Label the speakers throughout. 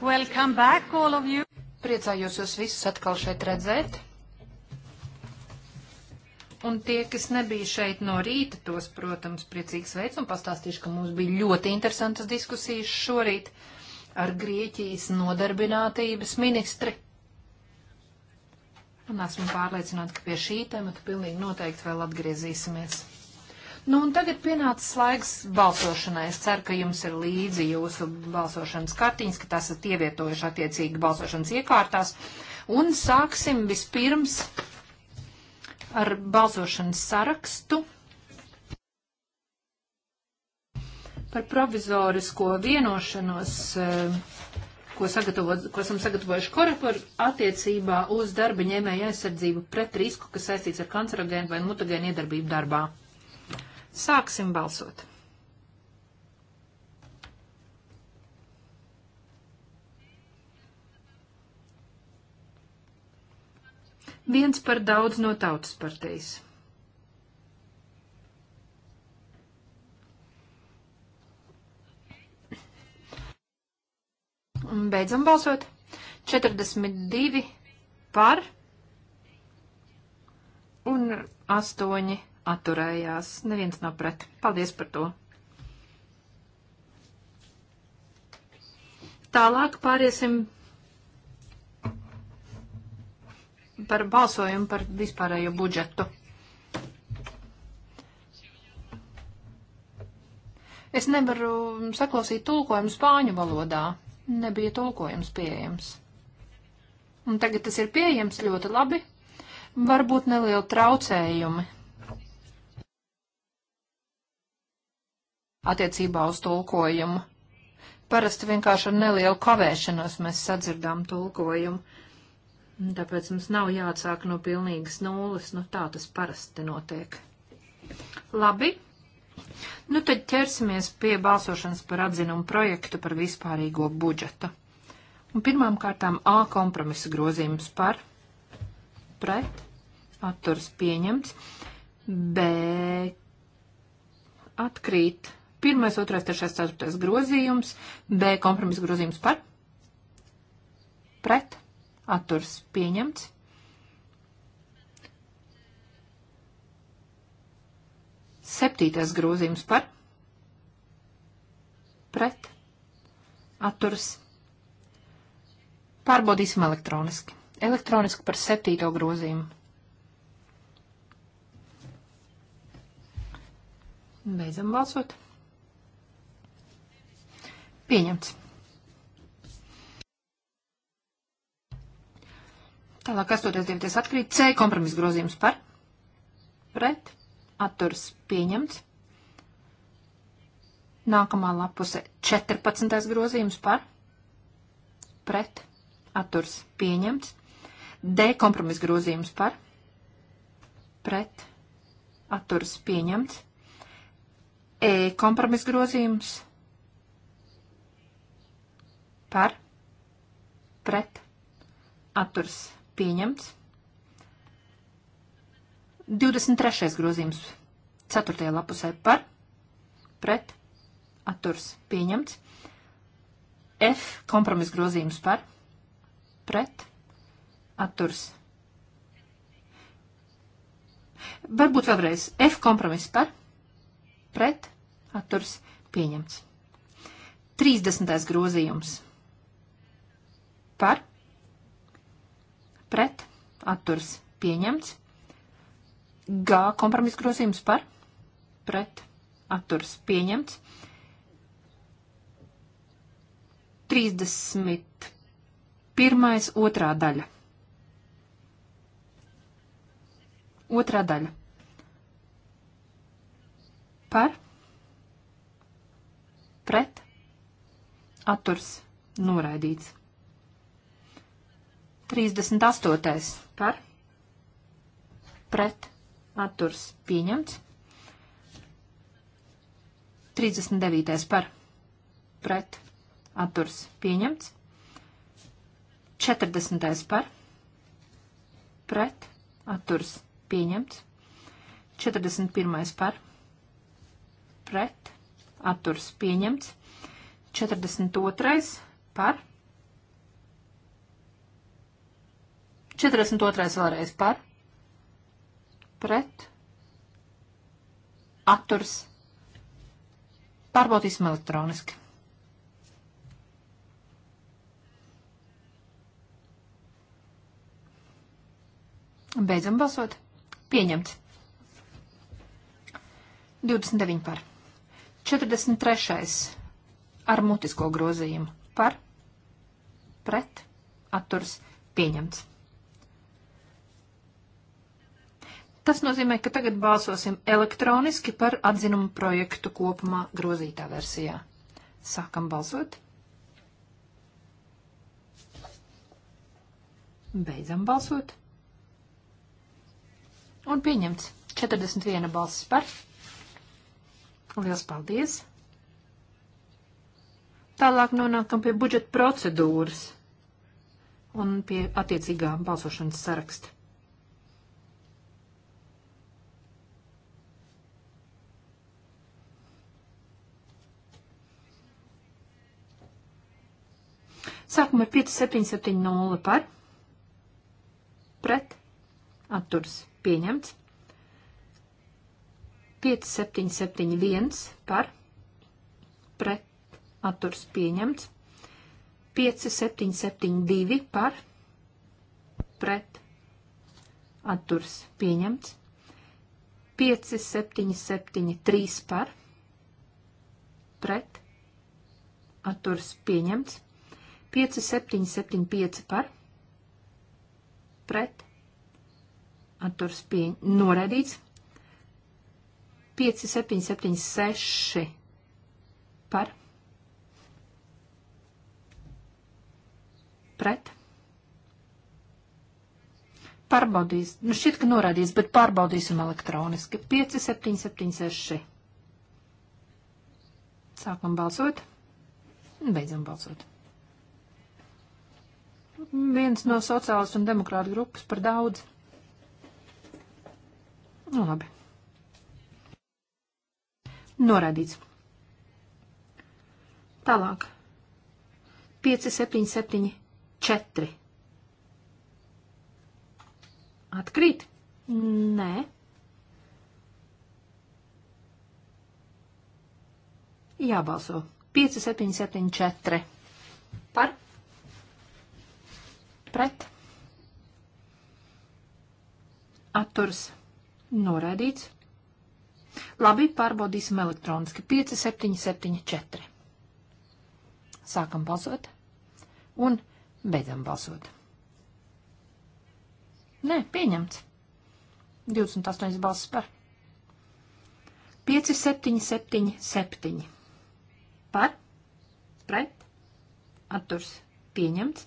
Speaker 1: Welcome back, all of you. Priecājos jūs visus atkal šeit redzēt. Un tie, kas nebija šeit no rīta, tos, protams, priecīgs veids un pastāstīšu, ka mums bija ļoti interesantas diskusijas šorīt ar Grieķijas nodarbinātības ministri. Un esmu pārliecināta, ka pie šī temata pilnīgi noteikti vēl atgriezīsimies. Nu, un tagad pienācis laiks balsošanai. Es ceru, ka jums ir līdzi jūsu balsošanas kartiņas, ka tas esat ievietojuši attiecīgi balsošanas iekārtās. Un sāksim vispirms ar balsošanas sarakstu. par provizorisko vienošanos, eh, ko, ko esam sagatavojuši korepor attiecībā uz darba ņēmēja aizsardzību pret risku, kas saistīts ar kancerogēnu vai mutagēnu iedarbību darbā. Sāksim balsot. Viens par daudz no tautas partijas. Un beidzam balsot. 42 par un 8 atturējās, neviens nav pret. Paldies par to. Tālāk pāriesim par balsojumu par vispārējo budžetu. Es nevaru saklausīt tulkojumu spāņu valodā. Nebija tulkojums pieejams. Un tagad tas ir pieejams ļoti labi. Varbūt nelieli traucējumi attiecībā uz tulkojumu. Parasti vienkārši ar nelielu kavēšanos mēs sadzirdām tulkojumu, tāpēc mums nav jāatsāk no pilnīgas nulles, nu tā tas parasti notiek. Labi, nu tad ķersimies pie balsošanas par atzinumu projektu par vispārīgo budžetu. Un pirmām kārtām A kompromisa grozījums par, pret, atturs pieņemts, B atkrīt Pirmais, otrais, trešais, ceturtais grozījums, B kompromisa grozījums par, pret, atturs pieņemts. Septītais grozījums par, pret, atturs. Pārbaudīsim elektroniski. Elektroniski par septīto grozījumu. Beidzam balsot. Pieņemts. Tālāk, astoties dievties atkrīt, C kompromis grozījums par, pret, atturs pieņemts. Nākamā lapuse 14. grozījums par, pret, atturs pieņemts. D kompromis grozījums par, pret, atturs pieņemts. E kompromis grozījums par par pret atturs pieņemts. 23. grozījums 4. lapusē par pret atturs pieņemts. F kompromis grozījums par pret atturs. Varbūt vēlreiz F kompromis par pret atturs pieņemts. 30. grozījums par, pret, atturs pieņemts. G kompromis grozījums par, pret, atturs pieņemts. 31. otrā daļa. Otrā daļa. Par, pret, atturs noraidīts. 38. par pret atturs pieņemts. 39. par pret atturs pieņemts. 40. par pret atturs pieņemts. 41. par pret atturs pieņemts. 42. par pret 42. vēlreiz par, pret, atturs, pārbaudīsim elektroniski. Beidzam balsot. Pieņemts. 29 par. 43. ar mutisko grozījumu. Par. Pret. Atturs. Pieņemts. Tas nozīmē, ka tagad balsosim elektroniski par atzinumu projektu kopumā grozītā versijā. Sākam balsot. Beidzam balsot. Un pieņemts 41 balsis par. Liels paldies! Tālāk nonākam pie budžeta procedūras un pie attiecīgā balsošanas saraksta. Sākumā ir 5770 par pret atturs pieņemts. 5771 par pret atturs pieņemts. 5772 par pret atturs pieņemts. 5773 par pret atturs pieņemts. 5775 par pret atturs pieņ noraidīts. 5776 par pret. Pārbaudīs, nu šķiet, ka norādīs, bet pārbaudīsim elektroniski. 5776. Sākam balsot. Beidzam balsot viens no sociālas un demokrāta grupas par daudz. Nu, labi. Norādīts. Tālāk. 5, 7, 7, 4. Atkrīt? Nē. Jābalso. 5, 7, 7, 4. Par? pret, atturs, noraidīts. Labi, pārbaudīsim elektroniski. 5, 7, 7, 4. Sākam balsot un beidzam balsot. Nē, pieņemts. 28 balsis par. 5, 7, 7, 7. Par, pret, atturs, pieņemts.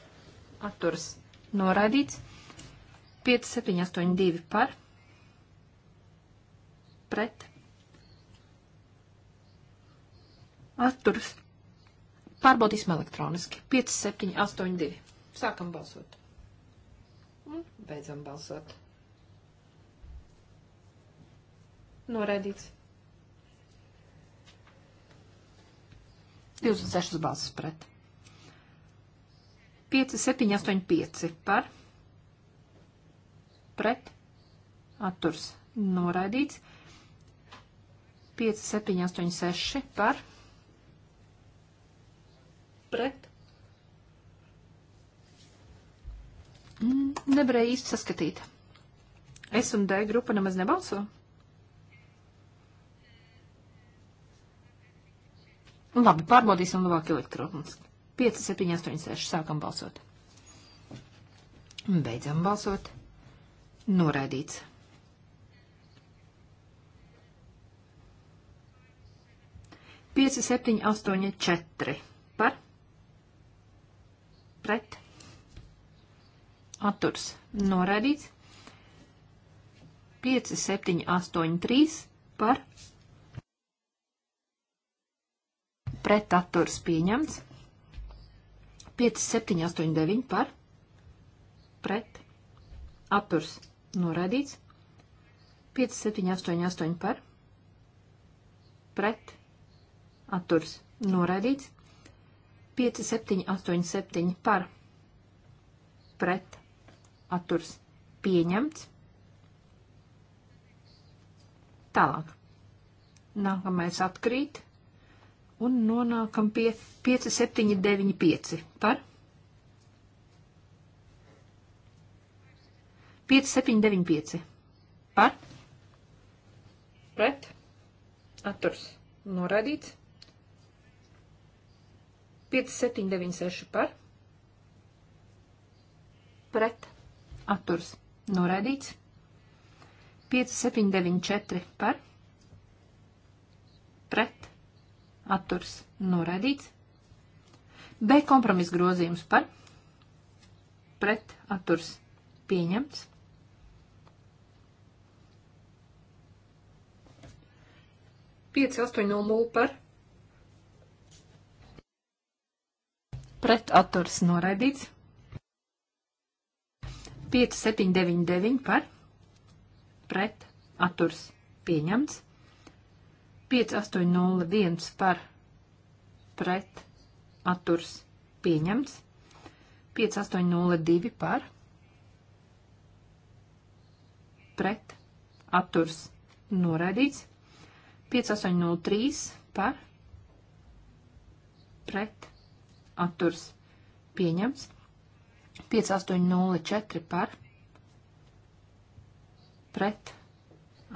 Speaker 1: atturas noraidīts. 5782 par pret atturas. Pārbaudīsim elektroniski. 5782. Sākam balsot. Un beidzam balsot. Noraidīts. 26 balsas pret. 5, 7, 8, 5 par pret atturs noraidīts. 5, 7, 8, 6 par pret. Mm, nevarēja īsti saskatīt. S un D grupa nemaz nebalso. Labi, pārbaudīsim labāk elektroniski. 5, 7, 8, 6. Sākam balsot. Beidzam balsot. Noraidīts. Pieci, septiņi, astoņi, četri. Par? Pret? Atturs. Noraidīts. 5, 7, 8, 3 par pretaturs pieņemts. 5, 7, 8, 9 par pret atturs noraidīts. 5, 7, 8, 8 par pret atturs noraidīts. 5, 7, 8, 7 par pret atturs pieņemts. Tālāk. Nākamais atkrīt un nonākam pie 5795 par 5795 par pret atturs norādīts 5796 par pret atturs norādīts 5794 par pret atturs noraidīts. B kompromis grozījums par pret atturs pieņemts. Pieci astoņi no nulli par pret atturs noraidīts. 5799 par pret atturs pieņemts. 5801 par pret atturs pieņemts. 5802 par pret atturs noraidīts. 5803 par pret atturs pieņemts. 5804 par pret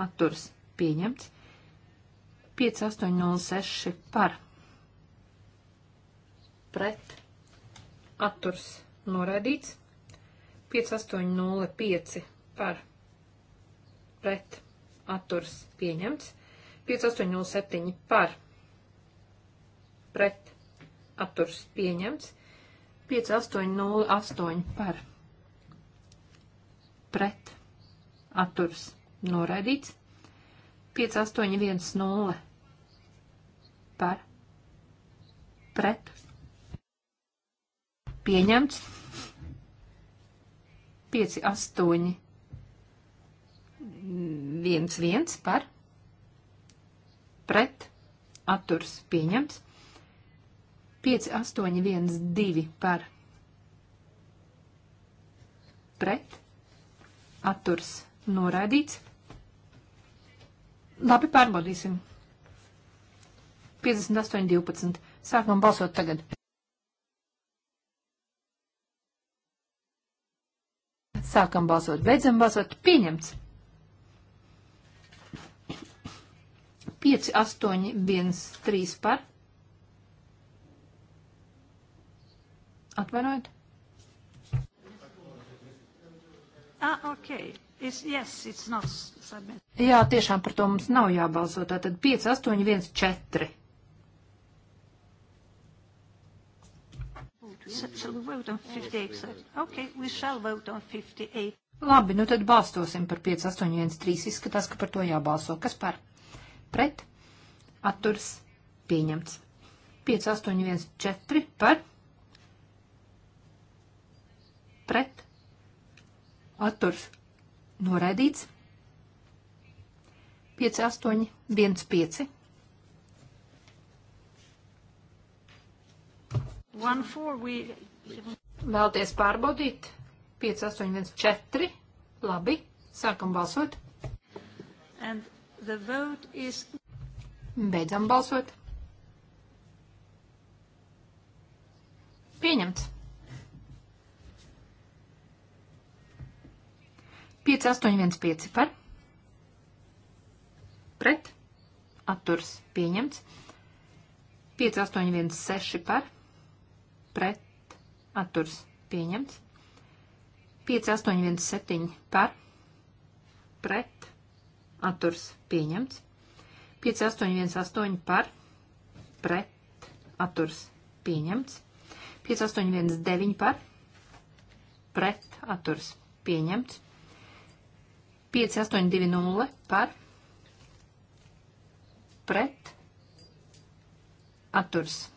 Speaker 1: atturs pieņemts. 5806 par pret atturs noraidīts. 5805 par pret atturs pieņemts. 5807 par pret atturs pieņemts. 5808 par pret atturs noraidīts. 5810 par pret pieņemts 5, 8, 1, 1 par pret atturs pieņemts 5, 8, 1, 2 par pret atturs noraidīts. Labi, pārbaudīsim. 58.12. Sākam balsot tagad. Sākam balsot, beidzam balsot, pieņemts. 5, 8, 1, 3 par. Atvainojiet.
Speaker 2: Ah, ok. It's, yes, it's not submitted.
Speaker 1: Jā, tiešām par to mums nav jābalso. Tātad 5, 8, 1, 4.
Speaker 2: Shall we vote
Speaker 1: on 58? Okay, we shall vote on 58. Labi, nu tad balstosim par 5813. Izskatās, ka par to jābalso. Kas par? Pret? Atturs pieņemts. 5814 par? Pret? Atturs noraidīts. 5815 One, four, we... Vēlties pārbaudīt? 5, 8, 1, 4. Labi, sākam balsot. And the vote is... Beidzam balsot. Pieņemts. 5, 8, 1, 5 par. Pret. Atturs pieņemts. 5, 8, 1, 6 par pret atturs pieņemts. 5817 par pret atturs pieņemts. 5818 par pret atturs pieņemts. 5819 par pret atturs pieņemts. 5820 par pret atturs pieņemts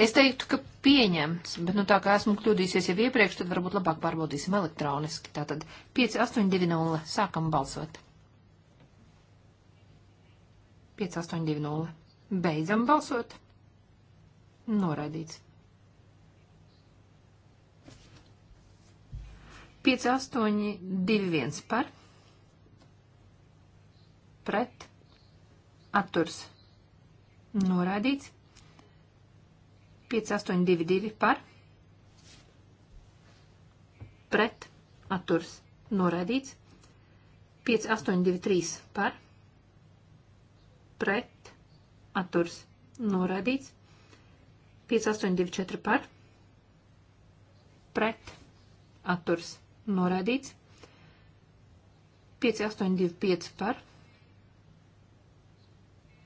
Speaker 1: Es teiktu, ka pieņemts, bet nu tā kā esmu kļūdīsies jau iepriekš, tad varbūt labāk pārbaudīsim elektroniski. Tātad 5820, sākam balsot. 5820. Beidzam balsot. Noraidīts. 5821 par. Pret. Atturs. Noraidīts. 5822 par pret atturs noraidīts. 5823 par pret atturs noraidīts. 5824 par pret atturs noraidīts. 5825 par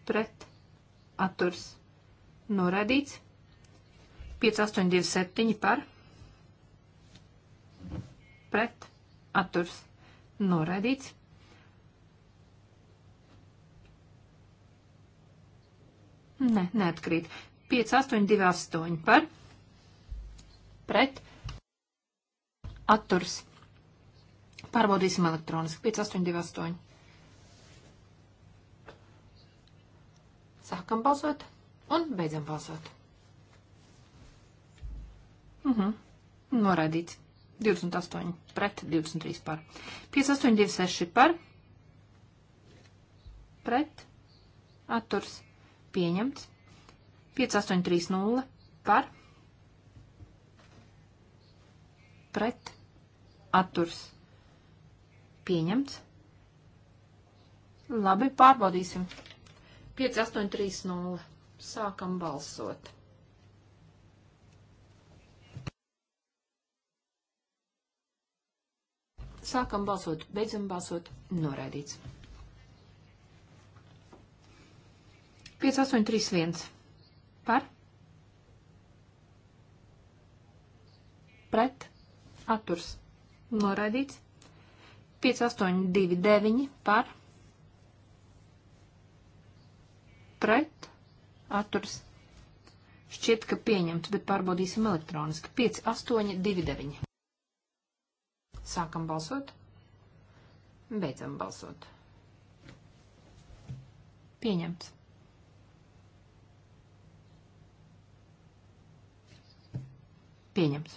Speaker 1: pret atturs noraidīts. 5827 par pret atturs noraidīts. Nē, ne, neatkrīt. 5828 par pret atturs. Pārbaudīsim elektroniski. 5828. Sākam balsot un beidzam balsot. Mhm. Uh -huh. Noraidīts. 28 pret, 23 par. 58, 26 par. Pret. Atturs. Pieņemts. 5830 par pret atturs pieņemts. Labi, pārbaudīsim. 5830. Sākam balsot. Sākam balsot, beidzam balsot, noraidīts. 5831 par, pret, atturs, noraidīts. 5829 par, pret, atturs. Šķiet, ka pieņemts, bet pārbaudīsim elektroniski. 5829. Sākam balsot. Beidzam balsot. Pieņemts. Pieņemts.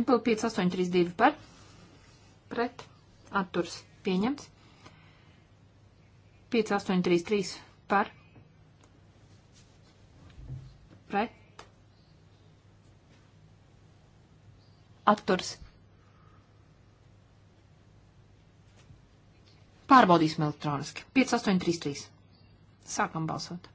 Speaker 1: MPL 5832 par. Pret. Atturs. Pieņemts. 5833 par. Pret. atturs. Pārbaudīsim elektroniski. 5833. Sākam balsot.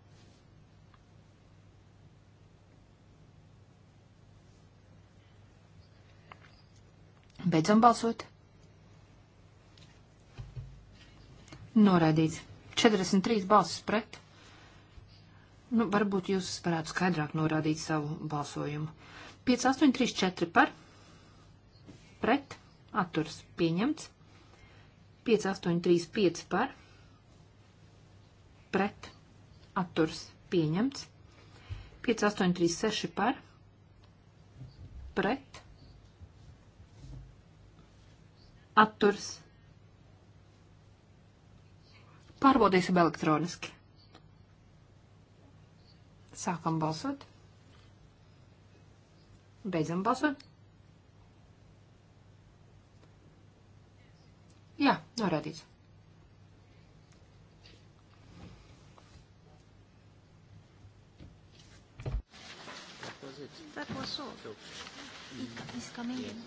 Speaker 1: Beidzam balsot. Noraidīts. 43 balsis pret. Nu, varbūt jūs varētu skaidrāk norādīt savu balsojumu. 5, 8, 3, 4 par, pret, atturs pieņemts, 5835 par, pret, atturs pieņemts, 5836 par, pret, atturs. Pārbaudīsim elektroniski. Sākam balsot. Beidzam balsot. Jā, norādīts. That was all. He's coming in.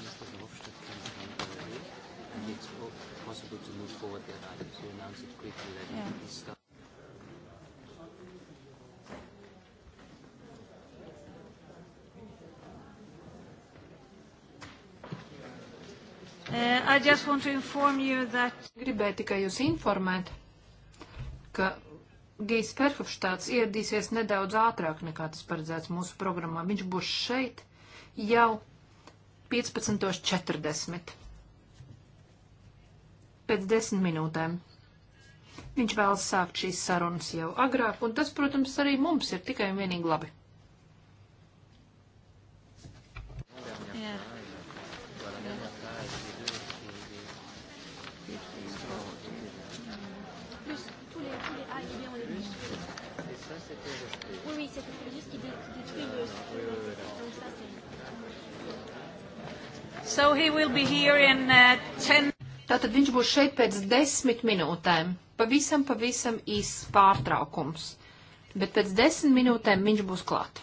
Speaker 3: Mr. Verhofstadt comes from Hungary, and it's possible to move forward their items. You announce it quickly. Yeah.
Speaker 1: That... Gribēju tikai jūs informēt, ka Gijs Ferhofštāts ieradīsies nedaudz ātrāk nekā tas paredzēts mūsu programmā. Viņš būs šeit jau 15.40. Pēc desmit minūtēm. Viņš vēlas sākt šīs sarunas jau agrāk, un tas, protams, arī mums ir tikai un vienīgi labi.
Speaker 2: c'est qu'il faut juste qu'il détruit le Donc ça,
Speaker 1: c'est... So he will be here in uh, ten... Tātad viņš būs šeit pēc desmit minūtēm. Pavisam, pavisam īsts pārtraukums. Bet pēc desmit minūtēm viņš būs klāt.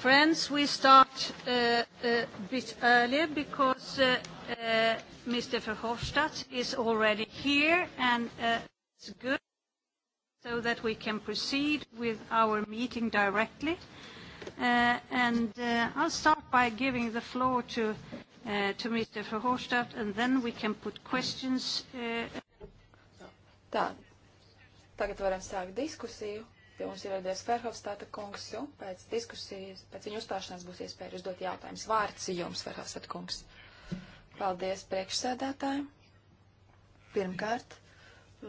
Speaker 2: Friends, we start uh, a uh, bit earlier because uh, uh, Mr. Verhofstadt is already here, and uh, it's good so that we can proceed with our meeting directly. Uh, and, I'll start by giving the floor to, to Mr. Verhofstadt, and then we can put questions. Tā. Tagad varam sākt diskusiju. Pie mums ieradies Ferhofstāta kungs, un pēc diskusijas, pēc viņa uzstāšanās būs iespēja uzdot jautājumus. Vārds jums, Ferhofstāta kungs. Paldies priekšsēdētājiem. Pirmkārt,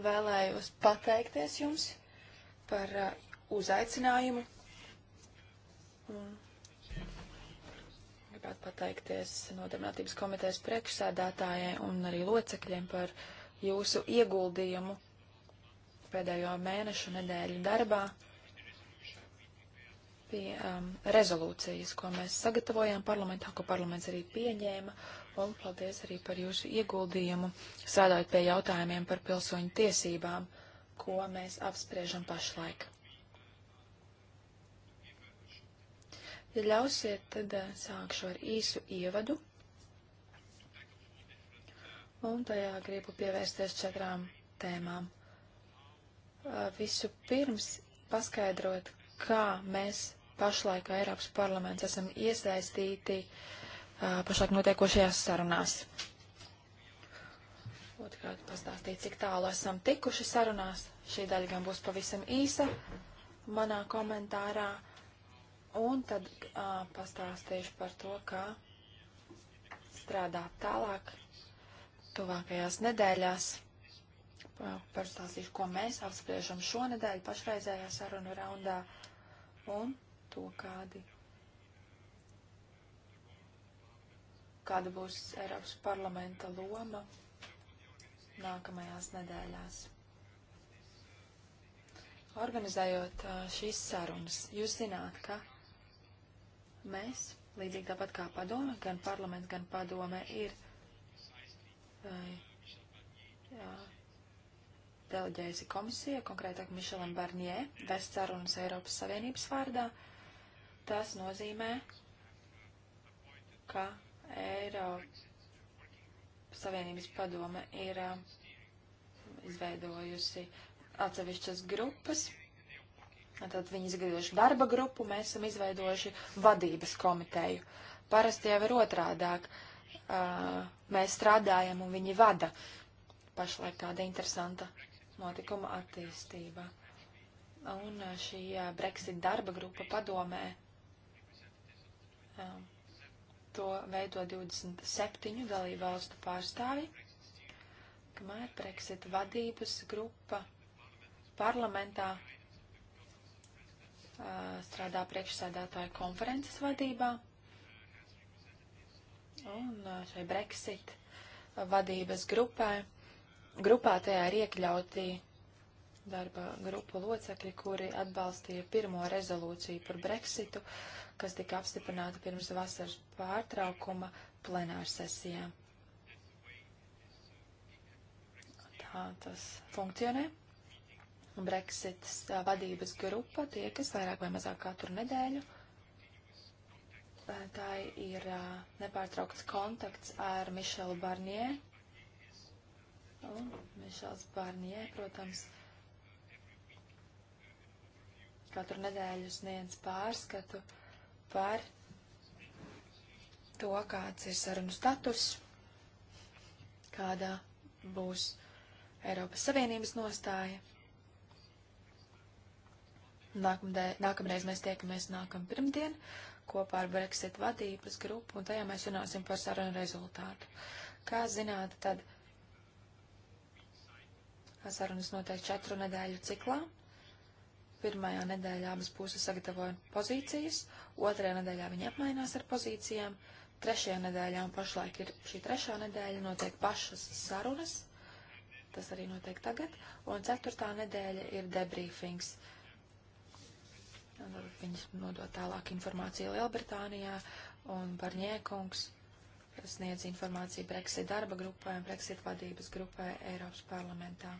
Speaker 2: vēlējos pateikties jums par uh, uzaicinājumu. Un gribētu pateikties Nodarbinātības komitejas priekšsēdētājai un arī locekļiem par jūsu ieguldījumu pēdējo mēnešu nedēļu darbā pie um, rezolūcijas, ko mēs sagatavojām parlamentā, ko parlaments arī pieņēma, un paldies arī par jūsu ieguldījumu, strādājot pie jautājumiem par pilsoņu tiesībām, ko mēs apspriežam pašlaik. Ja ļausiet, tad uh, sākšu ar īsu ievadu. Un tajā gribu pievērsties četrām tēmām visu pirms paskaidrot, kā mēs pašlaik Eiropas parlaments esam iesaistīti pašlaik notiekošajās sarunās. Otrkārt, pastāstīt, cik tālu esam tikuši sarunās. Šī daļa gan būs pavisam īsa manā komentārā. Un tad ā, pastāstīšu par to, kā strādāt tālāk tuvākajās nedēļās pastāstīšu, ko mēs apspriežam šonedēļ pašreizējā sarunu raundā un to, kādi, kāda būs Eiropas parlamenta loma nākamajās nedēļās. Organizējot uh, šīs sarunas, jūs zināt, ka mēs, līdzīgi tāpat kā padome, gan parlaments, gan padome ir jā, uh, uh, deleģējusi komisija, konkrētāk Mišelam Barnie, vest sarunas Eiropas Savienības vārdā. Tas nozīmē, ka Eiropas Savienības padome ir um, izveidojusi atsevišķas grupas. Tad viņi izveidojuši darba grupu, mēs esam izveidojuši vadības komiteju. Parasti jau ir otrādāk. Uh, mēs strādājam un viņi vada. Pašlaik tāda interesanta notikuma attīstība. Un eh, šī eh, Brexit darba grupa padomē eh, to veido 27 dalību valstu pārstāvi, kamēr Brexit vadības grupa parlamentā strādā priekšsēdētāja konferences vadībā. Un šai Brexit vadības grupai grupā tajā ir iekļauti darba grupu locekļi, kuri atbalstīja pirmo rezolūciju par Brexitu, kas tika apstiprināta pirms vasaras pārtraukuma plenārsesijā. Tā tas funkcionē. Brexitas vadības grupa tiekas vairāk vai mazāk katru nedēļu. Tā ir nepārtraukts kontakts ar Mišelu Barnie, Un oh, Mišels Barnie, protams, katru nedēļu sniedz pārskatu par to, kāds ir sarunu status, kādā būs Eiropas Savienības nostāja. Nākamdē, nākamreiz mēs tiekamies nākam pirmdien kopā ar Brexit vadības grupu, un tajā mēs runāsim par sarunu rezultātu. Kā zināt, tad Sarunas notiek četru nedēļu ciklā. Pirmajā nedēļā abas puses sagatavoja pozīcijas, otrajā nedēļā viņi apmainās ar pozīcijām, trešajā nedēļā, un pašlaik ir šī trešā nedēļa, notiek pašas sarunas, tas arī notiek tagad, un ceturtā nedēļa ir debriefings. Viņas nodot tālāk informāciju Lielbritānijā, un Barņēkungs sniedz informāciju Brexit darba grupai un Brexit vadības grupai Eiropas parlamentā.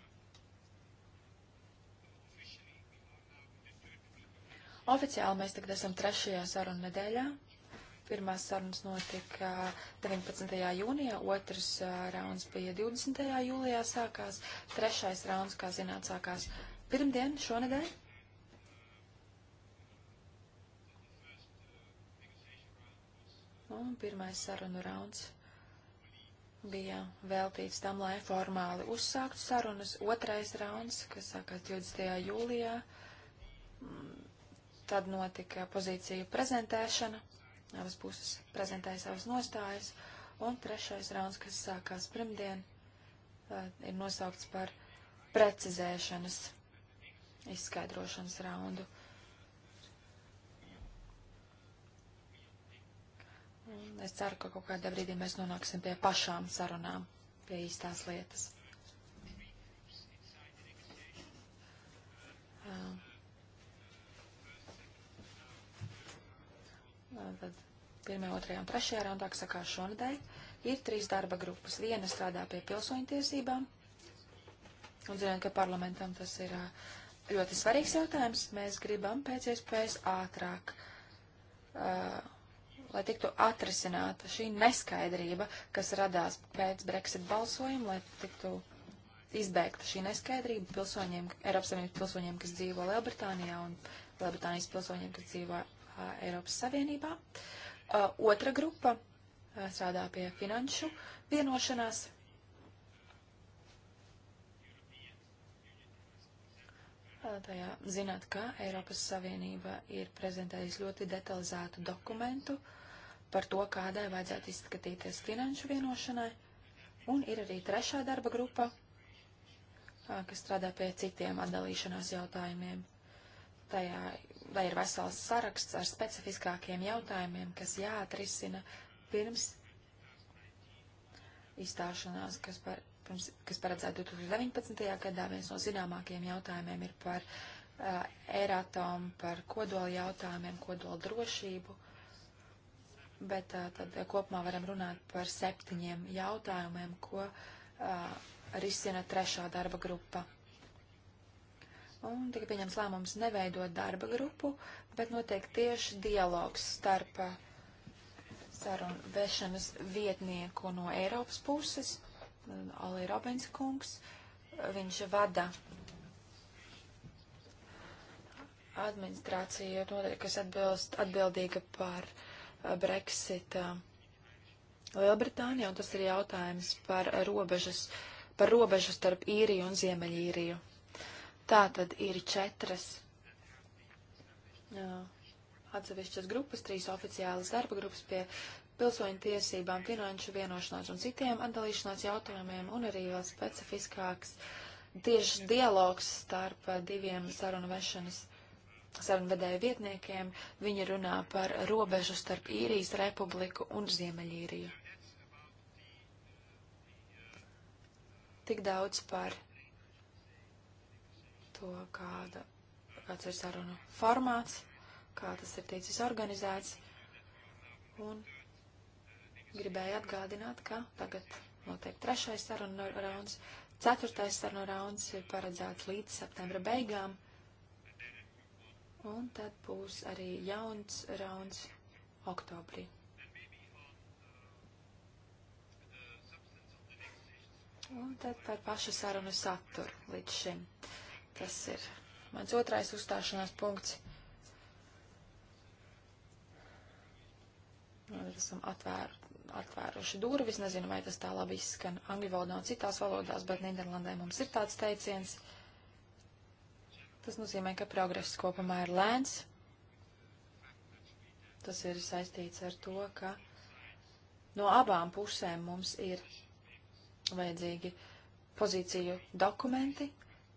Speaker 2: Oficiāli mēs tagad esam trešajā sarunu nedēļā. Pirmās sarunas notika 19. Eh, jūnijā, otrs eh, rauns bija 20. jūlijā sākās, trešais rauns, kā zināt, sākās pirmdien šonedēļ. Nu, un pirmais sarunu rauns bija veltīts tam, lai formāli uzsāktu sarunas. Otrais rauns, kas sākās 20. jūlijā, Tad notika pozīciju prezentēšana, abas puses prezentēja savas nostājas, un trešais rauns, kas sākās pirmdien, eh, ir nosaukts par precizēšanas izskaidrošanas raundu. Un es ceru, ka kaut kādā brīdī mēs nonāksim pie pašām sarunām, pie īstās lietas. Um, Tad pirmajā, otrajā un trešajā raundā, kas sakās šonadēļ, ir trīs darba grupas. Viena strādā pie pilsoņtiesībām. Un zināt, ka parlamentam tas ir ļoti svarīgs jautājums. Mēs gribam pēc iespējas ātrāk, uh, lai tiktu atrisināta šī neskaidrība, kas radās pēc Brexit balsojuma, lai tiktu izbēgta šī neskaidrība pilsoņiem, Eiropas Savienības pilsoņiem, kas dzīvo Lielbritānijā un Lielbritānijas pilsoņiem, kas dzīvo Eiropas Savienībā. Otra grupa strādā pie finanšu vienošanās. Tajā zināt, ka Eiropas Savienība ir prezentējusi ļoti detalizētu dokumentu par to, kādai vajadzētu izskatīties finanšu vienošanai. Un ir arī trešā darba grupa, kas strādā pie citiem atdalīšanās jautājumiem. Tajā vai ir vesels saraksts ar specifiskākiem jautājumiem, kas jāatrisina pirms izstāšanās, kas, par, pirms, kas paredzēta 2019. gadā. Viens no zināmākajiem jautājumiem ir par uh, eratomu, par kodoli jautājumiem, kodoli drošību. Bet uh, tad kopumā varam runāt par septiņiem jautājumiem, ko uh, risina trešā darba grupa un tika pieņems lēmums neveidot darba grupu, bet notiek tieši dialogs starp eh, sarunu vešanas vietnieku no Eiropas puses, eh, Alī Robins kungs, viņš vada administrāciju, kas atbilst, atbildīga par eh, Brexit Lielbritānijā, un tas ir jautājums par robežas, par robežu starp īriju un Ziemeļīriju. Tā tad ir četras jā, atsevišķas grupas, trīs oficiālas darba grupas pie pilsoņu tiesībām, finanšu vienošanās un citiem atdalīšanās jautājumiem, un arī vēl specifiskāks tieši dialogs starp diviem sarunu vešanas sarunvedēju vietniekiem. Viņi runā par robežu starp īrijas republiku un Ziemeļīriju. Tik daudz par to, kāda, kāds ir sarunu formāts, kā tas ir ticis organizēts. Un gribēju atgādināt, ka tagad notiek trešais sarunu rauns, ceturtais sarunu rauns ir paredzēts līdz septembra beigām, un tad būs arī jauns rauns oktobrī. Un tad par pašu sarunu saturu līdz šim kas ir mans otrais uzstāšanās punkts. Mēs esam atvēr, atvēruši durvis, nezinu, vai tas tā labi izskan angļu valodā un citās valodās, bet Nīderlandē mums ir tāds teiciens. Tas nozīmē, ka progress kopumā ir lēns. Tas ir saistīts ar to, ka no abām pusēm mums ir vajadzīgi pozīciju dokumenti,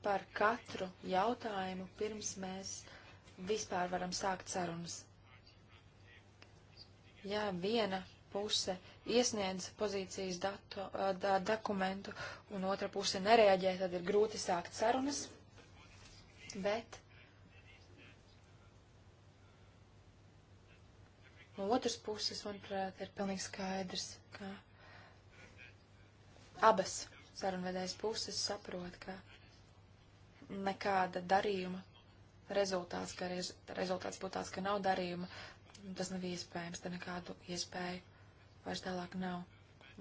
Speaker 2: par katru jautājumu, pirms mēs vispār varam sākt sarunas. Ja viena puse iesniedz pozīcijas datu, da, dokumentu un otra puse nereaģē, tad ir grūti sākt sarunas. Bet no otras puses, manuprāt, ir pilnīgi skaidrs, ka abas sarunvedējas puses saprot, ka nekāda darījuma rezultāts, ka rez, rezultāts būtu tāds, ka nav darījuma, tas nav iespējams, te nekādu iespēju vairs tālāk nav.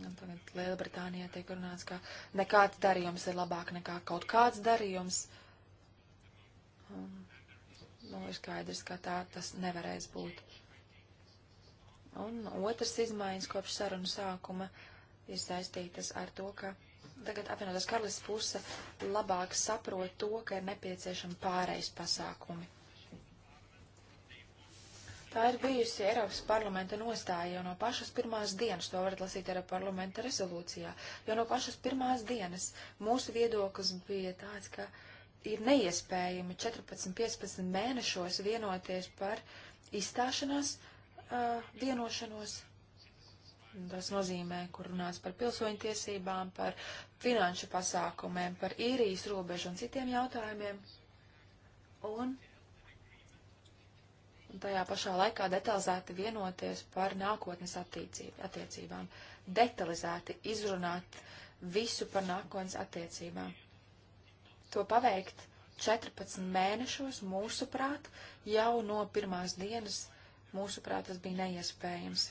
Speaker 2: Un tagad Lielbritānijā tiek runāts, ka nekāds darījums ir labāk nekā kaut kāds darījums. Um, nu, ir skaidrs, ka tā tas nevarēs būt. Un otrs izmaiņas kopš sarunu sākuma ir saistītas ar to, ka tagad apvienotās karalists puse labāk saprot to, ka ir nepieciešama pārejas pasākumi. Tā ir bijusi Eiropas parlamenta nostāja jau no pašas pirmās dienas, to varat lasīt arī parlamenta rezolūcijā, jo no pašas pirmās dienas mūsu viedoklis bija tāds, ka ir neiespējami 14-15 mēnešos vienoties par izstāšanās uh, vienošanos Tas nozīmē, kur runāts par pilsoņu tiesībām, par finanšu pasākumiem, par īrijas robežu un citiem jautājumiem. Un tajā pašā laikā detalizēti vienoties par nākotnes attiecībām. Detalizēti izrunāt visu par nākotnes attiecībām. To paveikt 14 mēnešos, mūsuprāt, jau no pirmās dienas, mūsuprāt, tas bija neiespējams.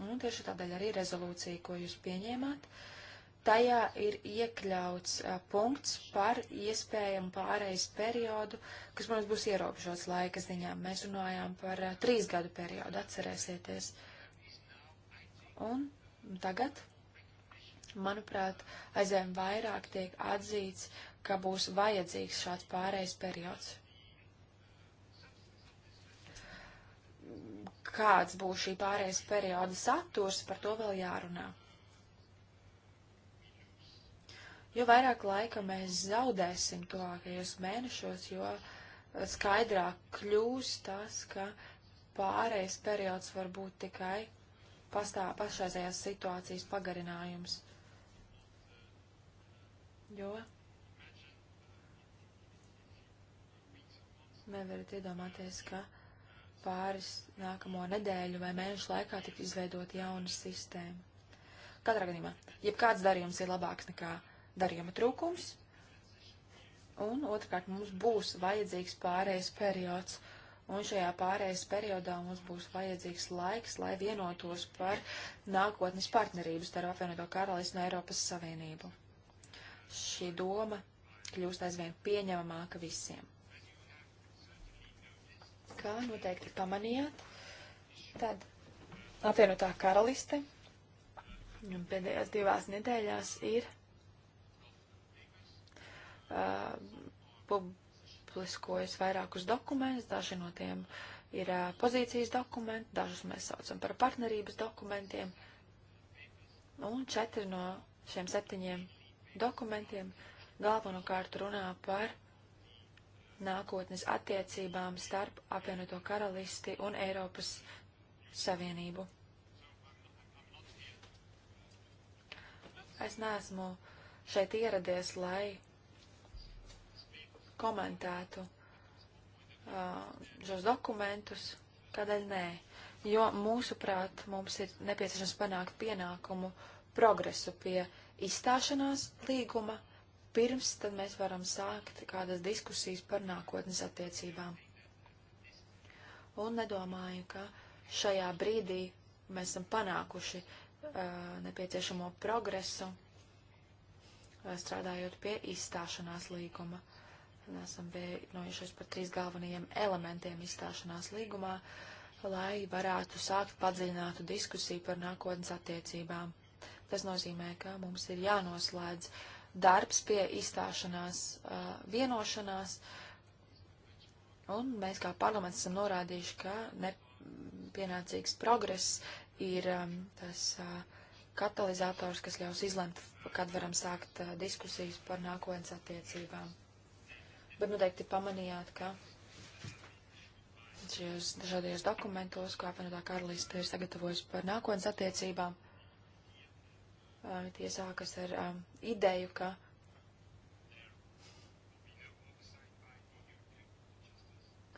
Speaker 2: Un tieši tādēļ arī rezolūcija, ko jūs pieņēmāt, tajā ir iekļauts a, punkts par iespējamu pārejas periodu, kas, protams, būs ierobežots laika ziņā. Mēs runājām par a, trīs gadu periodu, atcerēsieties. Un tagad, manuprāt, aizvien vairāk tiek atzīts, ka būs vajadzīgs šāds pārejas periods. kāds būs šī pārējais perioda saturs, par to vēl jārunā. Jo vairāk laika mēs zaudēsim tuvākajos mēnešos, jo skaidrāk kļūs tas, ka pārējais periods var būt tikai pastā, pašreizējās situācijas pagarinājums. Jo nevarat iedomāties, ka pāris nākamo nedēļu vai mēnešu laikā tiks izveidota jauna sistēma. Katrā gadījumā, jebkāds darījums ir labāks nekā darījuma trūkums, un otrkārt mums būs vajadzīgs pārējais periods, un šajā pārējais periodā mums būs vajadzīgs laiks, lai vienotos par nākotnes partnerības starp apvienoto karalistu un Eiropas Savienību. Šī doma kļūst aizvien pieņemamāka visiem kā noteikti pamanījāt, tad apvienotā karaliste pēdējās divās nedēļās ir uh, publiskojas vairākus dokumentus, daži no tiem ir uh, pozīcijas dokumenti, dažus mēs saucam par partnerības dokumentiem, un četri no šiem septiņiem dokumentiem galvenokārt runā par uh, nākotnes attiecībām starp apvienoto karalisti un Eiropas Savienību. Es neesmu šeit ieradies, lai komentētu uh, šos dokumentus, kādēļ nē, jo mūsuprāt mums ir nepieciešams panākt pienākumu progresu pie izstāšanās līguma pirms tad mēs varam sākt kādas diskusijas par nākotnes attiecībām. Un nedomāju, ka šajā brīdī mēs esam panākuši uh, nepieciešamo progresu, uh, strādājot pie izstāšanās līguma. Esam vienojušies par trīs galvenajiem elementiem izstāšanās līgumā, lai varētu sākt padziļinātu diskusiju par nākotnes attiecībām. Tas nozīmē, ka mums ir jānoslēdz uh, darbs pie izstāšanās uh, vienošanās, un mēs kā parlaments esam norādījuši, ka nepienācīgs progress ir um, tas uh, katalizators, kas ļaus izlemt, kad varam sākt uh, diskusijas par nākotnes attiecībām. Bet noteikti pamanījāt, ka šajos dažādajos dokumentos, ko apvienotā karalīste ir sagatavojusi par nākotnes attiecībām, tie sākas ar um, ideju, ka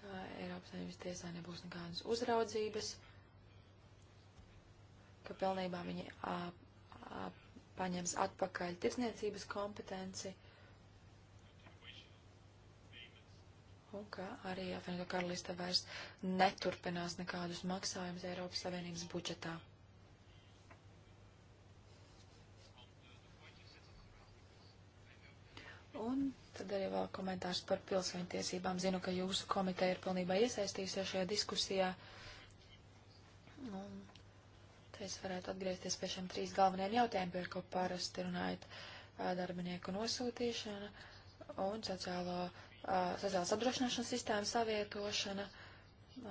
Speaker 2: ka Eiropas Savienības tiesā nebūs nekādas uzraudzības, ka pilnībā viņi a, a, paņems atpakaļ tirsniecības kompetenci, un ka arī apvienotā karalista vairs neturpinās nekādus maksājumus Eiropas Savienības budžetā. Un tad arī vēl komentārs par pilsoņtiesībām. Zinu, ka jūsu komiteja ir pilnībā iesaistījusies šajā diskusijā. Un te es varētu atgriezties pie šiem trīs galvenajiem jautājumiem, par ko parasti runājat darbinieku nosūtīšana un sociālo, sociālās apdrošināšanas sistēmas savietošana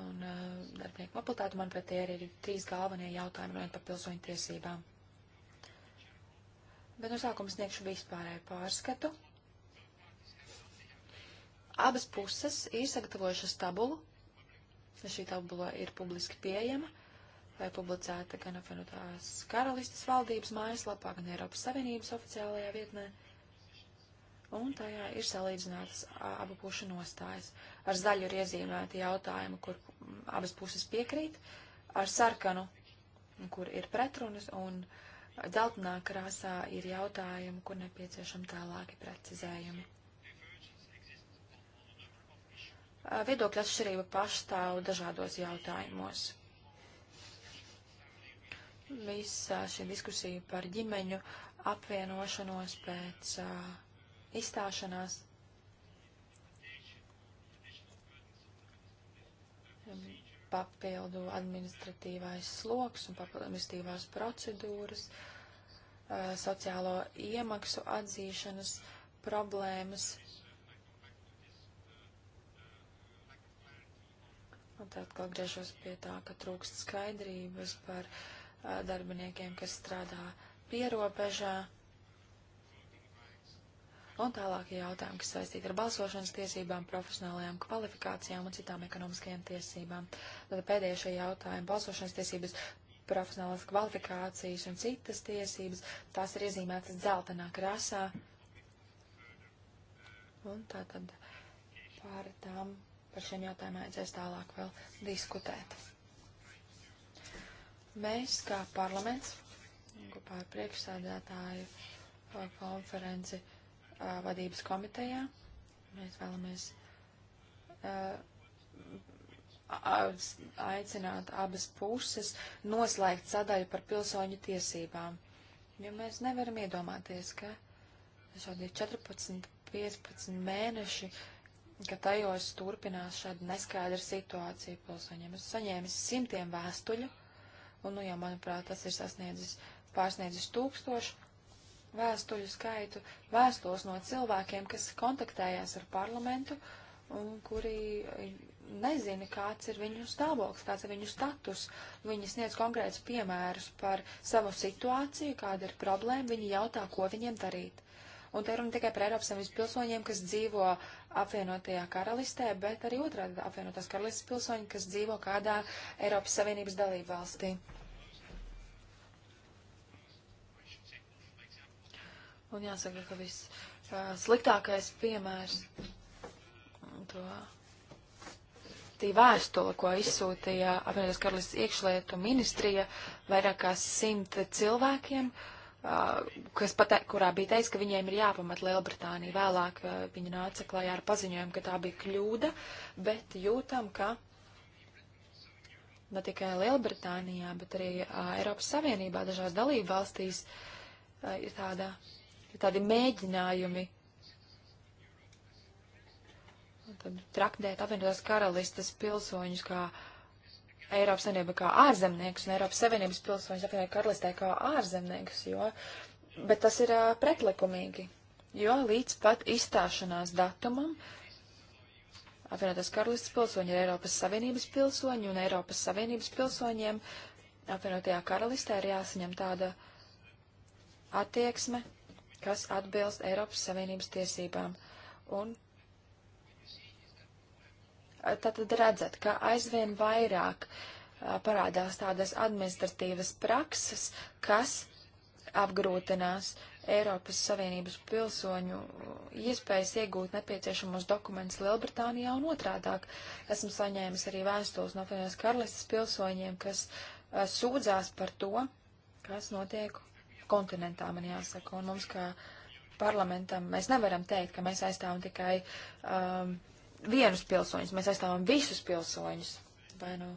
Speaker 2: un darbinieku mobilitāti. Manuprāt, tie arī ir trīs galvenie jautājumi runājot par pilsoņtiesībām. Bet no sākuma sniegšu vispārēju pārskatu Abas puses ir sagatavojušas tabulu. Šī tabula ir publiski pieejama vai publicēta gan apvienotās karalistas valdības mājaslapā, gan Eiropas Savienības oficiālajā vietnē. Un tajā ir salīdzinātas abu pušu nostājas. Ar zaļu ir iezīmēti jautājumi, kur abas puses piekrīt, ar sarkanu, kur ir pretrunas, un dzeltenā krāsā ir jautājumi, kur nepieciešami tālāki precizējumi. Viedokļa atšķirība pastāv dažādos jautājumos. Visā šī diskusija par ģimeņu apvienošanos pēc uh, izstāšanās papildu administratīvais sloks un papildu administratīvās procedūras, uh, sociālo iemaksu atzīšanas problēmas, Un tad atkal griežos pie tā, ka trūkst skaidrības par a, darbiniekiem, kas strādā pierobežā. Un tālākie jautājumi, kas saistīti ar balsošanas tiesībām, profesionālajām kvalifikācijām un citām ekonomiskajām tiesībām. Tad pēdējie šie jautājumi - balsošanas tiesības, profesionālās kvalifikācijas un citas tiesības, tās ir iezīmētas dzeltenā krāsā. Un tā tad par tām par šiem jautājumiem vajadzēs tālāk vēl diskutēt. Mēs, kā parlaments, kopā ar priekšsādātāju konferenci a, vadības komitejā, mēs vēlamies a, a, aicināt abas puses noslēgt sadaļu par pilsoņu tiesībām. Jo mēs nevaram iedomāties, ka šodien 14, 15 mēneši uh, ka tajos turpinās šāda neskaidra situācija pilsoņiem. Es saņēmu simtiem vēstuļu, un, nu, jau, manuprāt, tas ir sasniedzis, pārsniedzis tūkstošu vēstuļu skaitu, vēstules no cilvēkiem, kas kontaktējās ar parlamentu, un kuri eh, nezina, kāds ir viņu stāvoklis, kāds ir viņu status. Viņi sniedz konkrētus piemērus par savu situāciju, kāda ir problēma, viņi jautā, ko viņiem darīt. Un te runa tikai par Eiropas Savienības pilsoņiem, kas dzīvo apvienotajā karalistē, bet arī otrādi apvienotās karalistes pilsoņi, kas dzīvo kādā Eiropas Savienības dalību valstī. Un jāsaka, ka viss sliktākais piemērs to tī vēstule, ko izsūtīja apvienotās karalistes iekšlietu ministrija vairāk kā simt cilvēkiem, uh, Uh, kas patē, kurā bija teiks, ka viņiem ir jāpamat Lielbritānija. Vēlāk uh, viņi nāca klajā ar paziņojumu, ka tā bija kļūda, bet jūtam, ka ne tikai Lielbritānijā, bet arī uh, Eiropas Savienībā dažās dalību valstīs uh, ir, tāda, ir tādi mēģinājumi tad, traktēt apvienotās karalistas pilsoņus kā uh, Eiropas Savienību kā ārzemniekus un Eiropas Savienības pilsoņus apvienot karalistē kā ārzemniekus, jo, bet tas ir uh, pretlikumīgi, jo līdz pat izstāšanās datumam apvienotās karalistes pilsoņi ir Eiropas Savienības pilsoņi un Eiropas Savienības pilsoņiem apvienotajā karalistē ir jāsaņem tāda attieksme, kas atbilst Eiropas Savienības tiesībām. Un Tātad redzat, ka aizvien vairāk parādās tādas administratīvas prakses, kas apgrūtinās Eiropas Savienības pilsoņu iespējas iegūt nepieciešamos dokumentus Lielbritānijā un otrādāk. Esmu saņēmis arī vēstules no Fenijas karalistas pilsoņiem, kas a, sūdzās par to, kas notiek kontinentā, man jāsaka. Un mums kā parlamentam mēs nevaram teikt, ka mēs aizstāvam tikai um, vienus pilsoņus, mēs aizstāvam visus pilsoņus. Vai nu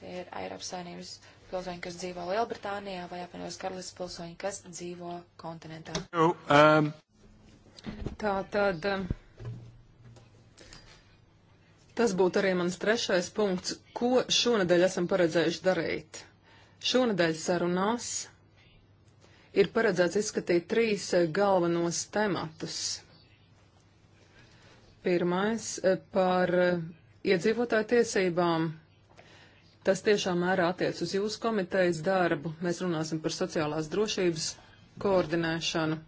Speaker 2: tie ir Eiropas saimnības pilsoņi, kas dzīvo Lielbritānijā, vai apvienojas karalistas pilsoņi, kas dzīvo kontinentā.
Speaker 3: Oh, um.
Speaker 2: Tā tad. Um,
Speaker 3: tas būtu arī mans trešais punkts, ko šonadēļ esam paredzējuši darīt. Šonadēļ sarunās ir paredzēts izskatīt trīs galvenos tematus Pirmais e, par e, iedzīvotāju tiesībām. Tas tiešām mērā attiec uz jūsu komitejas darbu. Mēs runāsim par sociālās drošības koordinēšanu.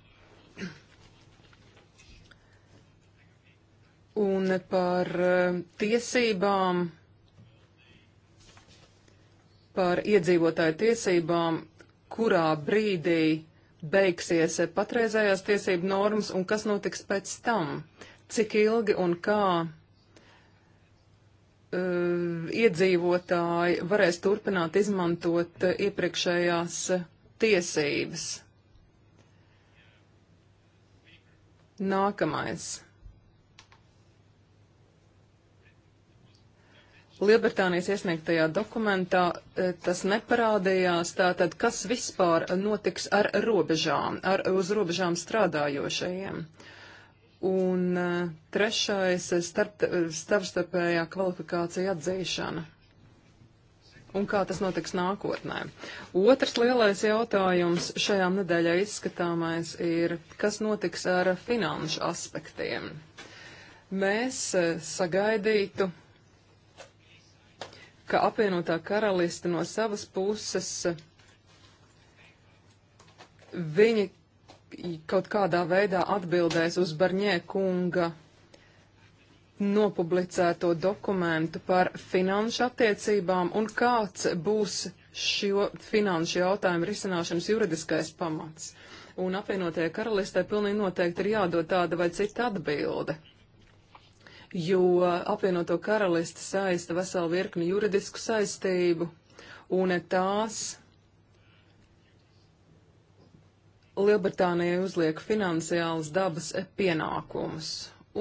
Speaker 3: Un par e, tiesībām, par iedzīvotāju tiesībām, kurā brīdī beigsies patreizējās tiesību normas un kas notiks pēc tam cik ilgi un kā uh, iedzīvotāji varēs turpināt izmantot uh, iepriekšējās uh, tiesības. Nākamais. Lielbritānijas iesniegtajā dokumentā tas neparādījās, tātad kas vispār notiks ar robežām, ar uz robežām strādājošajiem. Uh, Un eh, trešais eh, starp, eh, - starpstarpējā kvalifikācija atzīšana. Un kā tas notiks nākotnē? Otrs lielais jautājums šajā nedēļā izskatāmais ir, kas notiks ar finanšu aspektiem. Mēs sagaidītu, ka apvienotā karaliste no savas puses viņi kaut kādā veidā atbildēs uz Barņē kunga nopublicēto dokumentu par finanšu attiecībām un kāds būs šo finanšu jautājumu risināšanas juridiskais pamats. Un apvienotajai karalistē pilnīgi noteikti ir jādod tāda vai cita atbilde. Jo apvienoto karalisti saista veselu virkni juridisku saistību, un tās Lielbritānija uzliek finansiālas dabas pienākumus,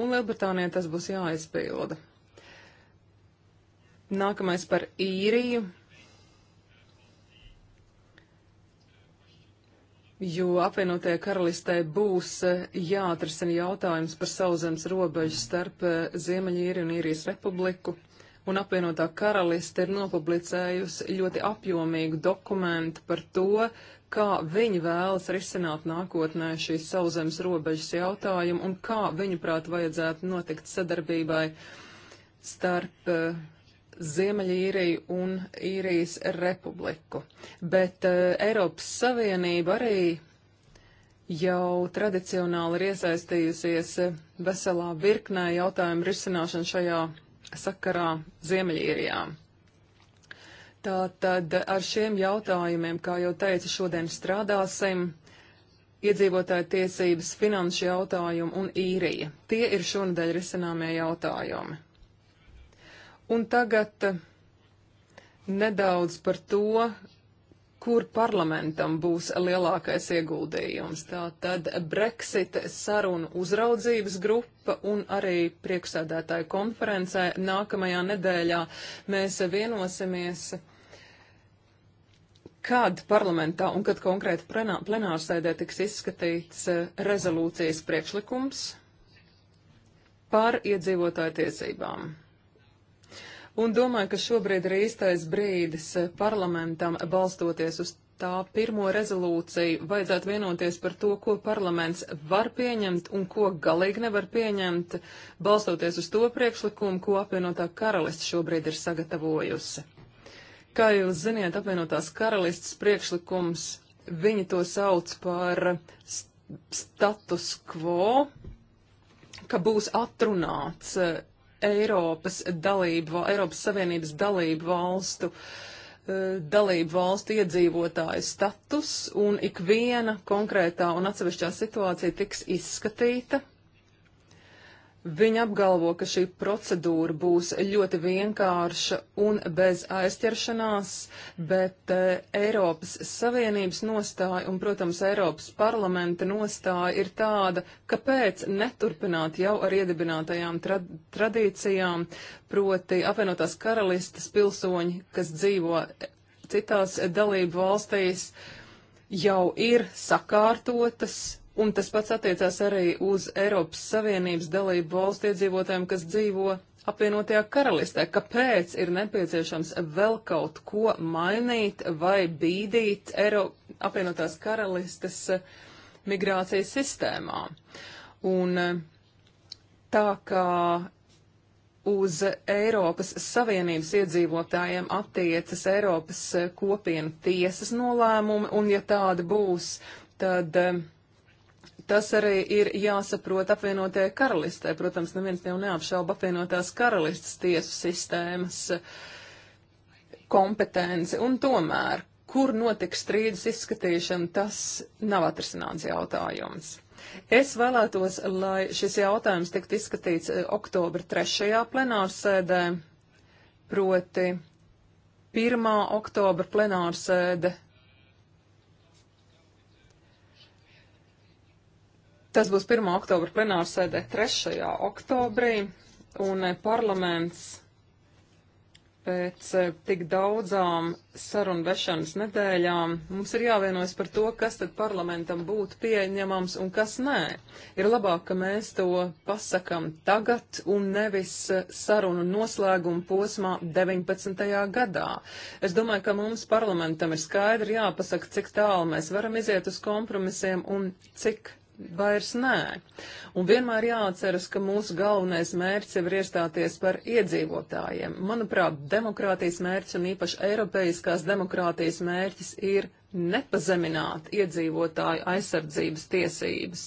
Speaker 3: un Lielbritānijai tas būs jāizpilda. Nākamais par īriju. Jo apvienotajai karalistē būs eh, jāatrisina jautājums par sauzemes robežu starp eh, Ziemeļīriju un Īrijas republiku, un apvienotā karaliste ir nopublicējusi ļoti apjomīgu dokumentu par to, uh, kā viņi vēlas risināt nākotnē šīs sauzemes robežas jautājumu un kā viņuprāt vajadzētu notikt sadarbībai starp uh, Ziemeļīriju un Īrijas republiku. Bet uh, Eiropas Savienība arī jau tradicionāli ir iesaistījusies eh, veselā virknē jautājumu risināšanu šajā sakarā Ziemeļīrijām. Tātad ar šiem jautājumiem, kā jau teicu, šodien strādāsim. Iedzīvotāju tiesības, finanšu jautājumu un īrija. Tie ir šonadēļ risināmie jautājumi. Un tagad nedaudz par to, kur parlamentam būs lielākais ieguldījums. Tā tad Brexit sarunu uzraudzības grupa un arī priekšsēdētāju konferencē nākamajā nedēļā mēs vienosimies, kad parlamentā un kad konkrēti plenārsēdē tiks izskatīts eh, rezolūcijas priekšlikums par iedzīvotāju tiesībām un domāju, ka šobrīd ir īstais brīdis eh, parlamentam balstoties uz tā pirmo rezolūciju vajadzētu vienoties par to, ko parlaments var pieņemt un ko galīgi nevar pieņemt, balstoties uz to priekšlikumu, ko apvienotā karalists šobrīd ir sagatavojusi. Kā jūs ziniet, apvienotās karalists priekšlikums, viņi to sauc par status quo, ka būs atrunāts Eiropas dalību, Eiropas Savienības dalību valstu eh, dalību valstu iedzīvotāju status, un ikviena konkrētā un atsevišķā situācija tiks izskatīta Viņa apgalvo, ka šī procedūra būs ļoti vienkārša un bez aizķeršanās, bet e, Eiropas Savienības nostāja un, protams, Eiropas parlamenta nostāja ir tāda, kāpēc neturpināt jau ar iedibinātajām tra tradīcijām, proti apvienotās karalistas pilsoņi, kas dzīvo eh, citās dalību valstīs, jau ir sakārtotas Un tas pats attiecās arī uz Eiropas Savienības dalību valstu iedzīvotājiem, kas dzīvo apvienotajā karalistē. Kāpēc ir nepieciešams vēl kaut ko mainīt vai bīdīt Eiro, apvienotās karalistes eh, migrācijas sistēmā? Un eh, tā kā uz Eiropas Savienības iedzīvotājiem attiecas Eiropas eh, kopienu tiesas nolēmumi, un ja tāda būs, tad. Um, Tas arī ir jāsaprot apvienotajai karalistē. Protams, neviens jau neapšauba apvienotās karalistes tiesu sistēmas eh, kompetenci. Un tomēr, kur notiks strīdus izskatīšana, tas nav atrisināts jautājums. Es vēlētos, lai šis jautājums tiktu izskatīts eh, oktobra trešajā plenārsēdē, proti 1. oktobra plenārsēde Tas būs 1. oktobra plenārsēdē 3. oktobrī, un eh, parlaments pēc eh, tik daudzām sarunu vešanas nedēļām mums ir jāvienojas par to, kas tad parlamentam būtu pieņemams un kas nē. Ir labāk, ka mēs to pasakam tagad un nevis eh, sarunu noslēguma posmā 19. gadā. Es domāju, ka mums parlamentam ir skaidri jāpasaka, cik tālu mēs varam iziet uz kompromisiem un cik vairs nē. Un vienmēr jāatceras, ka mūsu galvenais mērķis ir iestāties par iedzīvotājiem. Manuprāt, demokrātijas mērķis un īpaši eiropeiskās demokrātijas mērķis ir nepazemināt iedzīvotāju aizsardzības tiesības.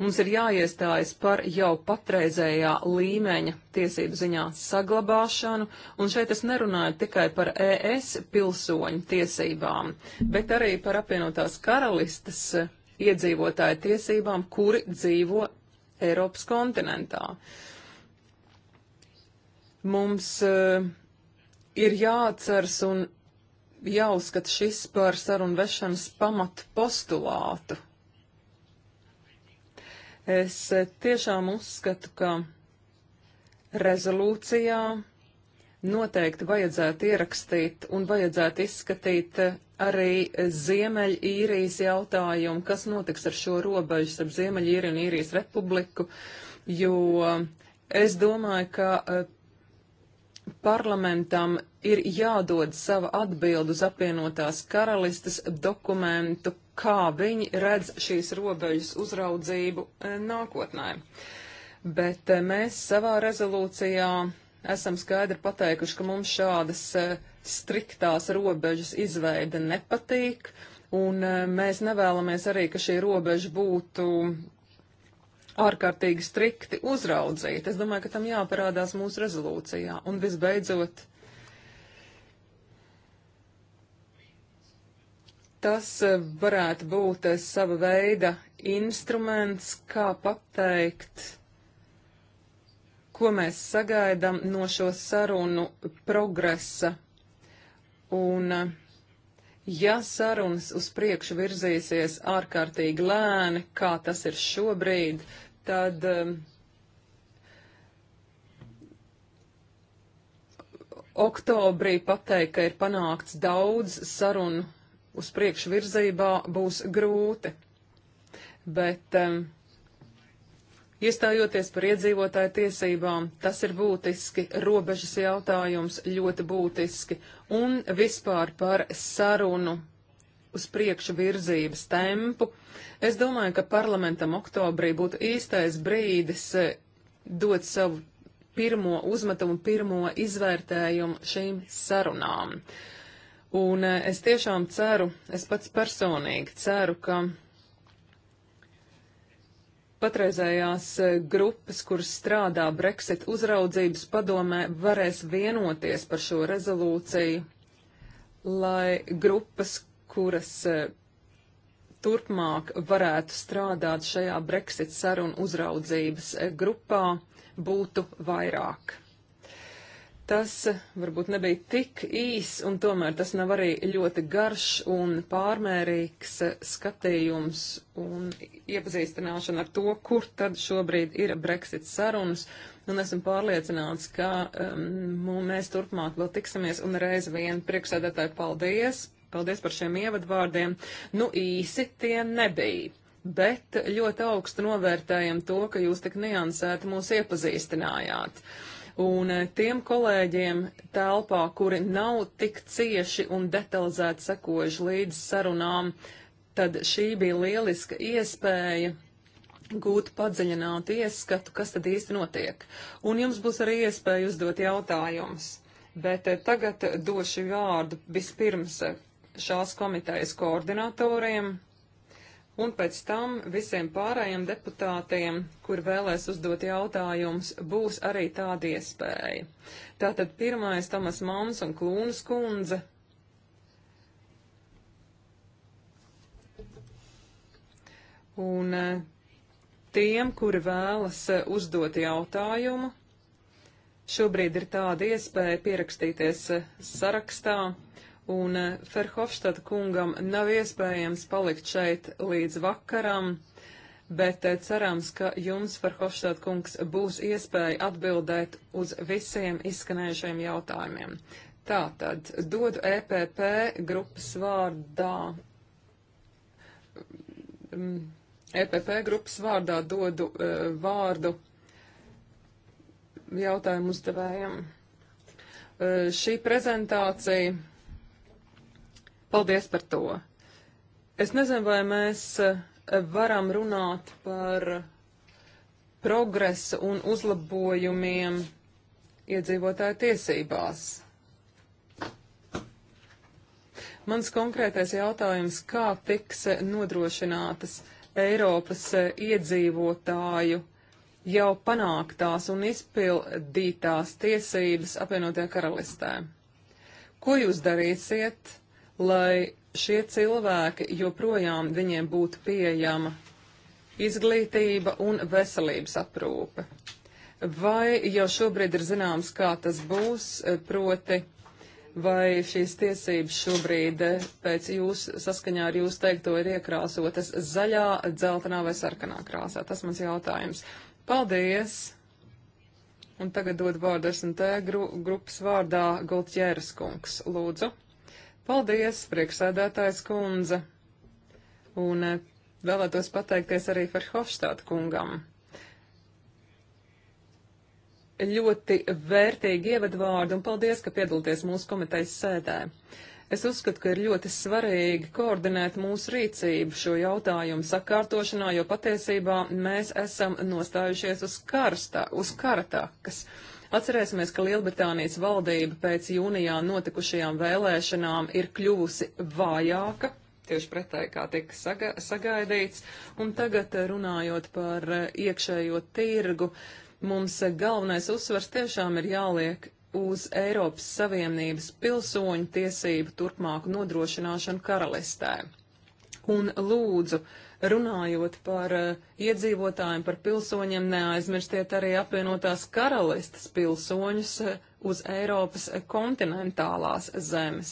Speaker 3: Mums ir jāiestājas par jau patreizējā līmeņa tiesību ziņā saglabāšanu, un šeit es nerunāju tikai par ES pilsoņu tiesībām, bet arī par apvienotās karalistas iedzīvotāju tiesībām, kuri dzīvo Eiropas kontinentā. Mums uh, ir jāatceras un jāuzskata šis par sarunu vešanas pamatu postulātu. Es eh, tiešām uzskatu, ka rezolūcijā noteikti vajadzētu ierakstīt un vajadzētu izskatīt eh, arī Ziemeļīrijas jautājumu, kas notiks ar šo robežu starp Ziemeļīriju un Īrijas republiku, jo es domāju, ka eh, parlamentam ir jādod sava atbildu uz apvienotās karalistes dokumentu, kā viņi redz šīs robežas uzraudzību eh, nākotnē. Bet mēs savā rezolūcijā esam skaidri pateikuši, ka mums šādas e, striktās robežas izveida nepatīk, un e, mēs nevēlamies arī, ka šī robeža būtu ārkārtīgi strikti uzraudzīta. Es domāju, ka tam jāparādās mūsu rezolūcijā. Un visbeidzot, tas e, varētu būt sava veida instruments, kā pateikt, ko mēs sagaidām no šo sarunu progresa. Un, ja sarunas uz priekšu virzīsies ārkārtīgi lēni, kā tas ir šobrīd, tad um, oktobrī pateikt, ka ir panākts daudz sarunu uz priekšu virzībā, būs grūti. Bet um, Iestājoties par iedzīvotāju tiesībām, tas ir būtiski, robežas jautājums ļoti būtiski, un vispār par sarunu uz priekšu virzības tempu. Es domāju, ka parlamentam oktobrī būtu īstais brīdis e, dot savu pirmo uzmetumu, pirmo izvērtējumu šīm sarunām. Un e, es tiešām ceru, es pats personīgi ceru, ka patreizējās eh, grupas, kuras strādā Brexit uzraudzības padomē, varēs vienoties par šo rezolūciju, lai grupas, kuras eh, turpmāk varētu strādāt šajā Brexit sarunu uzraudzības eh, grupā, būtu vairāk. Tas varbūt nebija tik īs, un tomēr tas nav arī ļoti garš un pārmērīgs skatījums un iepazīstināšana ar to, kur tad šobrīd ir Brexit sarunas. Un esmu pārliecināts, ka um, mēs turpmāk vēl tiksimies un reiz vien priekšsēdētāji paldies. Paldies par šiem ievadvārdiem. Nu īsi tie nebija. Bet ļoti augstu novērtējam to, ka jūs tik niansēti mūs iepazīstinājāt. Uh, Un eh, tiem kolēģiem telpā, kuri nav tik cieši un detalizēti sekojuši līdz sarunām, tad šī bija lieliska iespēja gūt padziļinātu ieskatu, kas tad īsti notiek. Un jums būs arī iespēja uzdot jautājumus. Bet eh, tagad došu vārdu vispirms eh, šās komitejas koordinatoriem, un pēc tam visiem pārējiem deputātiem, kur vēlēs uzdot jautājumus, būs arī tāda iespēja. Tātad pirmais Tomas Mams un Klūnas kundze. Un eh, tiem, kuri vēlas eh, uzdot jautājumu, šobrīd ir tāda iespēja pierakstīties eh, sarakstā un eh, Ferhofstad kungam nav iespējams palikt šeit līdz vakaram, bet eh, cerams, ka jums, Ferhofstad kungs, būs iespēja atbildēt uz visiem izskanējušajiem jautājumiem. Tātad dodu EPP grupas vārdā. Mm, EPP grupas vārdā dodu uh, vārdu jautājumu uzdevējam. Uh, šī prezentācija Paldies par to. Es nezinu, vai mēs eh, varam runāt par progresu un uzlabojumiem iedzīvotāju tiesībās. Mans konkrētais jautājums, kā tiks eh, nodrošinātas Eiropas eh, iedzīvotāju jau panāktās un izpildītās tiesības apvienotajā karalistē? Ko jūs darīsiet? lai šie cilvēki joprojām viņiem būtu pieejama izglītība un veselības aprūpe. Vai jau šobrīd ir zināms, kā tas būs, e, proti, vai šīs tiesības šobrīd e, pēc jūs saskaņā ar jūs teikto ir iekrāsotas zaļā, dzeltenā vai sarkanā krāsā? Tas mans jautājums. Paldies! Un tagad dod vārdu SNT gru, grupas vārdā Goltjēras kungs. Lūdzu! Paldies, prieksēdētājs kundze. Un eh, vēlētos pateikties arī par Hofstāta kungam. Ļoti vērtīgi ievadvārdu un paldies, ka piedalāties mūsu komitejas sēdē. Es uzskatu, ka ir ļoti svarīgi koordinēt mūsu rīcību šo jautājumu sakārtošanā, jo patiesībā mēs esam nostājušies uz karsta, uz karatakas. Ka Atcerēsimies, ka Lielbritānijas valdība pēc jūnijā notikušajām vēlēšanām ir kļuvusi vājāka, tieši pretēji kā tika saga sagaidīts, un tagad eh, runājot par eh, iekšējo tirgu, mums eh, galvenais uzsvars tiešām ir jāliek uz Eiropas Savienības pilsoņu tiesību turpmāku nodrošināšanu karalistē. Un lūdzu, uh, runājot par uh, iedzīvotājiem, par pilsoņiem, neaizmirstiet arī apvienotās karalistas pilsoņus uh, uz Eiropas kontinentālās zemes.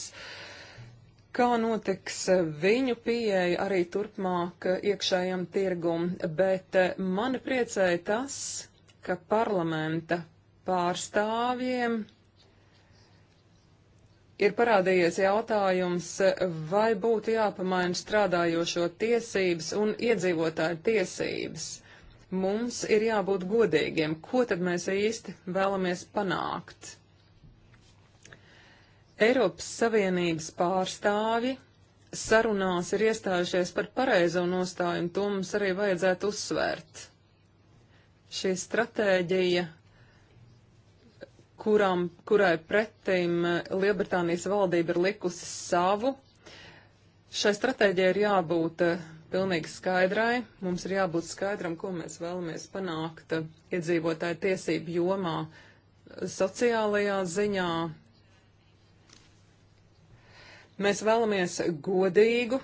Speaker 3: Kā notiks eh, viņu pieeja arī turpmāk iekšējam tirgum, bet uh, mani priecēja tas, ka parlamenta pārstāvjiem ir parādījies jautājums, vai būtu jāpamaina strādājošo tiesības un iedzīvotāju tiesības. Mums ir jābūt godīgiem, ko tad mēs īsti vēlamies panākt. Eiropas Savienības pārstāvi sarunās ir iestājušies par pareizo nostāju, un to mums arī vajadzētu uzsvērt. Šī stratēģija kuram, kurai pretim eh, Lielbritānijas valdība ir likusi savu. Šai stratēģijai ir jābūt eh, pilnīgi skaidrai. Mums ir jābūt skaidram, ko mēs vēlamies panākt eh, iedzīvotāju tiesību jomā, sociālajā ziņā. Mēs vēlamies godīgu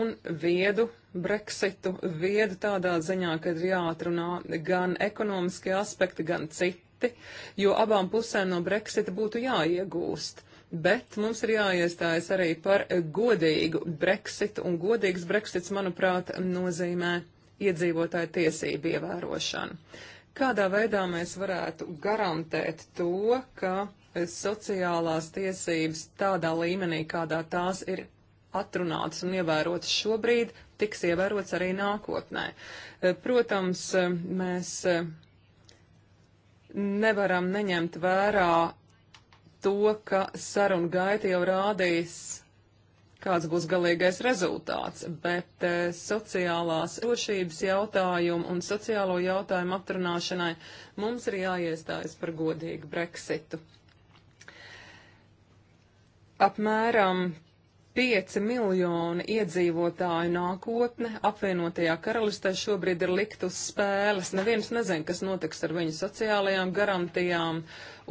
Speaker 3: un viedu Brexitu, viedu tādā ziņā, ka ir jāatrunā gan ekonomiskie aspekti, gan citi pati, jo abām pusēm no Brexita būtu jāiegūst. Bet mums ir jāiestājas arī par godīgu Brexitu, un godīgs Brexits, manuprāt, nozīmē iedzīvotāju tiesību ievērošanu. Kādā veidā mēs varētu garantēt to, ka sociālās tiesības tādā līmenī, kādā tās ir atrunāts un ievērots šobrīd, tiks ievērots arī nākotnē. Protams, mēs nevaram neņemt vērā to, ka saruna gaita jau rādīs, kāds būs galīgais rezultāts, bet e, sociālās drošības jautājumu un sociālo jautājumu atrunāšanai mums ir jāiestājas par godīgu Brexitu. Apmēram 5 miljoni iedzīvotāju nākotne apvienotajā karalistē šobrīd ir likt uz spēles. Neviens nezin, kas notiks ar viņu sociālajām garantijām.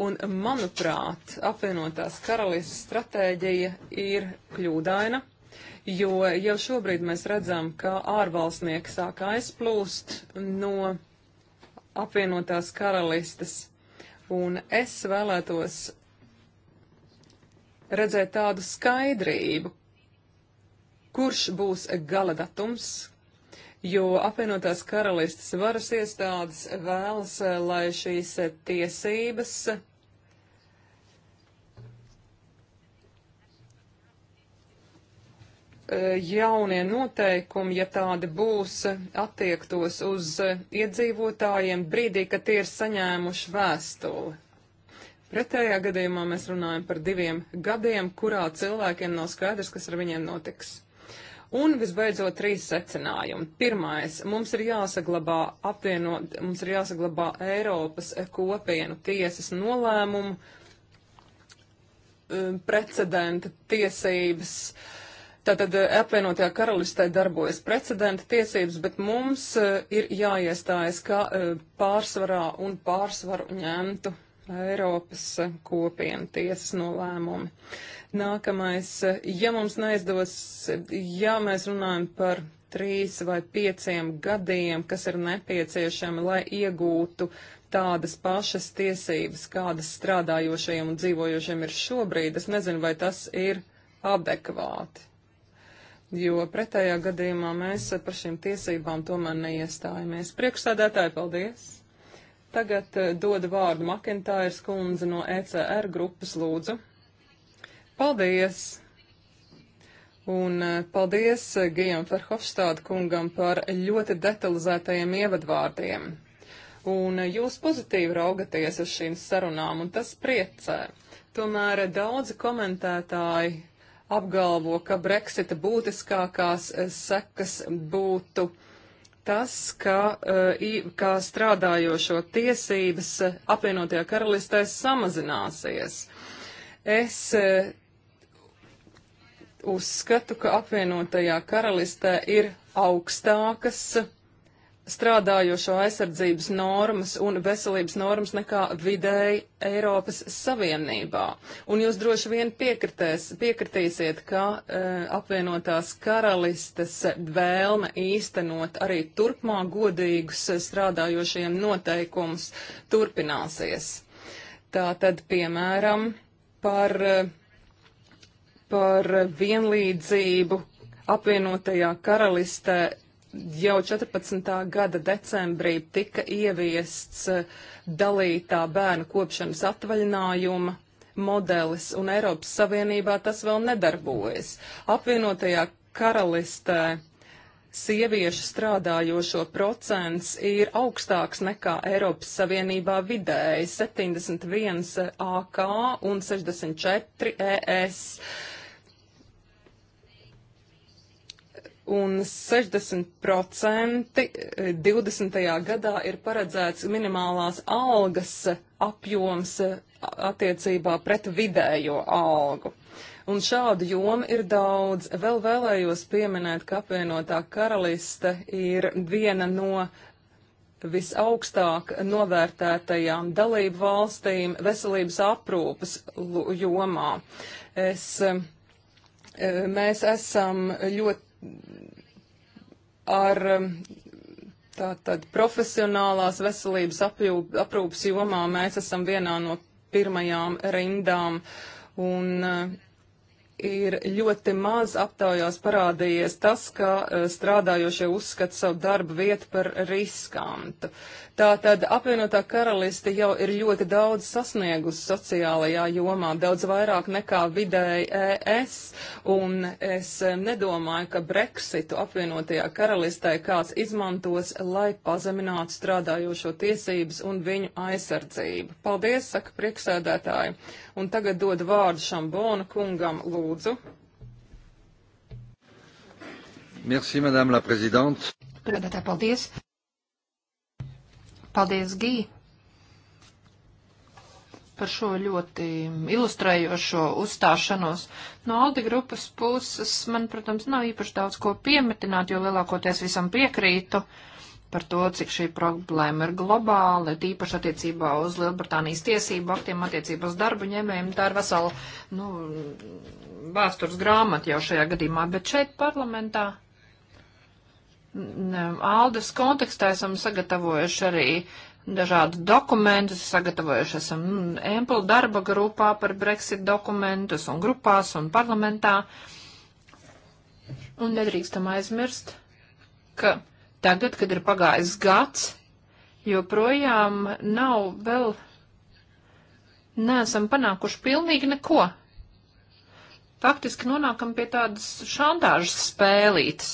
Speaker 3: Un, manuprāt, apvienotās karalistes stratēģija ir kļūdaina, jo jau šobrīd mēs redzam, ka ārvalstnieki sāk aizplūst no apvienotās karalistes. Un es vēlētos redzēt tādu skaidrību, kurš būs gala datums, jo apvienotās karalistas varas iestādes vēlas, eh, lai šīs eh, tiesības eh, jaunie noteikumi, ja tādi būs, attiektos uz iedzīvotājiem brīdī, kad tie ir saņēmuši vēstuli. Pretējā gadījumā mēs runājam par diviem gadiem, kurā cilvēkiem nav skaidrs, kas ar viņiem notiks. Un visbeidzot trīs secinājumi. Pirmais, mums ir jāsaglabā apvienot, mums ir jāsaglabā Eiropas kopienu tiesas nolēmumu um, precedenta tiesības. Tātad uh, apvienotajā karalistē darbojas precedenta tiesības, bet mums uh, ir jāiestājas kā uh, pārsvarā un pārsvaru ņemtu Eiropas kopienu tiesas nolēmumi. Nākamais, ja mums neizdos, ja mēs runājam par trīs vai pieciem gadiem, kas ir nepieciešami, lai iegūtu tādas pašas tiesības, kādas strādājošajiem un dzīvojošiem ir šobrīd, es nezinu, vai tas ir adekvāti. Jo pretējā gadījumā mēs par šīm tiesībām tomēr neiestājamies. Priekšsādātāji, paldies! Tagad eh, dodu vārdu Makintājas kundze no ECR grupas lūdzu. Paldies! Un eh, paldies eh, Gijam Ferhofstāda kungam par ļoti detalizētajiem ievadvārdiem. Un jūs pozitīvi raugaties uz šīm sarunām, un tas priecē. Tomēr daudzi komentētāji apgalvo, ka Brexita būtiskākās sekas būtu uh, tas, ka, eh, ka strādājošo tiesības eh, apvienotajā karalistē samazināsies. Es eh, uzskatu, ka apvienotajā karalistē ir augstākas strādājošo aizsardzības normas un veselības normas nekā vidēji Eiropas Savienībā. Un jūs droši vien piekritīsiet, ka e, apvienotās karalistes vēlme īstenot arī turpmāk godīgus strādājošiem noteikumus turpināsies. Tā tad, piemēram, par, e, par vienlīdzību apvienotajā karalistē jau 14. gada decembrī tika ieviests eh, dalītā bērnu kopšanas atvaļinājuma modelis, un Eiropas Savienībā tas vēl nedarbojas. Apvienotajā karalistē sieviešu strādājošo procents ir augstāks nekā Eiropas Savienībā vidēji - 71 AK un 64 ES. un 60% 20. Eh, gadā ir paredzēts minimālās algas apjoms eh, attiecībā pret vidējo algu. Un šādu jomu ir daudz. Vēl vēlējos pieminēt, ka apvienotā karaliste ir viena no visaugstāk novērtētajām dalību valstīm veselības aprūpas jomā. Es, eh, mēs esam ļoti ar um, tātad profesionālās veselības apjūb, aprūpas jomā mēs esam vienā no pirmajām rindām. Un uh, ir ļoti maz aptaujās parādījies tas, ka eh, strādājošie uzskata savu darbu vietu par riskantu. Tātad apvienotā karaliste jau ir ļoti daudz sasniegusi sociālajā jomā, daudz vairāk nekā vidēji ES, un es eh, nedomāju, ka Brexitu apvienotajā karalistē kāds izmantos, lai pazeminātu strādājošo tiesības un viņu aizsardzību. Paldies, saka prieksēdētāji, un tagad dod vārdu Šambona kungam lūdzu lūdzu.
Speaker 1: Merci, madame la prezidente. Priekšsēdētāji, paldies. Paldies, Gī, par šo ļoti ilustrējošo uzstāšanos. No Aldi grupas puses man, protams, nav īpaši daudz ko piemetināt, jo lielākoties visam piekrītu. Uh, par to, cik šī problēma ir globāla, tīpaši attiecībā uz Lielbritānijas tiesību aktiem, attiecībā uz darbu ņēmējiem. Tā ir vesela nu, vēstures grāmata jau šajā gadījumā, bet šeit parlamentā. Aldes kontekstā esam sagatavojuši arī dažādus dokumentus, sagatavojuši esam Emplu darba grupā par Brexit dokumentus un grupās un parlamentā. Un nedrīkstam aizmirst, ka tagad, kad ir pagājis gads, joprojām nav vēl, neesam panākuši pilnīgi neko. Faktiski nonākam pie tādas šandāžas spēlītes.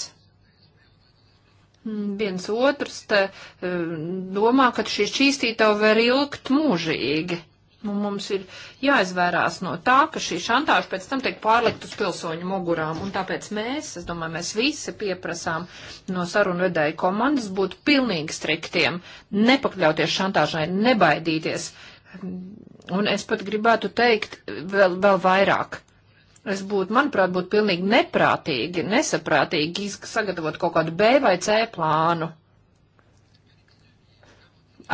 Speaker 1: Mm, viens otrs te eh, domā, ka šī šķīstītava var ilgt mūžīgi. Un nu, mums ir jāizvērās no tā, ka šī šantāža pēc tam tiek pārlikt uz pilsoņu mugurām. Un tāpēc mēs, es domāju, mēs visi pieprasām no sarunvedēju komandas būt pilnīgi striktiem, nepakļauties šantāžai, nebaidīties. Un es pat gribētu teikt vēl, vēl vairāk. Es būtu, manuprāt, būtu pilnīgi neprātīgi, nesaprātīgi sagatavot kaut kādu B vai C plānu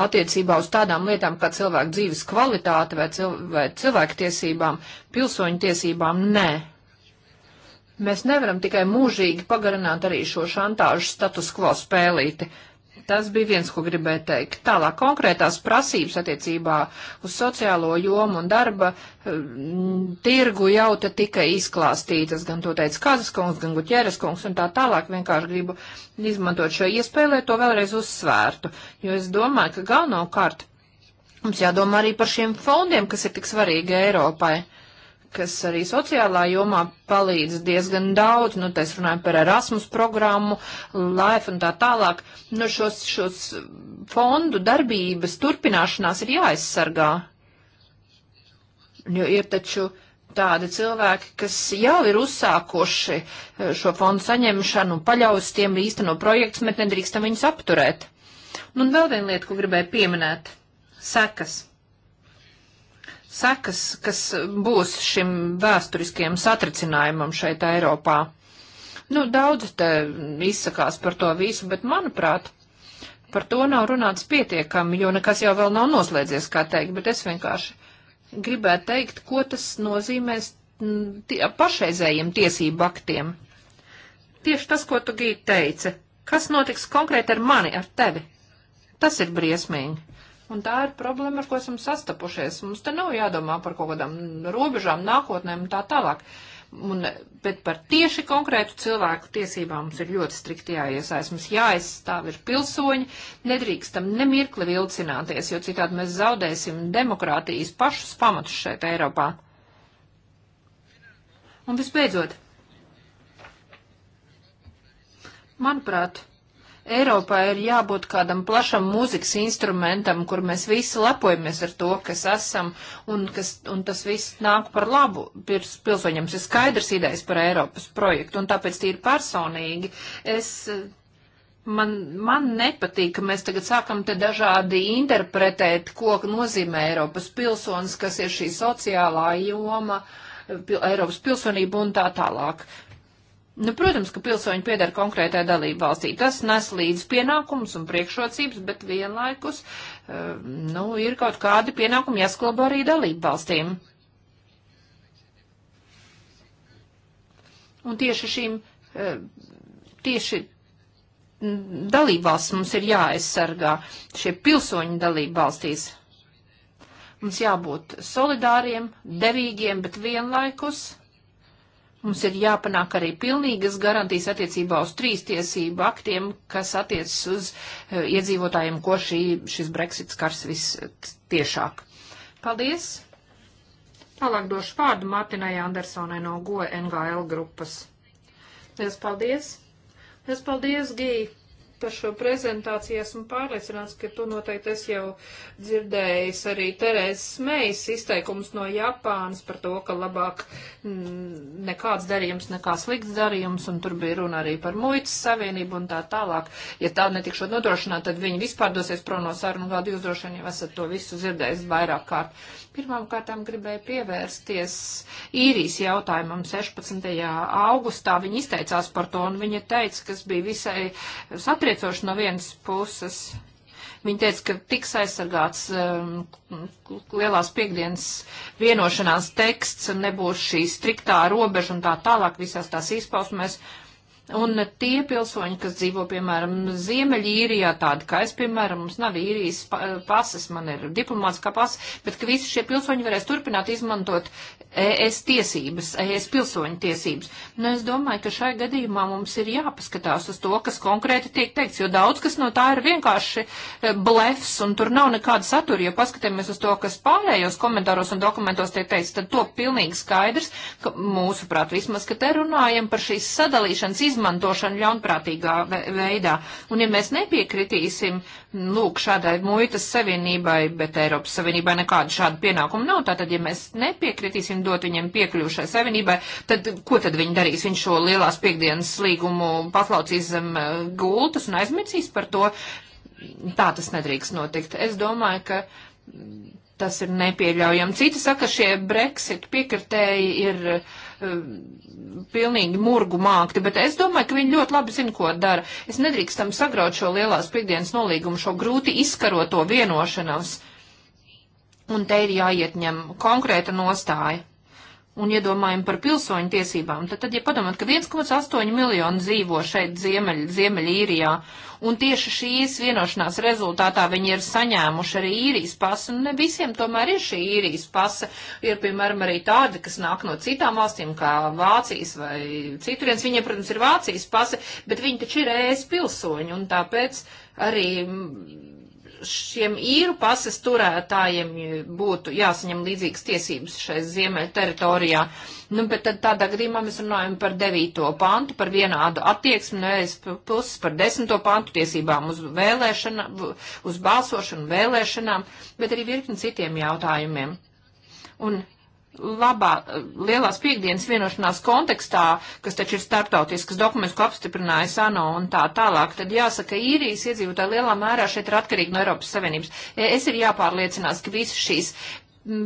Speaker 1: attiecībā uz tādām lietām kā cilvēku dzīves kvalitāte vai, cilv vai cilvēku tiesībām, pilsoņu tiesībām, nē. Mēs nevaram tikai mūžīgi pagarināt arī šo šantāžu status quo spēlīti. Uh, Tas bija viens, ko gribēju teikt. Tālāk konkrētās prasības attiecībā uz sociālo jomu un darba mm, tirgu jau te tika izklāstītas, gan to teica Kazaskungs, gan Guķereskungs un tā tālāk. Vienkārši gribu izmantot šo iespēju, lai to vēlreiz uzsvērtu, jo es domāju, ka galvenokārt mums jādomā arī par šiem fondiem, kas ir tik svarīgi Eiropai. Uh, kas arī sociālā jomā palīdz diezgan daudz, nu, tā es runāju par Erasmus programmu, LIFE un tā tālāk. Nu, šos, šos fondu darbības turpināšanās ir jāaizsargā. Jo ir taču tādi cilvēki, kas jau ir uzsākoši eh, šo fondu saņemšanu, paļaujas tiem īsteno projektus, bet nedrīkstam viņus apturēt. Nu, un vēl viena lieta, ko gribēju pieminēt - sekas sekas, kas būs šim vēsturiskajam satricinājumam šeit Eiropā. Nu, daudz te izsakās par to visu, bet manuprāt, par to nav runāts pietiekami, jo nekas jau vēl nav noslēdzies, kā teikt, bet es vienkārši gribētu teikt, ko tas nozīmēs mm, tie, pašreizējiem tiesību aktiem. Tieši tas, ko tu, Gīt, teici. Kas notiks konkrēti ar mani, ar tevi? Tas ir briesmīgi. Un tā ir problēma, ar ko esam sastapušies. Mums te nav jādomā par kaut kādām robežām, nākotnēm un tā tālāk. Un, bet par tieši konkrētu cilvēku tiesībām mums ir ļoti strikti jāiesaist. Mums jāaizstāv ir pilsoņi, nedrīkstam nemirkli vilcināties, jo citādi mēs zaudēsim demokrātijas pašus pamatus šeit Eiropā. Un visbeidzot, manuprāt, Eiropā ir jābūt kādam plašam mūzikas instrumentam, kur mēs visi lepojamies ar to, kas esam, un, kas, un tas viss nāk par labu pilsoņiem. Tas ir skaidrs idejas par Eiropas projektu, un tāpēc tīri personīgi es Man, man nepatīk, ka mēs tagad sākam te dažādi interpretēt, ko nozīmē Eiropas pilsonis, kas ir šī sociālā joma, pil, Eiropas pilsonība un tā tālāk. Nu, protams, ka pilsoņi piedara konkrētai dalību valstī. Tas nes līdz pienākums un priekšrocības, bet vienlaikus, eh, nu, ir kaut kādi pienākumi jāsklabā arī dalību valstīm. Un tieši šīm, eh, tieši dalību valsts mums ir jāaizsargā, šie pilsoņi dalību valstīs. Mums jābūt solidāriem, devīgiem, bet vienlaikus Mums ir jāpanāk arī pilnīgas garantijas attiecībā uz trīs tiesību aktiem, kas attiecas uz uh, iedzīvotājiem, ko šī, šis Brexit skars vistiešāk. Paldies! Tālāk došu vārdu Mārtiņai Andersonai no GOE NGL grupas. Liels paldies! Liels paldies, Gija! par šo prezentāciju esmu pārliecināts, ka to noteikti es jau dzirdējis arī Terēzes Mejas izteikums no Japānas par to, ka labāk nekāds darījums nekā slikts darījums, un tur bija runa arī par muitas savienību un tā tālāk. Ja tā netikšot nodrošināt, tad viņi vispār dosies prom no sarunu gadu, jūs droši vien jau esat to visu dzirdējis vairāk kārt. Pirmām kārtām gribēju pievērsties īrijas jautājumam 16. augustā. Viņa izteicās par to, un viņa teica, kas bija visai satriecoši satriecoši no vienas puses. Viņa teica, ka tiks aizsargāts um, lielās piekdienas vienošanās teksts, nebūs šī striktā robeža un tā tālāk visās tās izpausmēs. Un tie pilsoņi, kas dzīvo, piemēram, Ziemeļīrijā, tādi kā es, piemēram, mums nav īrijas pases, man ir diplomātskā pasa, bet ka visi šie pilsoņi varēs turpināt izmantot ES tiesības, ES pilsoņu tiesības. Nu, es domāju, ka šai gadījumā mums ir jāpaskatās uz to, kas konkrēti tiek teikts, jo daudz kas no tā ir vienkārši e, blefs un tur nav nekāda satura. Ja paskatāmies uz to, kas pārējos komentāros un dokumentos tiek teikts, tad to pilnīgi skaidrs, ka mūsuprāt vismaz, ka te runājam par šīs sadalīšanas izmantošanu ļaunprātīgā ve veidā. Un ja mēs nepiekritīsim, lūk, šādai muitas savienībai, bet Eiropas savienībai nekāda šāda pienākuma nav, tātad ja mēs nepiekritīsim un dot viņiem piekļuvu šai savienībai, tad ko tad viņi darīs? Viņš šo lielās piekdienas līgumu paslaucīs zem e, gultas un aizmirsīs par to. Tā tas nedrīkst notikt. Es domāju, ka tas ir nepieļaujami. Citi saka, šie Brexit piekritēji ir e, pilnīgi murgu mākti, bet es domāju, ka viņi ļoti labi zina, ko dara. Es nedrīkstam sagraut šo lielās piekdienas nolīgumu, šo grūti izkaroto vienošanos. Un te ir jāietņem konkrēta nostāja un iedomājam par pilsoņu tiesībām, tad, tad ja padomāt, ka 1,8 miljonu dzīvo šeit Ziemeļ, Ziemeļīrijā, un tieši šīs vienošanās rezultātā viņi ir saņēmuši arī īrijas pasu, un ne visiem tomēr ir šī īrijas pasa. Ir, piemēram, arī tādi, kas nāk no citām valstīm, kā Vācijas vai cituriens, viņiem, protams, ir Vācijas pasa, bet viņi taču ir ēs pilsoņi, un tāpēc arī šiem īru pases turētājiem būtu jāsaņem līdzīgas tiesības šai ziemeļ teritorijā. Nu, bet tad tādā gadījumā mēs runājam par devīto pantu, par vienādu attieksmi, nevis puses par desmito pantu tiesībām uz vēlēšanām, uz balsošanu, vēlēšanām, bet arī virkni citiem jautājumiem. Un labā, lielās piekdienas vienošanās kontekstā, kas taču ir startautisks dokuments, ko apstiprināja ANO un tā tālāk, tad jāsaka, īrijas iedzīvotāji lielā mērā šeit ir atkarīgi no Eiropas Savienības. Es ir jāpārliecinās, ka visas šīs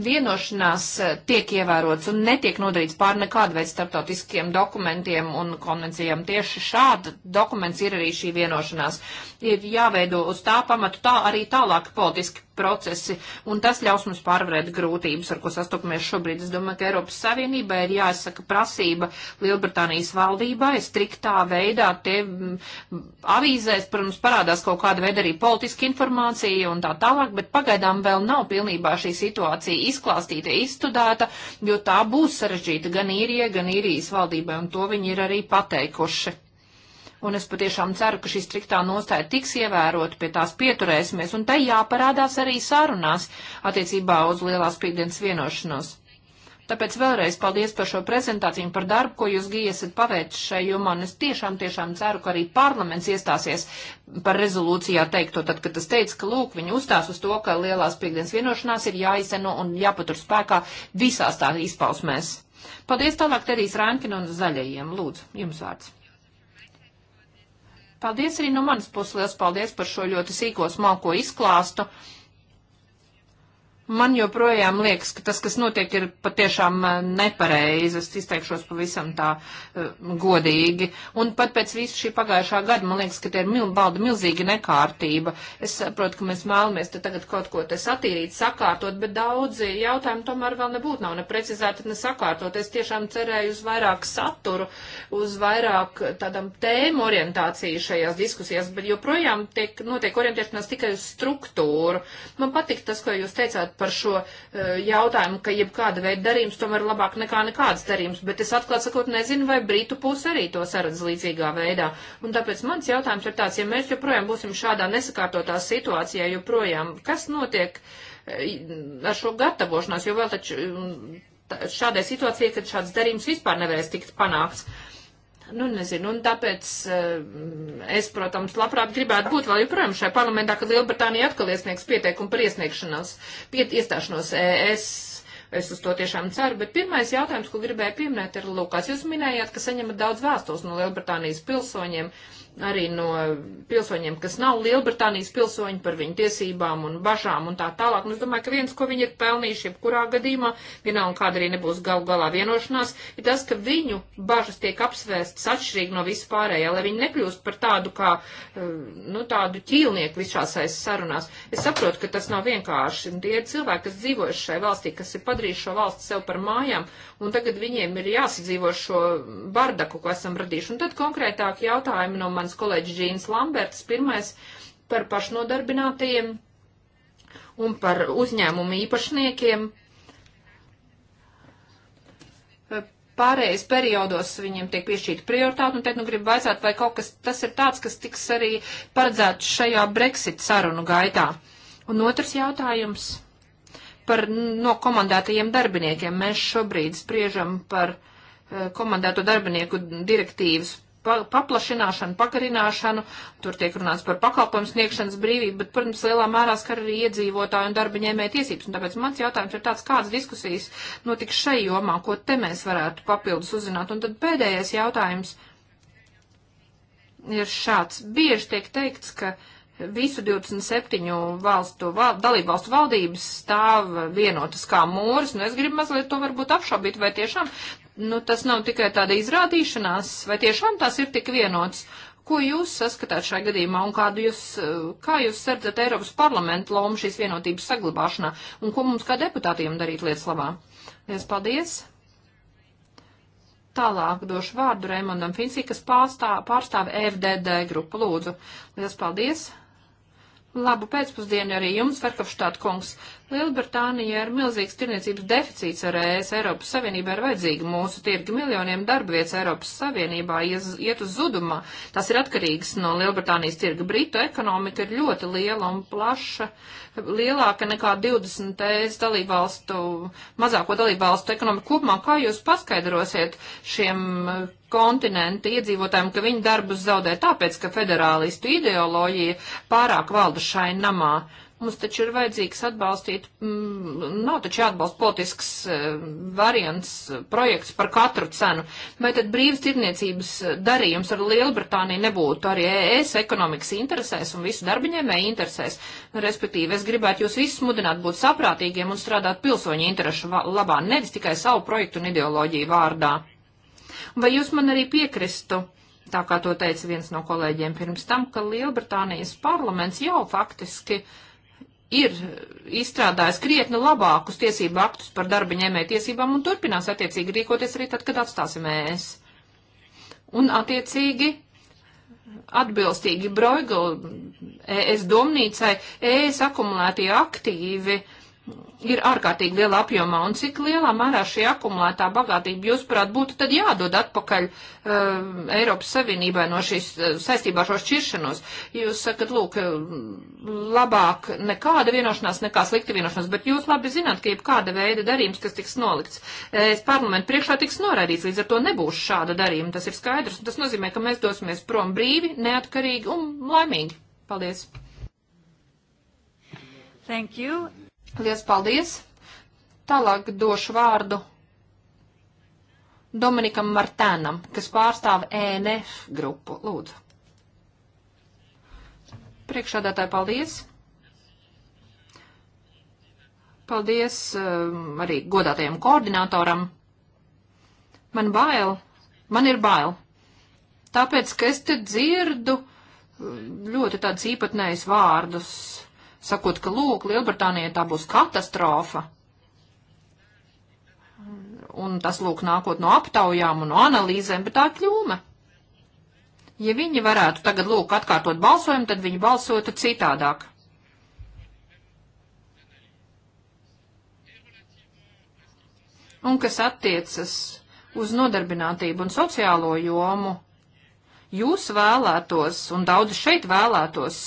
Speaker 1: vienošanās eh, tiek ievērots un netiek nodarīts pār nekādu veidu starptautiskiem dokumentiem un konvencijām. Tieši šāda dokuments ir arī šī vienošanās. Ir jāveido uz tā pamatu tā arī tālāk politiski procesi, un tas ļaus mums pārvarēt grūtības, ar ko sastopamies šobrīd. Es domāju, ka Eiropas Savienībai ir jāizsaka prasība Lielbritānijas valdībai striktā veidā. Tie avīzēs, protams, parādās kaut kāda veida arī politiska informācija un tā tālāk, bet pagaidām vēl nav pilnībā šī situācija izklāstīta, izstudēta, jo tā būs sarežģīta gan īrijai, gan īrijas valdībai, un to viņi ir arī pateikuši un es patiešām ceru, ka šī striktā nostāja tiks ievērota, pie tās pieturēsimies, un tai jāparādās arī sārunās attiecībā uz lielās piekdienas vienošanos. Tāpēc vēlreiz paldies par šo prezentāciju un par darbu, ko jūs esat paveicis šai jomā, un es tiešām, tiešām ceru, ka arī parlaments iestāsies par rezolūcijā teikto, tad, kad tas teica, ka lūk, viņi uzstās uz to, ka lielās piekdienas vienošanās ir jāizseno un jāpatur spēkā visās tā izpausmēs. Paldies tālāk Terijas Rankina un Zaļajiem. Lūdzu, jums vārds. Paldies arī no manas puses. Liels paldies par šo ļoti sīko smalko izklāstu. Man joprojām liekas, ka tas, kas notiek, ir patiešām eh, nepareizi. Es izteikšos pavisam tā uh, godīgi. Un pat pēc visu šī pagājušā gada man liekas, ka te ir mil, balda milzīga nekārtība. Es saprotu, ka mēs vēlamies te tagad kaut ko te satīrīt, sakārtot, bet daudzi jautājumi tomēr vēl nebūtu nav neprecizēti, ne sakārtot. Es tiešām cerēju uz vairāk saturu, uz vairāk eh, tādam tēmu orientāciju šajās diskusijās, bet joprojām tiek, notiek orientēšanās tikai uz struktūru. Man patīk tas, ko jūs teicāt runāt par šo uh, jautājumu, ka jebkāda veida darījums tomēr labāk nekā nekāds darījums, bet es atklāt sakot nezinu, vai Brītu puse arī to saredz līdzīgā veidā. Un tāpēc mans jautājums ir tāds, ja mēs joprojām būsim šādā nesakārtotā situācijā joprojām, kas notiek eh, ar šo gatavošanās, jo vēl taču mm, šādai situācijai, kad šāds darījums vispār nevarēs tikt panākts. Uh, Nu, nezinu, un tāpēc eh, es, protams, labprāt gribētu būt vēl joprojām šajā parlamentā, kad Lielbritānija atkal iesniegs pieteikumu par iesniegšanos, piet, iestāšanos ES. Es uz to tiešām ceru, bet pirmais jautājums, ko gribēju pieminēt, ir Lukās. Jūs minējāt, ka saņemat daudz vēstules no Lielbritānijas pilsoņiem. Uh, arī no pilsoņiem, kas nav Lielbritānijas pilsoņi par viņu tiesībām un bažām un tā tālāk. Un nu, es domāju, ka viens, ko viņi ir pelnījuši, jebkurā gadījumā, vienalga kāda arī nebūs gal galā vienošanās, ir tas, ka viņu bažas tiek apsvērstas atšķirīgi no vispārējā, lai viņi nekļūst par tādu kā, eh, nu, tādu ķīlnieku visās aiz sarunās. Es saprotu, ka tas nav vienkārši. Tie ir cilvēki, kas dzīvojuši šai valstī, kas ir padarījuši šo valsti sev par mājām un tagad viņiem ir jāsadzīvo šo bardaku, ko esam radījuši. Un tad konkrētāk jautājumi no mans kolēģis Džīns Lamberts. Pirmais par pašnodarbinātajiem un par uzņēmumu īpašniekiem. pārējais periodos viņiem tiek piešķīta prioritāte, un tad, nu, gribu vaicāt, vai kaut kas tas ir tāds, kas tiks arī paredzēts šajā Brexit sarunu gaitā. Un otrs jautājums par nokomandētajiem darbiniekiem. Mēs šobrīd spriežam par eh, komandēto darbinieku direktīvas paplašināšanu, pagarināšanu, tur tiek runāts par pakalpojumu sniegšanas brīvību, bet, protams, lielā mērā skar arī iedzīvotāju un darba ņēmēju tiesības. Un tāpēc mans jautājums ir tāds, kādas diskusijas notiks šai jomā, ko te mēs varētu papildus uzzināt. Un tad pēdējais jautājums ir šāds. Bieži tiek teikts, ka. Uh, visu 27 valstu, val, dalībvalstu valdības stāv vienotas kā mūris, un nu, es gribu mazliet to varbūt apšaubīt, vai tiešām, nu, tas nav tikai tāda izrādīšanās, vai tiešām tās ir tik vienotas. Ko jūs saskatāt šajā gadījumā, un kādu jūs, kā jūs sardzat Eiropas parlamentu lomu šīs vienotības saglabāšanā, un ko mums kā deputātiem darīt lietas labā? Liels paldies! Tālāk došu vārdu Raimondam Finsī, kas pārstāv, pārstāv FDD grupu. Lūdzu, liels paldies! Labu pēcpusdienu arī jums, Verhofstāta kungs. Lielbritānija ir milzīgs tirniecības deficīts ar ES. Eiropas Savienībā ir vajadzīga mūsu tirgi miljoniem darba vietas Eiropas Savienībā iet uz zudumā. Tas ir atkarīgs no Lielbritānijas tirga. Britu ekonomika ir ļoti liela un plaša, lielāka nekā 20 ES dalībvalstu, mazāko dalībvalstu ekonomika kopumā. Kā jūs paskaidrosiet šiem kontinenta iedzīvotājiem, ka viņi darbus zaudē tāpēc, ka federālistu ideoloģija pārāk valda šai namā. Mums taču ir vajadzīgs atbalstīt, m, mm, nav taču jāatbalsta politisks eh, variants, projekts par katru cenu. Vai tad brīvas tirniecības darījums ar Lielbritāniju nebūtu arī ES ekonomikas interesēs un visu darbiņēmēju interesēs? Respektīvi, es gribētu jūs visus mudināt būt saprātīgiem un strādāt pilsoņu interešu labā, nevis tikai savu projektu un ideoloģiju vārdā. Vai jūs man arī piekristu, tā kā to teica viens no kolēģiem pirms tam, ka Lielbritānijas parlaments jau faktiski ir izstrādājis krietni labākus tiesību aktus par darba ņēmēju tiesībām un turpinās attiecīgi rīkoties arī tad, kad atstāsim mēs. Un attiecīgi atbilstīgi Broigla ES domnīcai ES akumulētie aktīvi uh, ir ārkārtīgi liela apjomā, un cik lielā mērā šī akumulētā bagātība, jūsuprāt, būtu tad jādod atpakaļ uh, Eiropas Savienībai no šīs uh, saistībā ar šo šķiršanos. Jūs sakat, lūk, labāk nekāda vienošanās, nekā slikta vienošanās, bet jūs labi zināt, ka jebkāda veida darījums, kas tiks nolikts es eh, parlamentu priekšā, tiks noraidīts, līdz ar to nebūs šāda darījuma, tas ir skaidrs, un tas nozīmē, ka mēs dosimies prom brīvi, neatkarīgi un laimīgi. Paldies! Thank you. Lielas paldies! Tālāk došu vārdu Dominikam Martēnam, kas pārstāv ENF grupu. Lūdzu. Priekšādātāji, paldies! Paldies um, arī godātajam koordinatoram. Man bail, man ir bail. Tāpēc, ka es te dzirdu um, ļoti tādus īpatnējus vārdus sakot, ka lūk, Lielbritānijai tā būs katastrofa. Un tas lūk nākot no aptaujām un no analīzēm, bet tā kļūme. Ja viņi varētu tagad lūk atkārtot balsojumu, tad viņi balsotu citādāk. Un kas attiecas uz nodarbinātību un sociālo jomu, jūs vēlētos, un daudzi šeit vēlētos,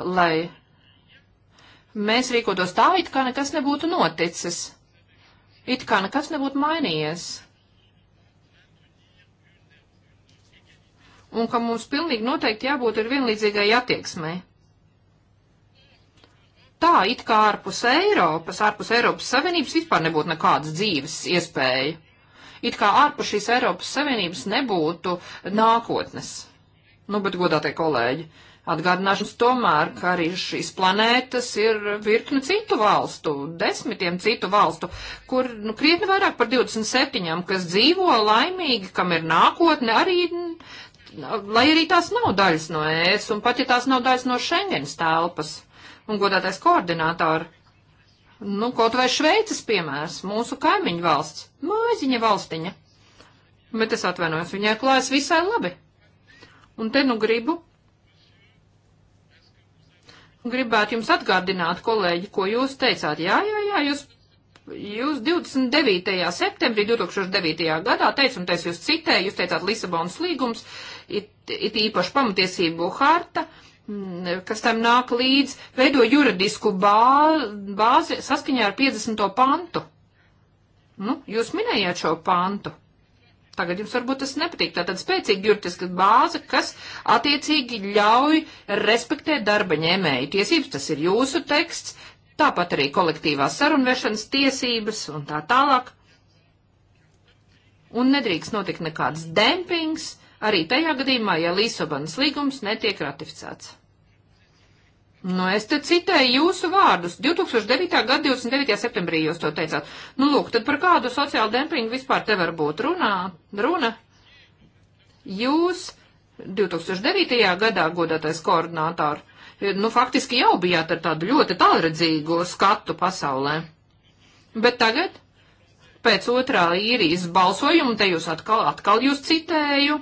Speaker 1: lai mēs rīkotos tā, it kā nekas nebūtu noticis. It kā nekas nebūtu mainījies. Un ka mums pilnīgi noteikti jābūt ir vienlīdzīgai attieksmei tā, it kā ārpus Eiropas, ārpus Eiropas Savienības vispār nebūtu nekādas dzīves iespēja. It kā ārpus šīs Eiropas Savienības nebūtu nākotnes. Nu, bet godātie kolēģi, Atgādināšu tomēr, ka arī šīs planētas ir virkni citu valstu, desmitiem citu valstu, kur nu, krietni vairāk par 27, kas dzīvo laimīgi, kam ir nākotne, arī, lai arī tās nav daļas no ES, un pat ja tās nav daļas no Schengens telpas, un godātais koordinātori, nu, kaut vai Šveices piemērs, mūsu kaimiņu valsts, mājiņa valstiņa. Bet es atvainojos, viņai klājas visai labi. Un te nu gribu gribētu jums atgādināt, kolēģi, ko jūs teicāt. Jā, jā, jā, jūs, jūs 29. septembrī 2009. gadā teicat, un es jūs citēju, jūs teicāt Lisabonas līgums, it, it īpaši pamatiesību harta mm, kas tam nāk līdz, veido juridisku bā, bāzi saskaņā ar 50. pantu. Nu, jūs minējāt šo pantu. Tagad jums varbūt tas nepatīk. Tā tad spēcīga juridiska bāze, kas attiecīgi ļauj respektēt darba ņēmēju tiesības. Tas ir jūsu teksts, tāpat arī kolektīvās sarunvešanas tiesības un tā tālāk. Un nedrīkst notikt nekāds dempings arī tajā gadījumā, ja Līsabonas līgums netiek ratificēts. Nu, es te citēju jūsu vārdus. 2009. gada 29. septembrī jūs to teicāt. Nu, lūk, tad par kādu sociālu dempingu vispār te var būt runā, runa? Jūs 2009. gadā godātais koordinātāri, nu, faktiski jau bijāt ar tādu ļoti tālredzīgu skatu pasaulē. Bet tagad, pēc otrā īrijas balsojuma, te jūs atkal, atkal jūs citēju.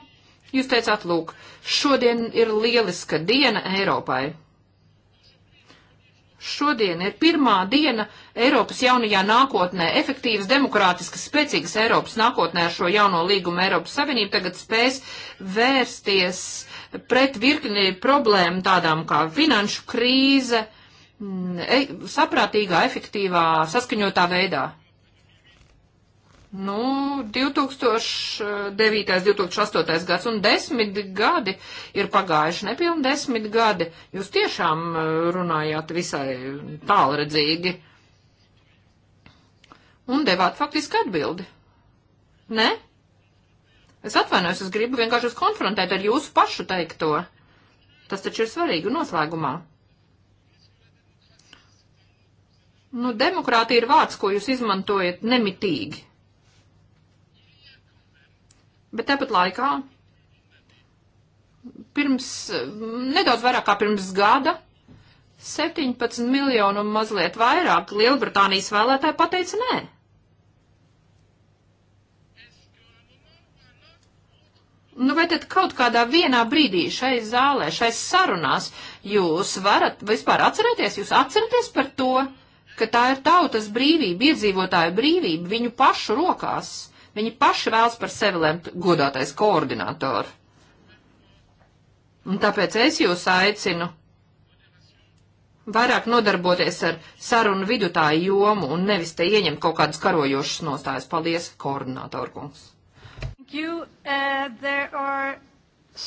Speaker 1: Jūs teicāt, lūk, šodien ir lieliska diena Eiropai. Šodien ir pirmā diena Eiropas jaunajā nākotnē, efektīvas, demokrātiskas, spēcīgas Eiropas nākotnē ar šo jauno līgumu Eiropas Savienību tagad spēs vērsties pret virkni problēmu tādām kā finanšu krīze, mm, e, saprātīgā, efektīvā, saskaņotā veidā. Nu, 2009. 2008. gads un desmit gadi ir pagājuši, nepilni desmit gadi. Jūs tiešām eh, runājāt visai tālredzīgi un devāt faktiski atbildi. Ne? Es atvainojos, es gribu vienkārši jūs konfrontēt ar jūsu pašu teikto. Tas taču ir svarīgi noslēgumā. Nu, demokrātija ir vārds, ko jūs izmantojat nemitīgi. Bet tāpat laikā, pirms, nedaudz vairāk kā pirms gada, 17 miljonu un mazliet vairāk Lielbritānijas vēlētāji pateica nē. Nu, vai tad kaut kādā vienā brīdī šai zālē, šai sarunās, jūs varat vispār atcerēties, jūs atceraties par to, ka tā ir tautas brīvība, iedzīvotāju brīvība viņu pašu rokās? Viņi paši vēlas par sevi lemt godātais koordinātori. Un tāpēc es jūs aicinu vairāk nodarboties ar sarunu vidutāju jomu un nevis te ieņemt kaut kādas karojošas nostājas. Paldies, koordinātor kungs.
Speaker 2: You, uh,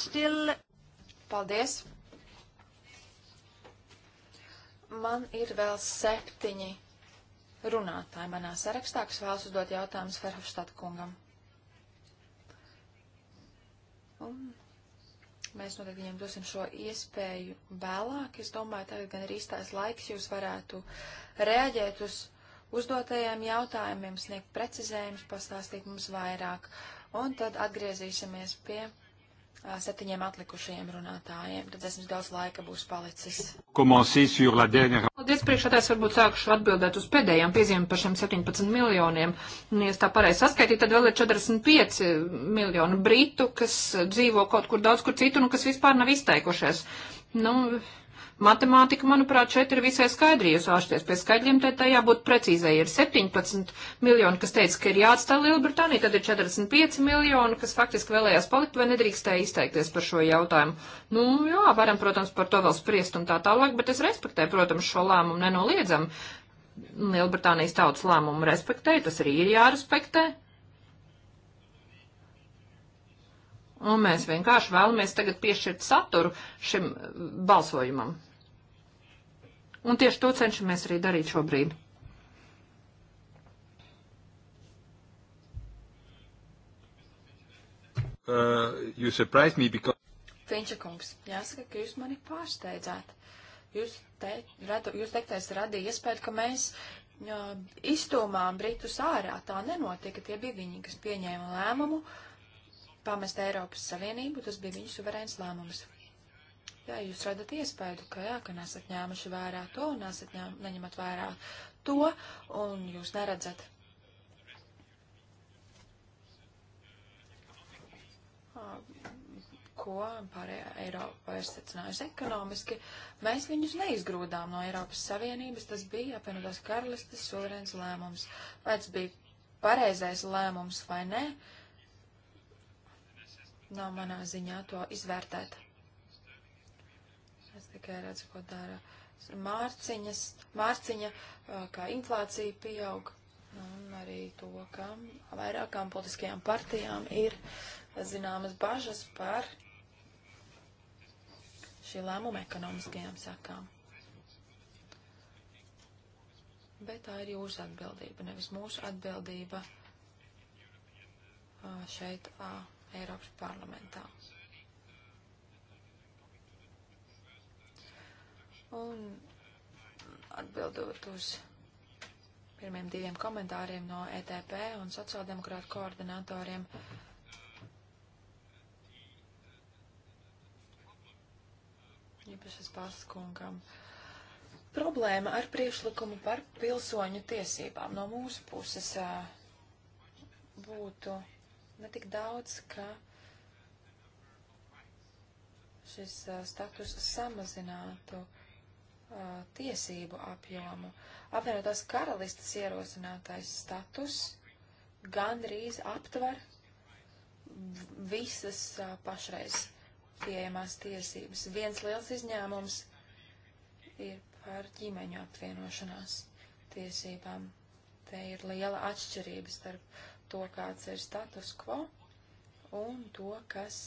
Speaker 2: still... Paldies. Man ir vēl septiņi runātāji manā sarakstā, kas vēlas uzdot jautājumus Ferhofstad kungam. Un mēs noteikti viņiem dosim šo iespēju vēlāk. Es domāju, tagad gan ir īstais laiks, jūs varētu reaģēt uz uzdotajiem jautājumiem, sniegt precizējumus, pastāstīt mums vairāk. Un tad atgriezīsimies pie septiņiem atlikušajiem runātājiem. Tad esmu daudz laika būs palicis.
Speaker 3: Paldies
Speaker 1: priekšādājs, varbūt sākušu atbildēt uz pēdējām piezīmēm par šiem 17 miljoniem. Un, ja es tā pareizi saskaitīju, tad vēl ir 45 miljoni britu, kas dzīvo kaut kur daudz kur citur un kas vispār nav izteikušies. Nu, Matemātika, manuprāt, šeit ir visai skaidri, jūs vāršties pie skaidriem, tad tajā būtu precīzai. Ir 17 miljoni, kas teica, ka ir jāatstāj Lielbritānija, tad ir 45 miljoni, kas faktiski vēlējās palikt vai nedrīkstēja izteikties par šo jautājumu. Nu, jā, varam, protams, par to vēl spriest un tā tālāk, bet es respektēju, protams, šo lēmumu nenoliedzam. Lielbritānijas tautas lēmumu respektēju, tas arī ir jārespektē. Un mēs vienkārši vēlamies tagad piešķirt saturu šim balsojumam. Un tieši to cenšamies arī darīt šobrīd.
Speaker 3: Uh, you surprised me because.
Speaker 2: Finča kungs, jāsaka, ka jūs mani pārsteidzāt. Jūs, te, radu, jūs teiktais radīja iespēju, ka mēs jā, iztūmām Britus ārā. Tā nenotika, tie bija viņi, kas pieņēma lēmumu pamest Eiropas Savienību, tas bija viņu suverēns lēmums. Jā, jūs radat iespēju, ka jā, ka nesat ņēmuši vērā to un nesat ņem, neņemat vērā to un jūs neredzat. Ko pārējā Eiropa ir secinājusi ekonomiski, mēs viņus neizgrūdām no Eiropas Savienības, tas bija apvienotās karalistes suverēns lēmums. Vai tas bija pareizais lēmums vai nē, nav manā ziņā to izvērtēt tikai redzu, ko dara mārciņas, mārciņa, kā inflācija pieaug, un arī to, ka vairākām politiskajām partijām ir zināmas bažas par šī lēmuma ekonomiskajām sakām. Bet tā ir jūsu atbildība, nevis mūsu atbildība šeit Eiropas parlamentā. Un atbildot uz pirmiem diviem komentāriem no ETP un sociāldemokrātu koordinatoriem, īpašas paskungam. Problēma ar priekšlikumu par pilsoņu tiesībām no mūsu puses būtu ne tik daudz, ka šis status samazinātu uh, uh, tiesību apjomu. Apvienotās karalistas ierosinātais status gandrīz aptver visas uh, pašreiz pieejamās tiesības. Viens liels izņēmums ir par ģimeņu apvienošanās tiesībām. Te ir liela atšķirība starp to, kāds ir status quo un to, kas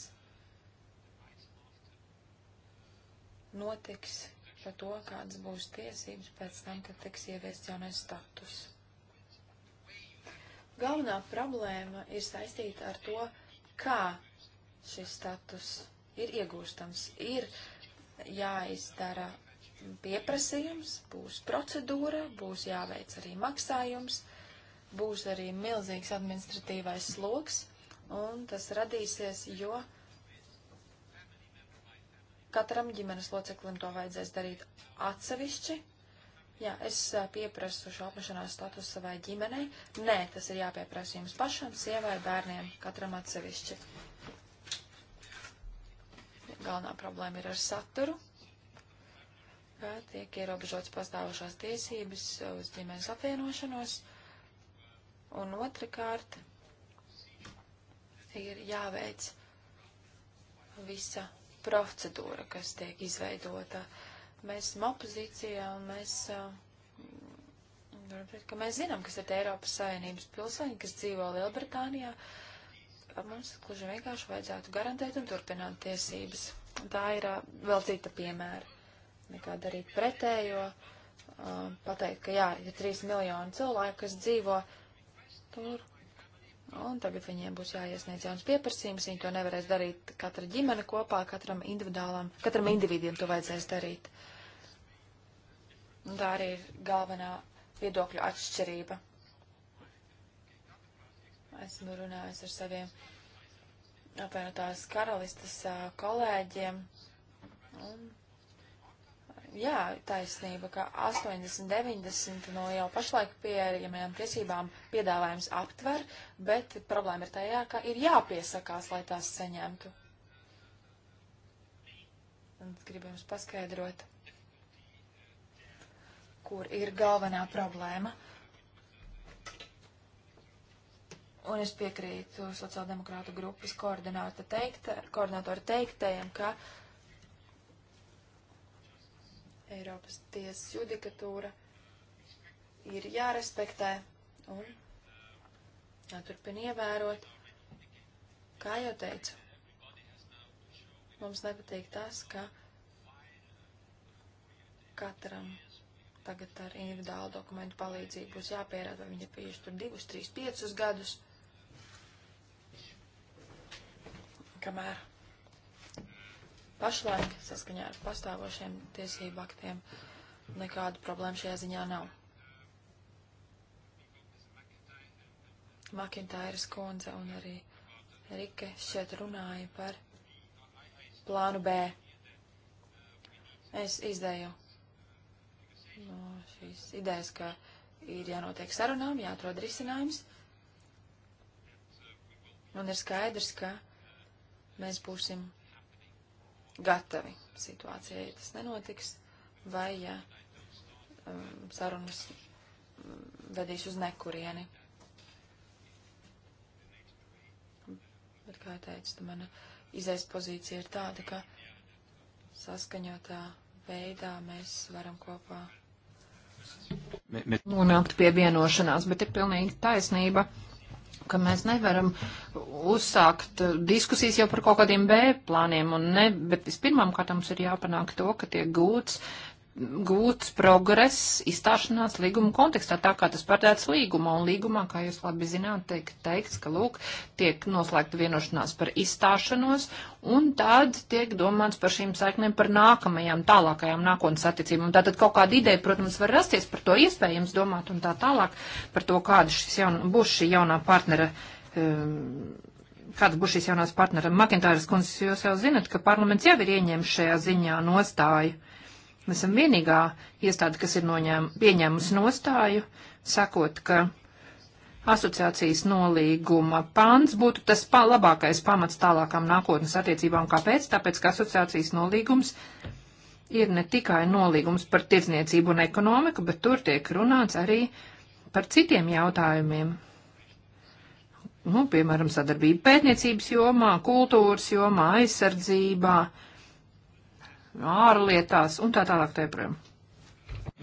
Speaker 2: notiks par to, kādas būs tiesības pēc tam, kad tiks ieviests jaunais status. Galvenā problēma ir saistīta ar to, kā šis status ir iegūstams. Ir jāizdara pieprasījums, būs procedūra, būs jāveic arī maksājums, būs arī milzīgs administratīvais sloks, un tas radīsies, jo uh, Katram ģimenes loceklim to vajadzēs darīt atsevišķi. Jā, es pieprasu šo apmešanās statusu savai ģimenei. Nē, tas ir jāpieprasa jums pašam, sievai, bērniem, katram atsevišķi. Galvenā problēma ir ar saturu, ka tiek ierobežots pastāvošās tiesības uz ģimenes apvienošanos. Un otrkārt ir jāveic visa procedūra, kas tiek izveidota. Mēs esam opozīcijā un mēs, varam teikt, ka mēs zinām, kas ir Eiropas Savienības pilsoņi, kas dzīvo Lielbritānijā. Mums kluži vienkārši vajadzētu garantēt un turpināt tiesības. Tā ir vēl cita piemēra nekā darīt pretējo, pateikt, ka jā, ir trīs miljoni cilvēku, kas dzīvo tur, Un tagad viņiem būs jāiesniedz jauns pieprasījums, viņi to nevarēs darīt katra ģimene kopā, katram individuālam, katram individiem to vajadzēs darīt. Un tā arī ir galvenā viedokļu atšķirība. Esmu runājis ar saviem apvienotās karalistas kolēģiem, un jā, taisnība, ka 80-90 no jau pašlaik pieejamajām tiesībām piedāvājums aptver, bet problēma ir tajā, ka ir jāpiesakās, lai tās saņemtu. Un gribu jums paskaidrot, kur ir galvenā problēma. Un es piekrītu sociāldemokrātu grupas koordinātora teiktajiem, ka uh, Eiropas tiesas judikatūra ir jārespektē un jāturpina ievērot. Kā jau teicu, mums nepatīk tas, ka katram tagad ar individuālu dokumentu palīdzību būs jāpierāda, vai viņi ir bijuši tur divus, trīs, piecus gadus, kamēr Pašlaik, saskaņā ar pastāvošiem tiesību aktiem, nekādu problēmu šajā ziņā nav. Makintāras kundze un arī Rike šeit runāja par plānu B. Es izdēju no šīs idejas, ka ir jānotiek sarunām, jāatrod risinājums. Un ir skaidrs, ka mēs būsim gatavi situācijai, ja tas nenotiks, vai ja um, sarunas mm, vedīs uz nekurieni. Bet, kā jau teicu, tā mana izaist pozīcija ir tāda, ka saskaņotā veidā mēs varam kopā
Speaker 1: nonākt pie vienošanās, bet ir pilnīgi taisnība. Uh, ka mēs nevaram uzsākt diskusijas jau par kaut kādiem B plāniem, un ne, bet vispirmām kārtām mums ir jāpanāk to, ka tiek gūts uh, gūts progress izstāšanās līguma kontekstā, tā kā tas paredzēts līgumā. Un līgumā, kā jūs labi zināt, tiek teikts, ka, lūk, tiek noslēgta vienošanās par izstāšanos, un tad tiek domāts par šīm saiknēm par nākamajām, tālākajām nākotnes attiecībām. Tātad kaut kāda ideja, protams, var rasties par to iespējams domāt un tā tālāk, par to, kāda šis jaun, būs šī jaunā partnera. Um, kāds būs šīs jaunās partnera. Makintāras kundzes, jūs jau zinat, ka parlaments jau ir ieņēmis šajā ziņā nostāju. Uh, Mēs esam vienīgā iestāde, kas ir noņēm, pieņēmusi nostāju, sakot, ka asociācijas nolīguma pants būtu tas pa labākais pamats tālākām nākotnes attiecībām. Kāpēc? Tāpēc, ka asociācijas nolīgums ir ne tikai nolīgums par tirdzniecību un ekonomiku, bet tur tiek runāts arī par citiem jautājumiem. Nu, piemēram, sadarbība pētniecības jomā, kultūras jomā, aizsardzībā, uh, ārlietās un tā tālāk tēprēm.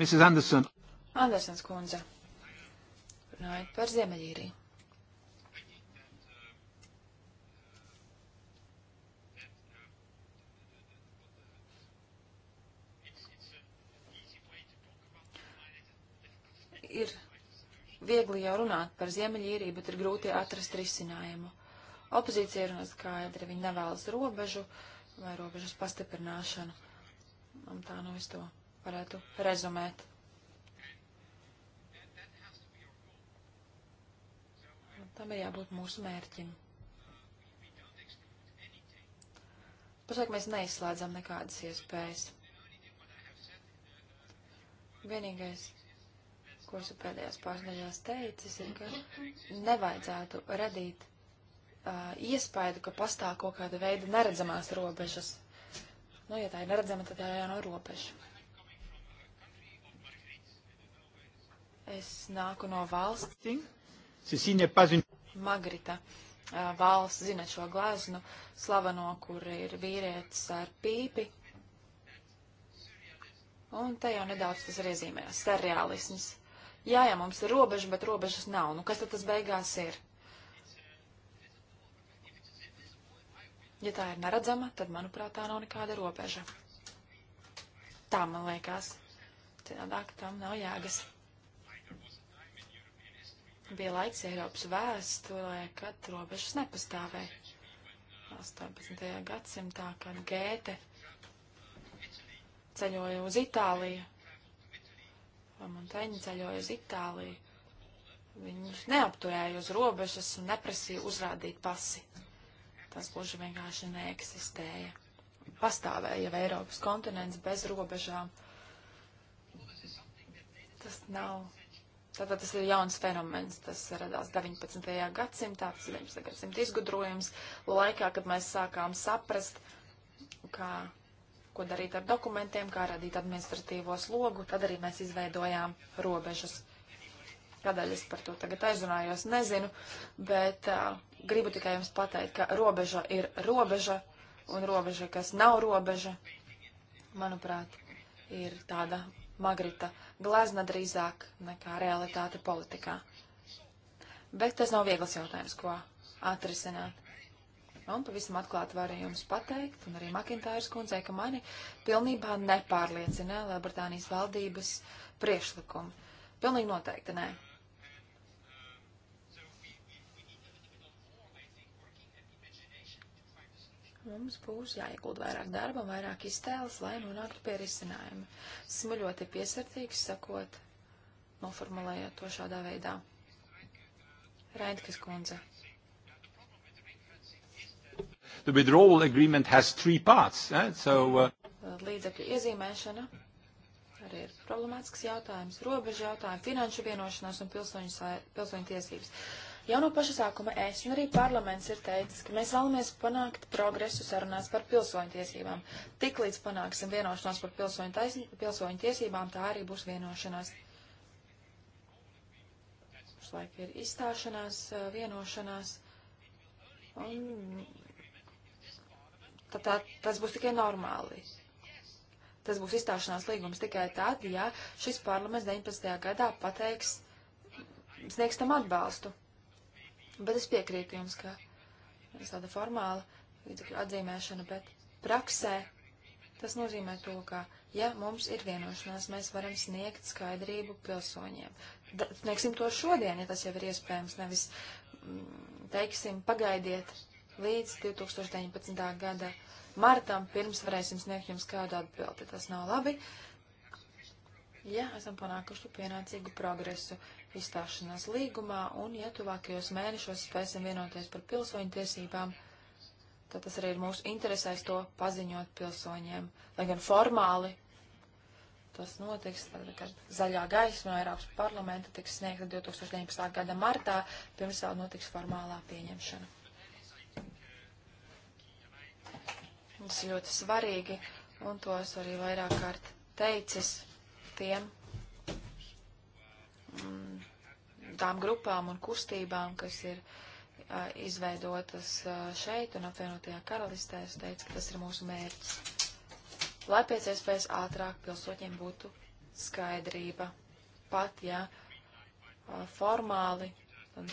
Speaker 1: Mrs. Anderson.
Speaker 2: Andersons kundze. Runājot par Ziemeļīriju. ir viegli jau runāt par Ziemeļīriju, bet ir grūti atrast risinājumu. Opozīcija runā skaidri, viņi nevēlas robežu, uh, vai robežas pastiprināšanu. Un tā nu es to varētu rezumēt. Un tam ir jābūt mūsu mērķim. Pašlaik mēs neizslēdzam nekādas iespējas. Vienīgais, ko esmu pēdējās pāris nedēļās teicis, ir, ka nevajadzētu radīt uh, iespaidu, ka pastāv kaut kāda veida neredzamās robežas. Nu, ja tā ir neredzama, tad tā jau nav robeža. Es nāku no valsts. Magrita uh, valsts zina šo gleznu, slaveno, kur ir vīrietis ar pīpi. Un te jau nedaudz tas ir iezīmējās, seriālisms. Jā, jā, mums ir robeža, bet robežas nav. Nu, kas tad tas beigās ir? Ja tā ir neredzama, tad, manuprāt, tā nav nekāda robeža. Tā, man liekas, citādāk tam nav jēgas. Bija laiks Eiropas vēsturē, kad robežas nepastāvēja. 18. gadsimtā, kad Gēte ceļoja uz Itāliju, vai Monteņa ceļoja uz Itāliju, viņus neapturēja uz robežas un neprasīja uzrādīt pasi. Tas gluži vienkārši neeksistēja. Pastāvēja jau Eiropas kontinents bez robežām. Tas nav. Tātad tas ir jauns fenomens, tas radās 19. gadsimtā, tas ir 19. gadsimta izgudrojums, laikā, kad mēs sākām saprast, kā, ko darīt ar dokumentiem, kā radīt administratīvo slogu, tad arī mēs izveidojām robežas. Kādēļ es par to tagad aizrunājos, nezinu, bet uh, gribu tikai jums pateikt, ka robeža ir robeža, un robeža, kas nav robeža, manuprāt, ir tāda magrita glazna drīzāk nekā realitāte politikā. Bet tas nav viegls jautājums, ko atrisināt. Un pavisam atklāti varu jums pateikt, un arī Makintājas kundzei, ka mani pilnībā nepārliecina Lielbritānijas valdības priešlikumi. Pilnīgi noteikti nē. Ne. mums būs jāiegūt vairāk darba, vairāk iztēles, lai nonāktu pie risinājuma. Esmu ļoti piesardzīgs, sakot, noformulējot to šādā veidā. Raidkas kundze. The withdrawal agreement has three parts. Eh? So, uh... Līdzekļu iezīmēšana arī ir problemātisks jautājums, robežu jautājumi, finanšu vienošanās un pilsoņu, pilsoņu tiesības. Uh, Jau no paša sākuma es un arī parlaments ir teicis, ka mēs vēlamies panākt progresu sarunās par pilsoņu tiesībām. Tik līdz panāksim vienošanās par pilsoņu, taisn... pilsoņu tiesībām, tā arī būs vienošanās. Šlaik ir izstāšanās, vienošanās. Un tā, tā, tas būs tikai normāli. Tas būs izstāšanās līgums tikai tad, ja šis parlaments 19. gadā pateiks, sniegs tam atbalstu. Bet es piekrītu jums, ka tas tāda formāla atzīmēšana, bet praksē tas nozīmē to, ka, ja mums ir vienošanās, mēs varam sniegt skaidrību pilsoņiem. Da, sniegsim to šodien, ja tas jau ir iespējams, nevis, m, mm, teiksim, pagaidiet līdz 2019. gada martam, pirms varēsim sniegt jums kādu atbildi. Tas nav labi. Ja esam panākuši pienācīgu progresu, izstāšanās līgumā, un ja tuvākajos mēnešos spēsim vienoties par pilsoņu tiesībām, tad tas arī ir mūsu interesēs to paziņot pilsoņiem. Lai gan formāli tas notiks, tad, kad zaļā gaisma no Eiropas parlamenta tiks sniegta 2019. gada martā, pirms vēl notiks formālā pieņemšana. Tas ir ļoti svarīgi, un to es arī vairāk kārt teicis tiem, mm, tām grupām un kustībām, kas ir uh, izveidotas uh, šeit un apvienotajā karalistē. Es teicu, ka tas ir mūsu mērķis. Lai pēc iespējas ātrāk pilsoņiem būtu skaidrība, pat ja uh, formāli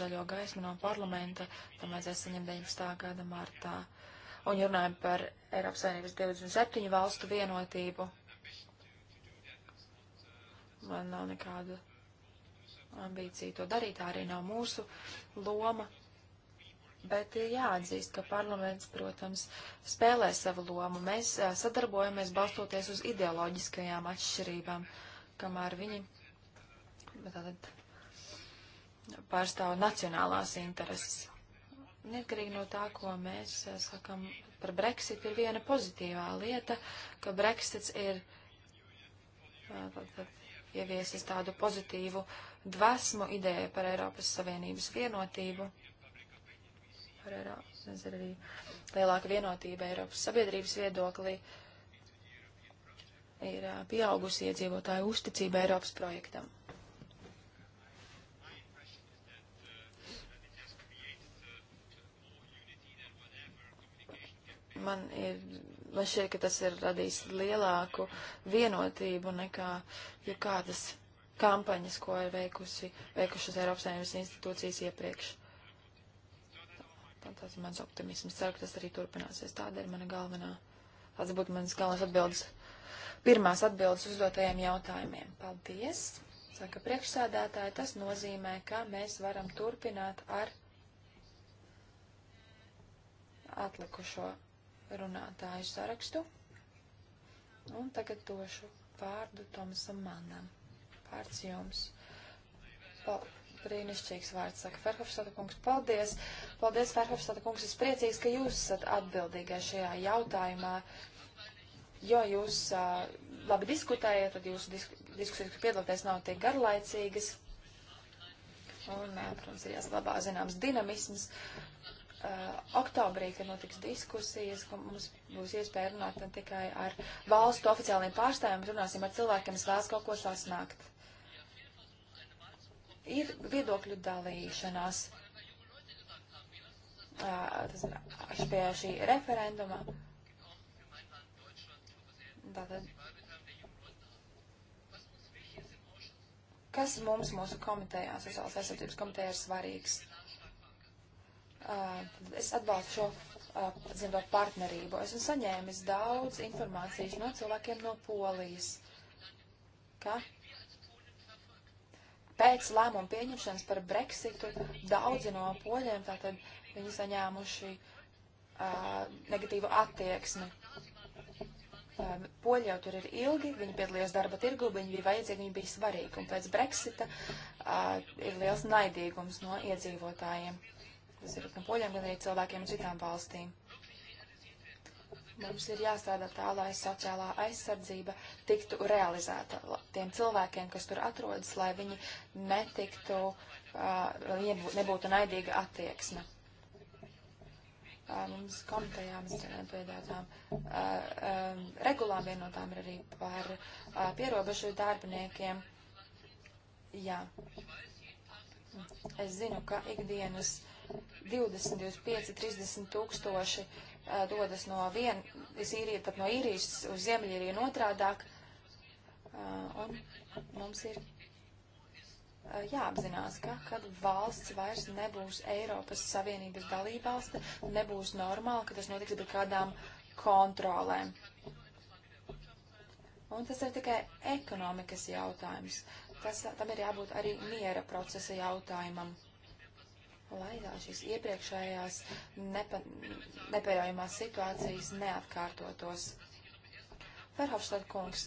Speaker 2: zaļo gaismu no parlamenta, tam vajadzēs saņemt 19. gada martā. Un runājam par Eiropas Savienības 27 valstu vienotību. Man nav nekāda ambīciju to darīt, tā arī nav mūsu loma. Bet ir jāatzīst, ka parlaments, protams, spēlē savu lomu. Mēs sadarbojamies balstoties uz ideoloģiskajām atšķirībām, kamēr viņi tātad, pārstāv nacionālās intereses. Neatkarīgi no tā, ko mēs sakam par Brexit, ir viena pozitīvā lieta, ka Brexits ir tātad, ieviesis tādu pozitīvu dvesmu ideju par Eiropas Savienības vienotību. Par Eiropas, nezinu, arī lielāka vienotība Eiropas sabiedrības viedoklī ir pieaugusi iedzīvotāju uzticība Eiropas projektam. Man ir man šķiet, ka tas ir radījis lielāku vienotību nekā jebkādas kampaņas, ko ir veikusi, veikušas Eiropas Savienības institūcijas iepriekš. Tas ir mans optimisms. Ceru, ka tas arī turpināsies. Tāda ir mana galvenā. Tāds būtu mans galvenais atbildes. Pirmās atbildes uzdotajiem jautājumiem. Paldies! Saka priekšsēdētāji, tas nozīmē, ka mēs varam turpināt ar atlikušo runātāju sarakstu. Un tagad došu vārdu Tomasam Mannam. Vārds jums. Pal Brīnišķīgs vārds, saka Ferhofstata kungs. Paldies! Paldies, Ferhofstata kungs! Es priecīgs, ka jūs esat atbildīgais šajā jautājumā, jo jūs uh, labi diskutējat, tad jūsu disk diskusijas, kas piedalāties, nav tik garlaicīgas. Un, protams, ir jāsaglabā zināms dinamisms. Eh, oktobrī, kad notiks diskusijas, ka mums būs iespēja runāt ne tikai ar valstu oficiāliem pārstāvjiem, bet runāsim ar cilvēkiem, kas vēlas kaut ko sasniegt. Ir viedokļu dalīšanās. Eh, tas ir pie šī referenduma. Tātad, kas mums mūsu komitejās, sociālās aizsardzības komitejā ir svarīgs? es atbalstu šo dzimto partnerību. Esmu saņēmis daudz informācijas no cilvēkiem no Polijas, ka pēc lēmuma pieņemšanas par Brexitu daudzi no poļiem, tātad viņi saņēmuši uh, negatīvu attieksmi. Um, Poļi jau tur ir ilgi, viņi piedalījās darba tirgu, viņi bija vajadzīgi, viņi bija svarīgi, un pēc Brexita uh, ir liels naidīgums no iedzīvotājiem. Uh, Tas ir gan poļiem, gan arī cilvēkiem no citām valstīm. Mums ir jāstrādā tā, lai sociālā aizsardzība tiktu realizēta tiem cilvēkiem, kas tur atrodas, lai viņi netiktu, uh, nebūtu naidīga attieksme. Uh, mums komitejā mēs strādājam pie tādām uh, regulām, viena no tām ir arī par pierobežu darbiniekiem. Jā. Es zinu, ka ikdienas uh, 20, 25, 30 tūkstoši uh, dodas no vien, īrija, pat no īrijas uz Ziemeļīriju un otrādāk. Uh, un mums ir uh, jāapzinās, ka, kad valsts vairs nebūs Eiropas Savienības dalībvalsta, nebūs normāli, ka tas notiks bez kādām kontrolēm. Un tas ir tikai ekonomikas jautājums. Tas, tam ir jābūt arī miera procesa jautājumam Lai šīs iepriekšējās nepa, nepieļaujamās situācijas neatkārtotos. Verhofstadt kungs,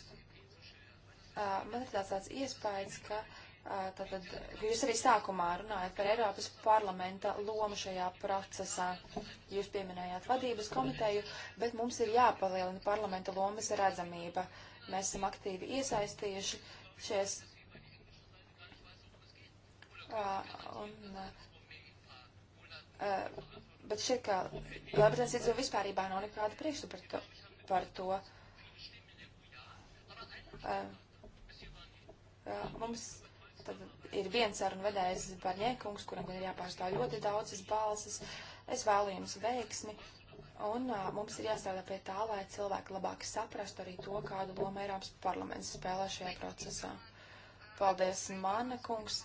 Speaker 2: man ir tāds, tāds iespējas, ka tātad, jūs arī sākumā runājat par Eiropas parlamenta lomu šajā procesā. Jūs pieminējāt vadības komiteju, bet mums ir jāpalielina parlamenta lomas redzamība. Mēs esam aktīvi iesaistījušies. Un Eh, bet šķiet, ka Lielbritānijas iedzīvotāji vispārībā nav nekāda priekšstata par to. Eh, eh, mums tad ir viens sarunu vedējs Barņēkungs, kuram gan ir jāpārstāv ļoti daudzas balsis. Es vēlu jums veiksmi. Un uh, mums ir jāstrādā pie tā, lai cilvēki labāk saprastu arī to, kādu lomu Eiropas parlaments spēlē šajā procesā. Paldies, mana kungs!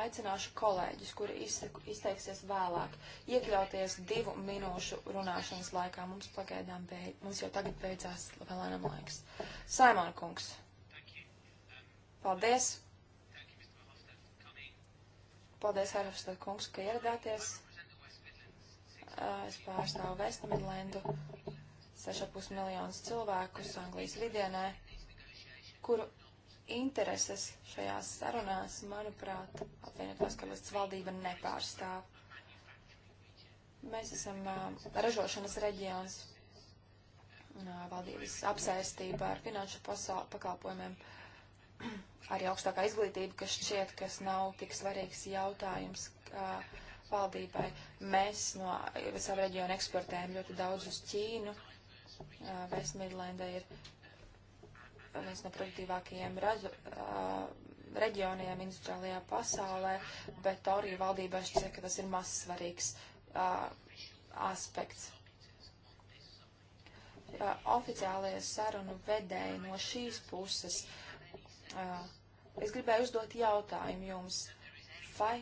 Speaker 2: aicināšu kolēģis, kuri izteku, izteiksies vēlāk, iekļauties divu minūšu runāšanas laikā. Mums pagaidām beid, mums jau tagad beidzās vēlēnam laiks. Saimona kungs. Paldies. Paldies, Harvestad kungs, ka ieradāties. Es pārstāvu Vestamidlendu, 6,5 miljonus cilvēkus Anglijas vidienē, kuru intereses šajās sarunās, manuprāt, apvienotās karalists valdība nepārstāv. Mēs esam uh, ražošanas reģions, uh, valdības apsēstība ar finanšu pakalpojumiem, arī augstākā izglītība, kas šķiet, kas nav tik svarīgs jautājums uh, valdībai. Mēs no savu reģionu eksportējam ļoti daudz uz Ķīnu. Vestmidlendē ir viens no produktīvākajiem rezu, uh, reģioniem industriālajā pasaulē, bet arī valdībā šķiet, ka tas ir mazsvarīgs uh, aspekts. Uh, oficiālajie sarunu vedēji no šīs puses. Uh, es gribēju uzdot jautājumu jums, vai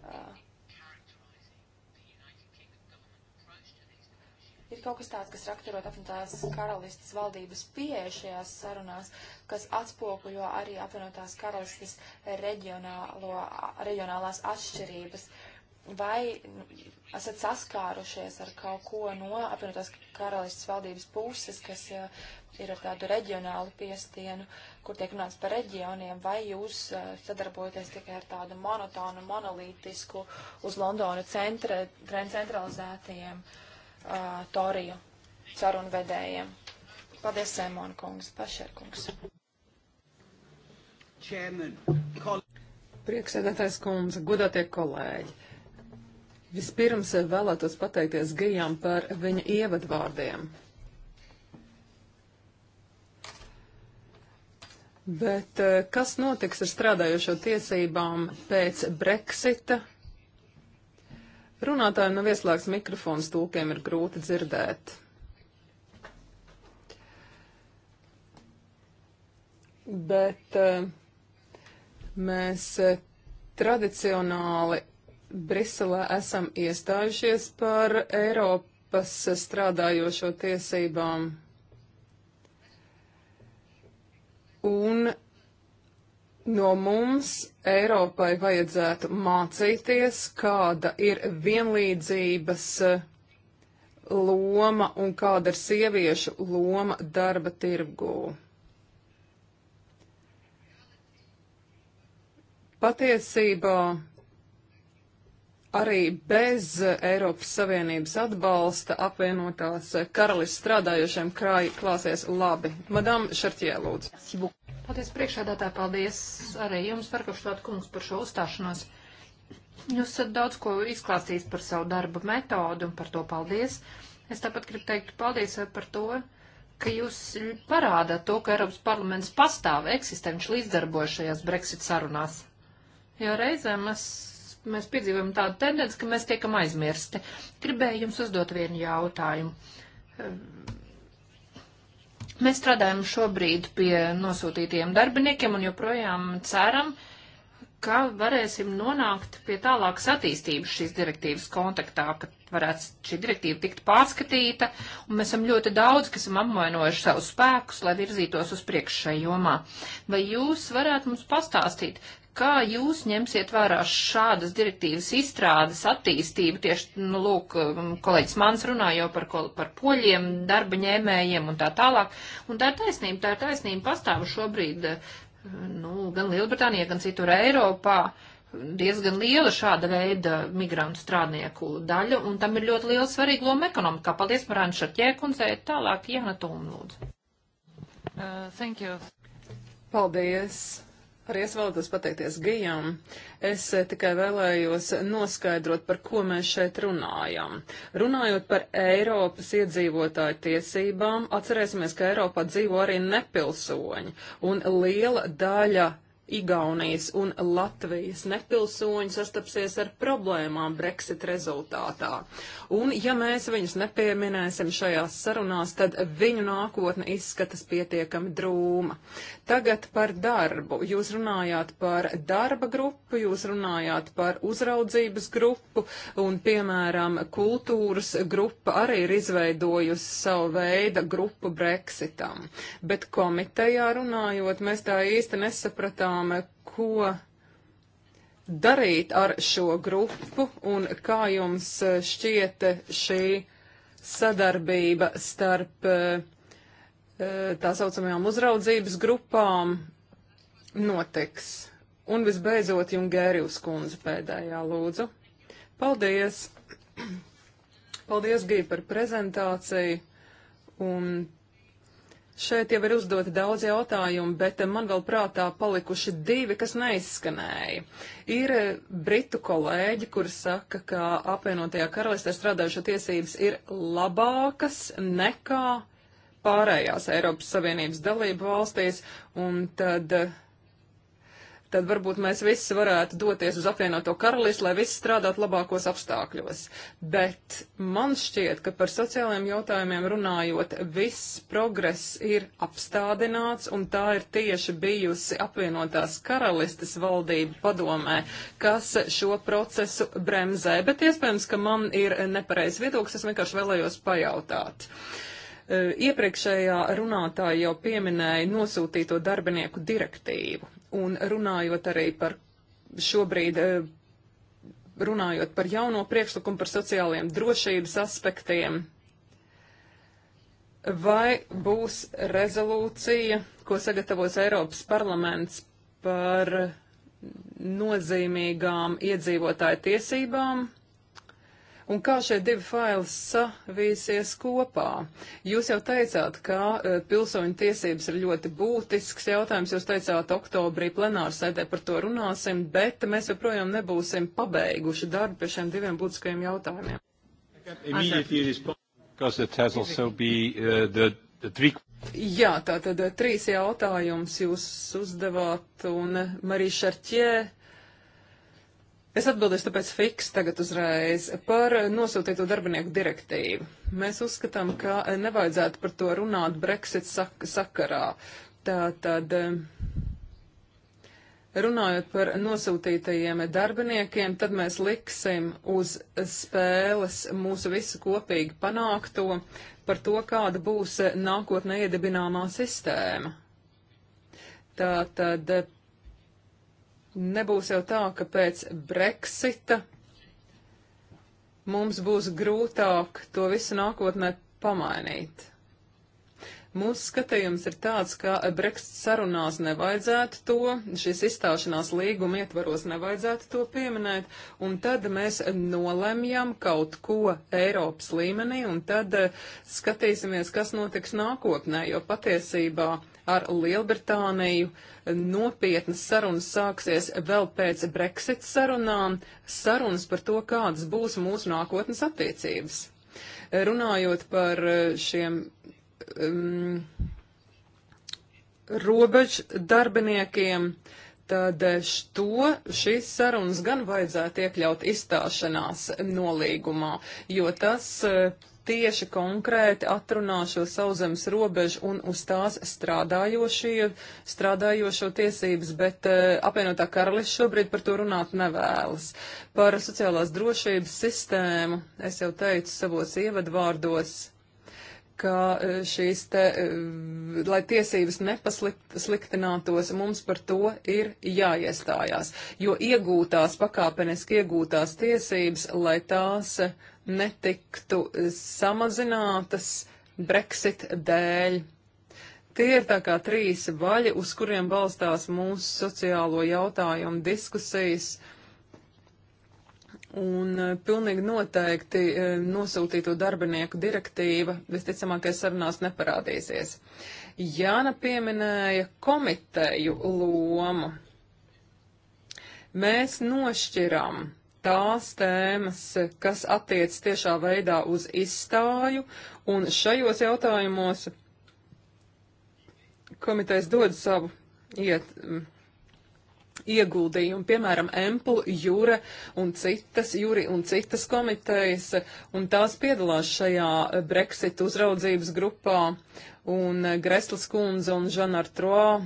Speaker 2: uh, ir kaut kas tāds, kas raksturot apvienotās karalistas valdības pieeja šajās sarunās, kas atspoguļo arī apvienotās karalistas reģionālo, reģionālās atšķirības. Vai nu, esat saskārušies ar kaut ko no apvienotās karalistas valdības puses, kas ir ar tādu reģionālu piestienu, kur tiek runāts par reģioniem, vai jūs uh, sadarbojaties tikai ar tādu monotonu, monolītisku, uz Londonu centra, centralizētajiem uh, uh, Toriju sarunvedējiem. Paldies, Sēmona kungs, Pašer kungs.
Speaker 3: Prieksēdētājs kundze, godātie kolēģi. Vispirms vēlētos pateikties Gijam par viņa ievadvārdiem. Bet eh, kas notiks ar strādājošo tiesībām pēc Brexita Runātājiem nav ieslēgts mikrofons, tūkiem ir grūti dzirdēt. Bet eh, mēs eh, tradicionāli Briselē esam iestājušies par Eiropas strādājošo tiesībām. Un No mums Eiropai vajadzētu mācīties, kāda ir vienlīdzības eh, loma un kāda ir sieviešu loma darba tirgū. Patiesībā Arī bez Eiropas Savienības atbalsta apvienotās karalists strādājošiem krāji klāsies labi. Madam Šartie, lūdzu.
Speaker 1: Paldies priekšādātā, paldies arī jums, Farkaštāt kungs, par šo uzstāšanos. Jūs esat daudz ko izklāstījis par savu darba metodu un par to paldies. Es tāpat gribu teikt paldies par to, ka jūs parādāt to, ka Eiropas parlaments pastāv eksistē, viņš līdzdarbojas šajās Brexit sarunās. Jo reizēm es mēs piedzīvojam tādu tendenci, ka mēs tiekam aizmirsti. Gribēju jums uzdot vienu jautājumu. Mēs strādājam šobrīd pie nosūtītiem darbiniekiem un joprojām ceram, ka varēsim nonākt pie tālākas attīstības šīs direktīvas kontaktā, ka varētu šī direktīva tikt pārskatīta, un mēs esam ļoti daudz, kas esam apmainojuši savus spēkus, lai virzītos uz priekšu šai jomā. Vai jūs varētu mums pastāstīt, Kā jūs ņemsiet vērā šādas direktīvas izstrādes attīstību? Tieši, nu, lūk, um, kolēģis Mans runā jau par, par poļiem, darba ņēmējiem un tā tālāk. Un tā ir taisnība, tā ir taisnība pastāv šobrīd, uh, nu, gan Lielbritānijā, gan citur Eiropā diezgan liela šāda veida migrantu strādnieku daļa, un tam ir ļoti liela svarīga loma ekonomikā. Paldies, Marāna Šarķēkundzei. Tālāk, Jāna Tūma, lūdzu.
Speaker 3: Uh, thank you. Paldies. Arī es vēlētos pateikties Gijam. Es eh, tikai vēlējos noskaidrot, par ko mēs šeit runājam. Runājot par Eiropas iedzīvotāju tiesībām, atcerēsimies, ka Eiropā dzīvo arī nepilsoņi, un liela daļa Igaunijas un Latvijas nepilsoņi sastapsies ar problēmām Brexit rezultātā. Un ja mēs viņus nepieminēsim šajās sarunās, tad viņu nākotne izskatas pietiekami drūma. Tagad par darbu. Jūs runājāt par darba grupu, jūs runājāt par uzraudzības grupu un, piemēram, kultūras grupa arī ir izveidojusi savu veidu grupu Brexitam. Bet komitejā runājot, mēs tā īsti nesapratām, domām, ko darīt ar šo grupu un kā jums eh, šķiet šī sadarbība starp eh, eh, tā saucamajām uzraudzības grupām notiks. Un visbeidzot, Jungērijus kundze pēdējā lūdzu. Paldies! Paldies, Gī, par prezentāciju. Un Šeit jau ir uzdoti daudz jautājumu, bet eh, man vēl prātā palikuši divi, kas neizskanēja. Ir eh, britu kolēģi, kur saka, ka apvienotajā karalistē strādājušo tiesības ir labākas nekā pārējās Eiropas Savienības dalību valstīs, un tad uh, tad varbūt mēs visi varētu doties uz apvienoto karalistu, lai visi strādātu labākos apstākļos. Bet man šķiet, ka par sociālajiem jautājumiem runājot, viss progress ir apstādināts, un tā ir tieši bijusi apvienotās karalistes valdība padomē, kas šo procesu bremzē. Bet iespējams, ka man ir nepareizs viedoklis, es vienkārši vēlējos pajautāt. Iepriekšējā runātāja jau pieminēja nosūtīto darbinieku direktīvu. Un runājot arī par šobrīd, eh, runājot par jauno priekšlikumu par sociālajiem drošības aspektiem, vai būs rezolūcija, ko sagatavos Eiropas parlaments par nozīmīgām iedzīvotāju tiesībām? Un kā šie divi faili savīsies kopā? Jūs jau teicāt, ka e, pilsoņu tiesības ir ļoti būtisks jautājums. Jūs teicāt, oktobrī plenāru sēdē par to runāsim, bet mēs joprojām nebūsim pabeiguši darbu pie šiem diviem būtiskajiem jautājumiem. Uh, Jā, tātad uh, trīs jautājums jūs uzdevāt, un uh, Marija Šarķē Es atbildēšu tāpēc fiks tagad uzreiz par nosūtīto darbinieku direktīvu. Mēs uzskatām, ka nevajadzētu par to runāt Brexit sak sakarā. Tātad, eh, runājot par nosūtītajiem darbiniekiem, tad mēs liksim uz spēles mūsu visu kopīgi panākto par to, kāda būs nākotnē iedibināmā sistēma. Tātad Nebūs jau tā, ka pēc Brexita mums būs grūtāk to visu nākotnē pamainīt. Mūsu skatījums ir tāds, ka Brexit sarunās nevajadzētu to, šis izstāšanās līguma ietvaros nevajadzētu to pieminēt, un tad mēs nolemjam kaut ko Eiropas līmenī, un tad skatīsimies, kas notiks nākotnē, jo patiesībā ar Lielbritāniju. Nopietnas sarunas sāksies vēl pēc Brexit sarunām, sarunas par to, kādas būs mūsu nākotnes attiecības. Runājot par eh, šiem um, robežu darbiniekiem, tad eh, to šīs sarunas gan vajadzētu iekļaut izstāšanās nolīgumā, jo tas uh, tieši konkrēti atrunā šo sauzemes robežu un uz tās strādājošie, strādājošo tiesības, bet uh, apvienotā karalis šobrīd par to runāt nevēlas. Par sociālās drošības sistēmu es jau teicu savos ievadvārdos ka eh, šīs te, eh, lai tiesības nepasliktinātos, mums par to ir jāiestājās, jo iegūtās, pakāpeniski iegūtās tiesības, lai tās uh, netiktu samazinātas Brexit dēļ. Tie ir tā kā trīs vaļi, uz kuriem balstās mūsu sociālo jautājumu diskusijas. Un eh, pilnīgi noteikti eh, nosūtīto darbinieku direktīva visticamākais sarunās neparādīsies. Jāna pieminēja komiteju lomu. Mēs nošķiram tās tēmas, kas attiec tiešā veidā uz izstāju, un šajos jautājumos komitejas dod savu iet, mm, ieguldījumu, piemēram, Empul, Jūra un citas, Jūri un citas komitejas, un tās piedalās šajā Brexit uzraudzības grupā, un Greslas kundze un Žanar Troa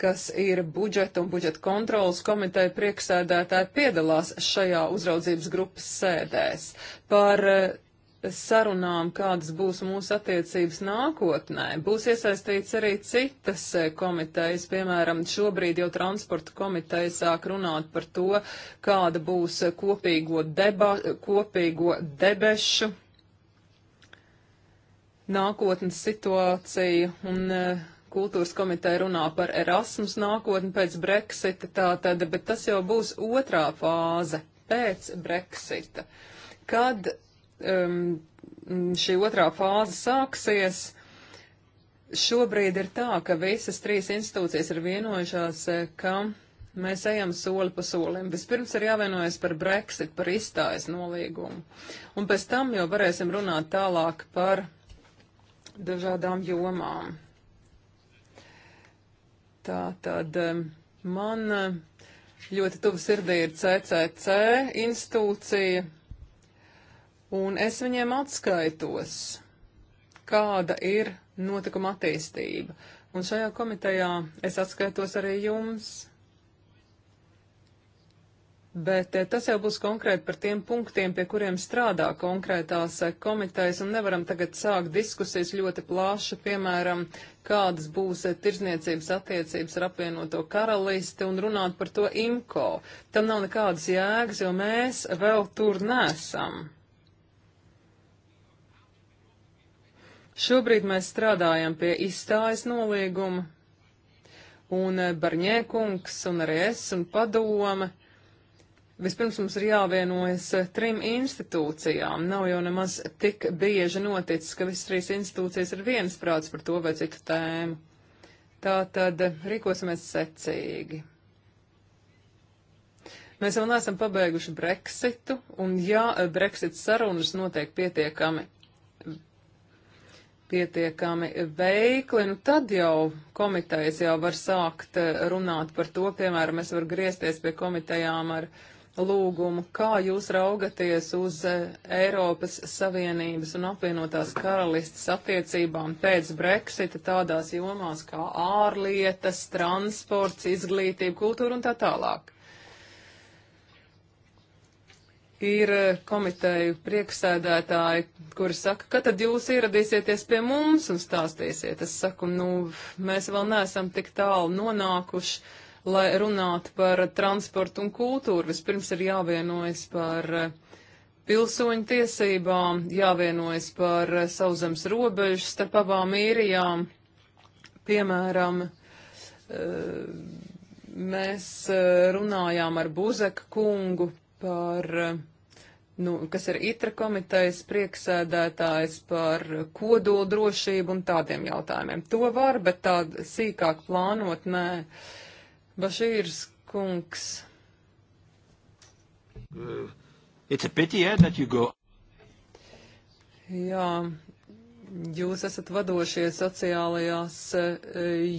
Speaker 3: kas ir budžeta un budžeta kontrolas komiteja priekšsēdētāji, piedalās šajā uzraudzības grupas sēdēs. Par eh, sarunām, kādas būs mūsu attiecības nākotnē, būs iesaistīts arī citas eh, komitejas, piemēram, šobrīd jau transporta komiteja sāk runāt par to, kāda būs kopīgo, deba, kopīgo debešu nākotnes situācija un uh, kultūras komiteja runā par Erasmus nākotni pēc Brexita, tātad, bet tas jau būs otrā fāze pēc Brexita. Kad um, šī otrā fāze sāksies, šobrīd ir tā, ka visas trīs institūcijas ir vienojušās, eh, ka mēs ejam soli pa solim. Vispirms ir jāvienojas par Brexit, par izstājas nolīgumu. Un pēc tam jau varēsim runāt tālāk par dažādām jomām. Tā tad man ļoti tuvu sirdī ir CCC institūcija, un es viņiem atskaitos, kāda ir notikuma attīstība. Un šajā komitejā es atskaitos arī jums. Bet eh, tas jau būs konkrēti par tiem punktiem, pie kuriem strādā konkrētās eh, komitejas, un nevaram tagad sākt diskusijas ļoti plāši, piemēram, kādas būs eh, tirzniecības attiecības ar apvienoto karalisti un runāt par to IMCO. Tam nav nekādas jēgas, jo mēs vēl tur nesam. Šobrīd mēs strādājam pie izstājas nolīguma, un Barņēkungs un arī es un padome Vispirms mums ir jāvienojas eh, trim institūcijām. Nav jau nemaz tik bieži noticis, ka visas trīs institūcijas ir viensprāts par to vai citu tēmu. Tā tad eh, rīkosimies secīgi. Mēs vēl neesam pabeiguši Brexitu, un ja eh, Brexit sarunas notiek pietiekami, pietiekami veikli, nu tad jau komitejas jau var sākt runāt par to, piemēram, es varu griezties pie komitejām ar uh, lūgumu, kā jūs raugaties uz e, Eiropas Savienības un apvienotās karalistas attiecībām pēc Brexita tādās jomās kā ārlietas, transports, izglītība, kultūra un tā tālāk. Ir e, komiteju priekšsēdētāji, kuri saka, ka tad jūs ieradīsieties pie mums un stāstīsiet. Es saku, nu, mēs vēl neesam tik tālu nonākuši lai runātu par transportu un kultūru. Vispirms ir jāvienojas par eh, pilsoņu tiesībām, jāvienojas par eh, sauzemes robežu starp abām īrijām. Piemēram, eh, mēs runājām ar Buzeka kungu par nu, kas ir itra komitejas prieksēdētājs par kodoldrošību un tādiem jautājumiem. To var, bet tā sīkāk plānot, nē. Uh, Bašīrs kungs.
Speaker 1: Uh, it's a pity, yeah, that you go.
Speaker 3: Jā, jūs esat vadošie sociālajās eh,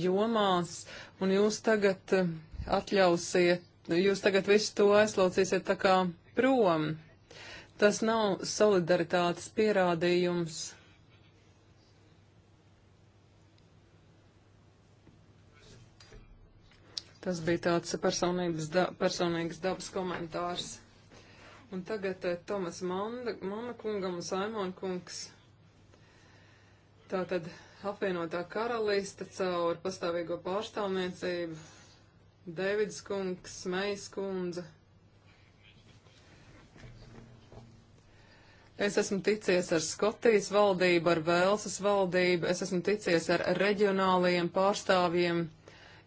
Speaker 3: jomās, un jūs tagad eh, atļausiet, jūs tagad visu to aizlaucīsiet tā kā prom. Tas nav solidaritātes pierādījums. Tas bija tāds personības, da, personīgas dabas komentārs. Un tagad eh, Tomas Manda, Mana kungam un Saimon kungs. Tātad apvienotā karaliste caur pastāvīgo pārstāvniecību, Davids kungs, Mejas kundze. Es esmu ticies ar Skotijas valdību, ar Velsas valdību, es esmu ticies ar reģionālajiem pārstāvjiem,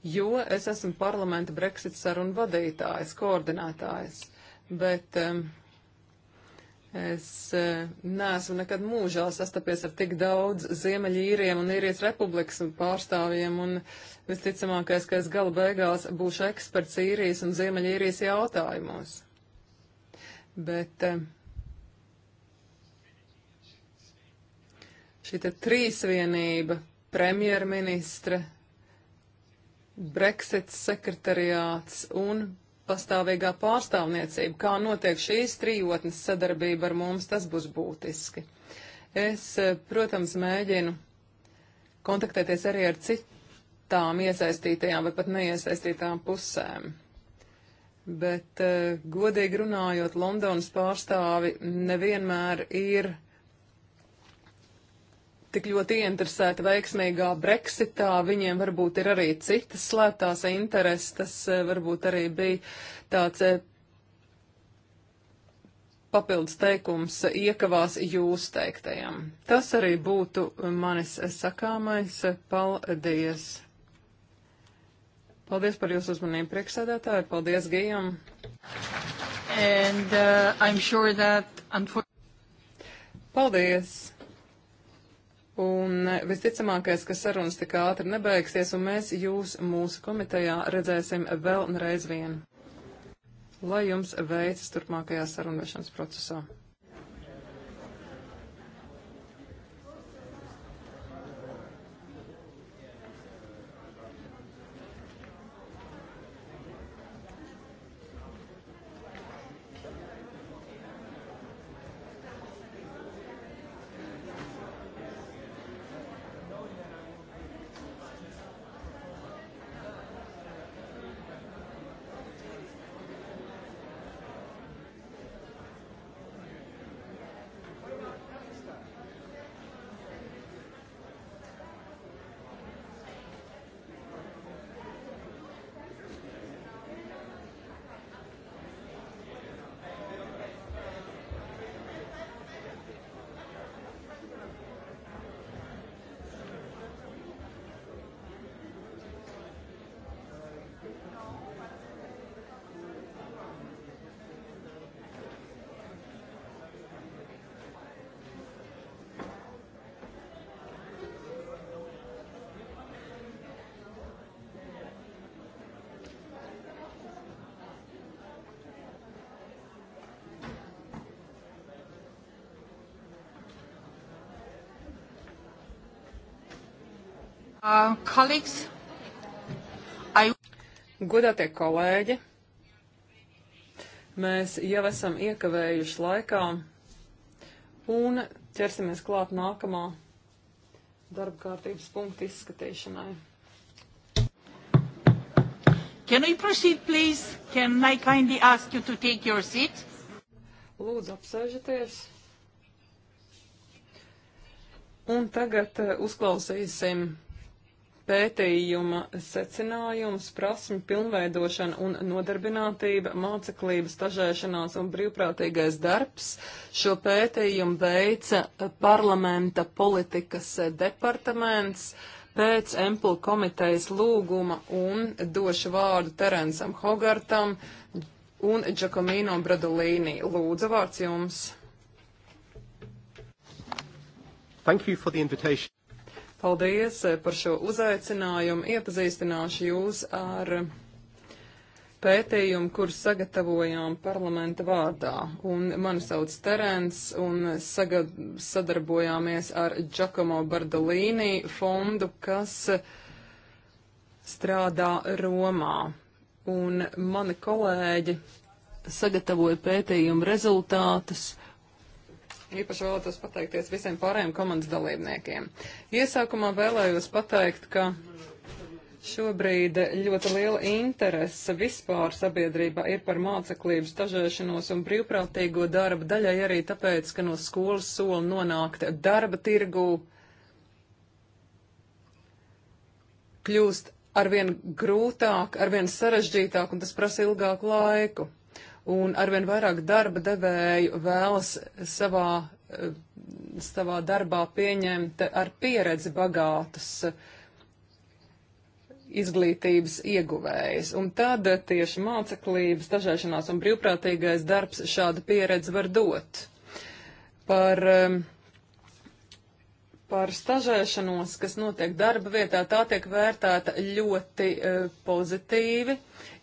Speaker 3: jo es esmu parlamenta Brexit sarunu vadītājs, koordinētājs. Bet um, es uh, neesmu nekad mūžā sastapies ar tik daudz Ziemeļīriem un īrijas republikas pārstāvjiem, un visticamākais, ka es gala beigās būšu eksperts īrijas un Ziemeļīrijas jautājumos. Bet um, šī trīsvienība, premjerministra, Brexit sekretariāts un pastāvīgā pārstāvniecība, kā notiek šīs trijotnes sadarbība ar mums, tas būs būtiski. Es, eh, protams, mēģinu kontaktēties arī ar citām iesaistītajām vai pat neiesaistītām pusēm. Bet, eh, godīgi runājot, Londonas pārstāvi nevienmēr ir tik ļoti ieinteresēti veiksmīgā Brexitā, viņiem varbūt ir arī citas slēptās intereses, tas eh, varbūt arī bija tāds eh, papildus teikums eh, iekavās jūs teiktajam. Tas arī būtu manis sakāmais. Paldies! Paldies par jūsu uzmanību, priekšsēdētāji. Paldies, Gijam! And, uh, I'm sure that, unfortunately... Paldies! Un visticamākais, ka sarunas tik ātri nebeigsies, un mēs jūs mūsu komitejā redzēsim vēl reiz vien. Lai jums veicas turpmākajā sarunvešanas procesā. Uh, colleagues, I... Godātie kolēģi, mēs jau esam iekavējuši laikā un ķersimies klāt nākamā darba kārtības punkta izskatīšanai. Can we proceed, please?
Speaker 1: Can I kindly ask you to take your seat?
Speaker 3: Lūdzu, apsēžaties. Un tagad uh, uzklausīsim pētījuma secinājums, prasmi, pilnveidošana un nodarbinātība, māceklība, stažēšanās un brīvprātīgais darbs. Šo pētījumu veica parlamenta politikas departaments pēc Emplu komitejas lūguma un došu vārdu Terensam Hogartam un Giacomino Bradolīni. Lūdzu, vārds jums! Thank you for the invitation. Paldies eh, par šo uzaicinājumu. Iepazīstināšu jūs ar pētījumu, kur sagatavojām parlamenta vārdā. Un mani sauc Terens un sagad, sadarbojāmies ar Giacomo Bardolīni fondu, kas strādā Romā. Un mani kolēģi sagatavoja pētījumu rezultātus Īpaši vēlētos pateikties visiem pārējiem komandas dalībniekiem. Iesākumā vēlējos pateikt, ka šobrīd ļoti liela interese vispār sabiedrībā ir par māceklības tažēšanos un brīvprātīgo darbu, daļai arī tāpēc, ka no skolas sola nonākt darba tirgū kļūst arvien grūtāk, arvien sarežģītāk, un tas prasa ilgāku laiku un arvien vairāk darba devēju vēlas savā, eh, savā darbā pieņemt ar pieredzi bagātus eh, izglītības ieguvējs. Un tad tieši māceklības, dažāšanās un brīvprātīgais darbs šādu pieredzi var dot. Par um, par stažēšanos, kas notiek darba vietā, tā tiek vērtēta ļoti e, pozitīvi,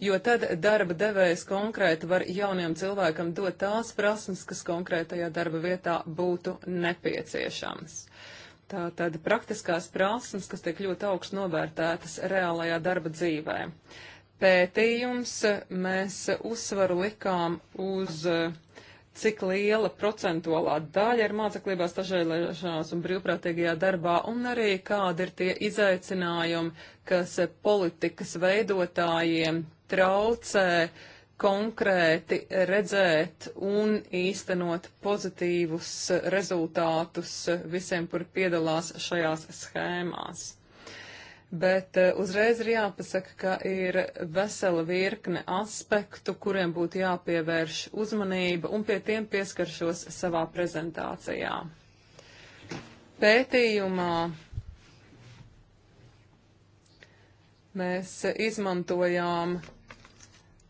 Speaker 3: jo tad darba devējs konkrēti var jauniem cilvēkam dot tās prasmes, kas konkrētajā darba vietā būtu nepieciešams. Tā tad praktiskās prasmes, kas tiek ļoti augstu novērtētas reālajā darba dzīvē. Pētījums mēs uzsvaru likām uz uh, cik liela procentuālā daļa ir māceklībā stažēlēšanās un brīvprātīgajā darbā, un arī kādi ir tie izaicinājumi, kas politikas veidotājiem traucē konkrēti redzēt un īstenot pozitīvus rezultātus visiem, kur piedalās šajās schēmās bet eh, uzreiz ir jāpasaka, ka ir vesela virkne aspektu, kuriem būtu jāpievērš uzmanība, un pie tiem pieskaršos savā prezentācijā. Pētījumā mēs izmantojām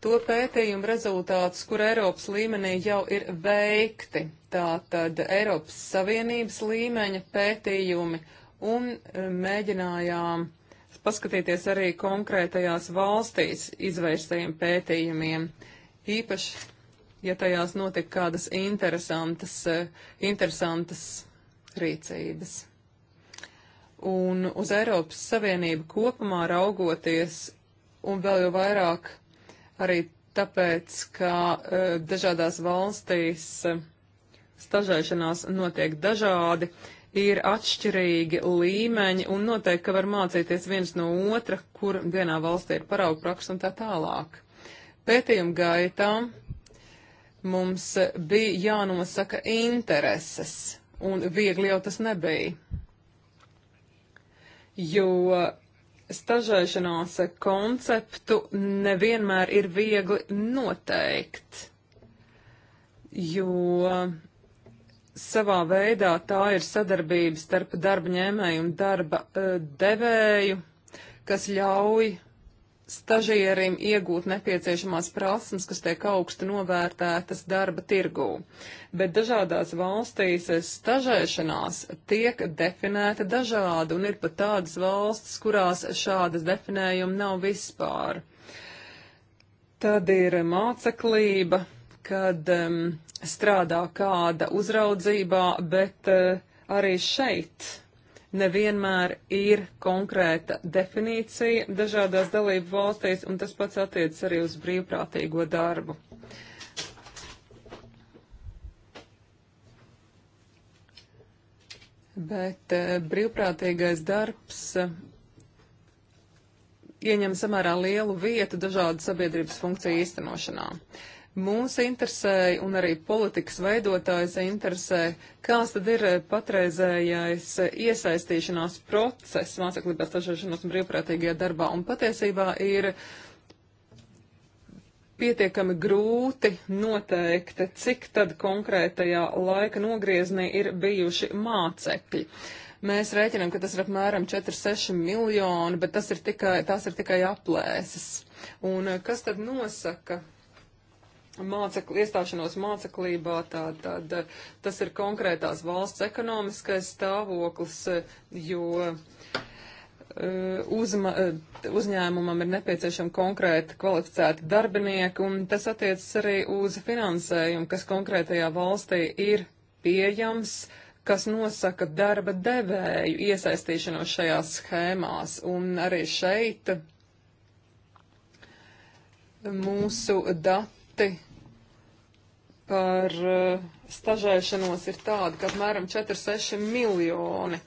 Speaker 3: to pētījumu rezultātus, kur Eiropas līmenī jau ir veikti, tātad Eiropas Savienības līmeņa pētījumi, un eh, mēģinājām uh, paskatīties arī konkrētajās valstīs izvērstajiem pētījumiem, īpaši, ja tajās notiek kādas interesantas, eh, interesantas rīcības. Un uz Eiropas Savienību kopumā raugoties, un vēl jau vairāk arī tāpēc, ka uh, dažādās valstīs uh, stažēšanās notiek dažādi, uh, ir atšķirīgi līmeņi un noteikti, ka var mācīties viens no otra, kur vienā valstī ir paraugu praksa un tā tālāk. Pētījuma gaitā mums bija jānosaka intereses, un viegli jau tas nebija. Jo stažēšanās konceptu nevienmēr ir viegli noteikt, jo savā veidā tā ir sadarbība starp darba ņēmēju un darba uh, devēju, kas ļauj stažierim iegūt nepieciešamās prasmes, kas tiek augsti novērtētas darba tirgū. Bet dažādās valstīs stažēšanās tiek definēta dažādi, un ir pat tādas valstis, kurās šādas definējumi nav vispār. Tad ir māceklība, kad um, strādā kāda uzraudzībā, bet uh, arī šeit nevienmēr ir konkrēta definīcija dažādās dalību valstīs, un tas pats attiecas arī uz brīvprātīgo darbu. Bet uh, brīvprātīgais darbs uh, ieņem samērā lielu vietu dažādu sabiedrības funkciju īstenošanā. Uh, Mūs interesē, un arī politikas veidotājs interesē, kāds tad ir eh, patreizējais eh, iesaistīšanās process māceklībās tažošanos un brīvprātīgajā darbā. Un patiesībā ir pietiekami grūti noteikt, cik tad konkrētajā laika nogriezienī ir bijuši mācekļi. Mēs rēķinām, ka tas ir apmēram 4-6 miljoni, bet tas ir tikai, tās ir tikai aplēses. Un eh, kas tad nosaka mācekli, iestāšanos māceklībā, tātad eh, tas ir konkrētās valsts ekonomiskais stāvoklis, eh, jo eh, uzma, uzņēmumam ir nepieciešama konkrēta kvalificēta darbinieka, un tas attiecas arī uz finansējumu, kas konkrētajā valstī ir pieejams kas nosaka darba devēju iesaistīšanos šajās schēmās. Un arī šeit mūsu dati dati par uh, stažēšanos ir tādi, ka apmēram 4-6 miljoni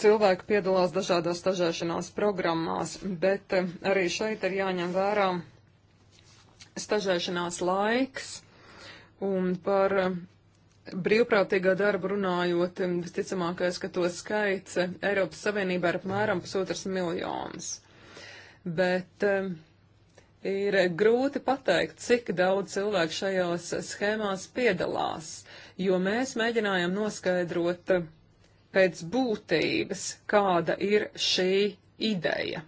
Speaker 3: cilvēki piedalās dažādās stažēšanās programmās, bet uh, arī šeit ir jāņem vērā stažēšanās laiks un par uh, brīvprātīgā darba runājot, visticamākais, ka to skaits Eiropas Savienībā ir apmēram pusotras miljonas. Bet uh, Ir grūti pateikt, cik daudz cilvēku šajās schēmās piedalās, jo mēs mēģinājam noskaidrot pēc būtības, kāda ir šī ideja.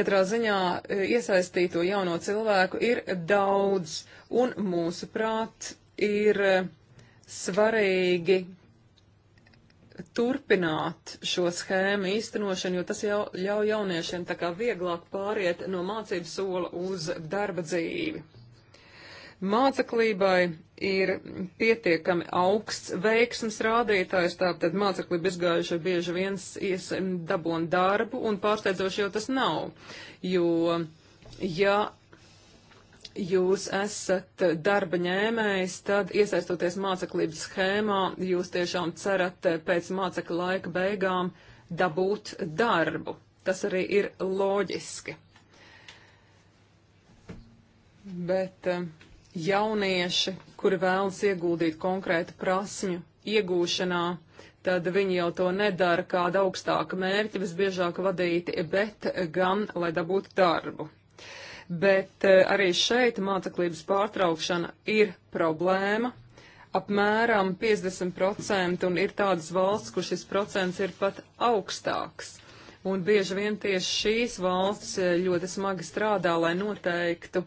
Speaker 3: Katrā ziņā e, iesaistīto jauno cilvēku ir daudz, un mūsuprāt ir e, svarīgi turpināt šo schēmu īstenošanu, jo tas jau ļauj jauniešiem tā kā vieglāk pāriet no mācību sola uz darba dzīvi. Māceklībai ir pietiekami augsts veiksmes rādītājs, tātad māceklība izgājuši bieži viens dabon darbu un pārsteidzoši jau tas nav, jo ja jūs esat darba ņēmējs, tad iesaistoties māceklības schēmā, jūs tiešām cerat pēc mācekļa laika beigām dabūt darbu. Tas arī ir loģiski. Bet eh, jaunieši, kuri vēlas ieguldīt konkrētu prasmju iegūšanā, tad viņi jau to nedara kāda augstāka mērķa, visbiežāk vadīti, bet gan, lai dabūtu darbu bet eh, arī šeit māceklības pārtraukšana ir problēma. Apmēram 50% un ir tādas valsts, kur šis procents ir pat augstāks. Un bieži vien tieši šīs valsts eh, ļoti smagi strādā, lai noteiktu,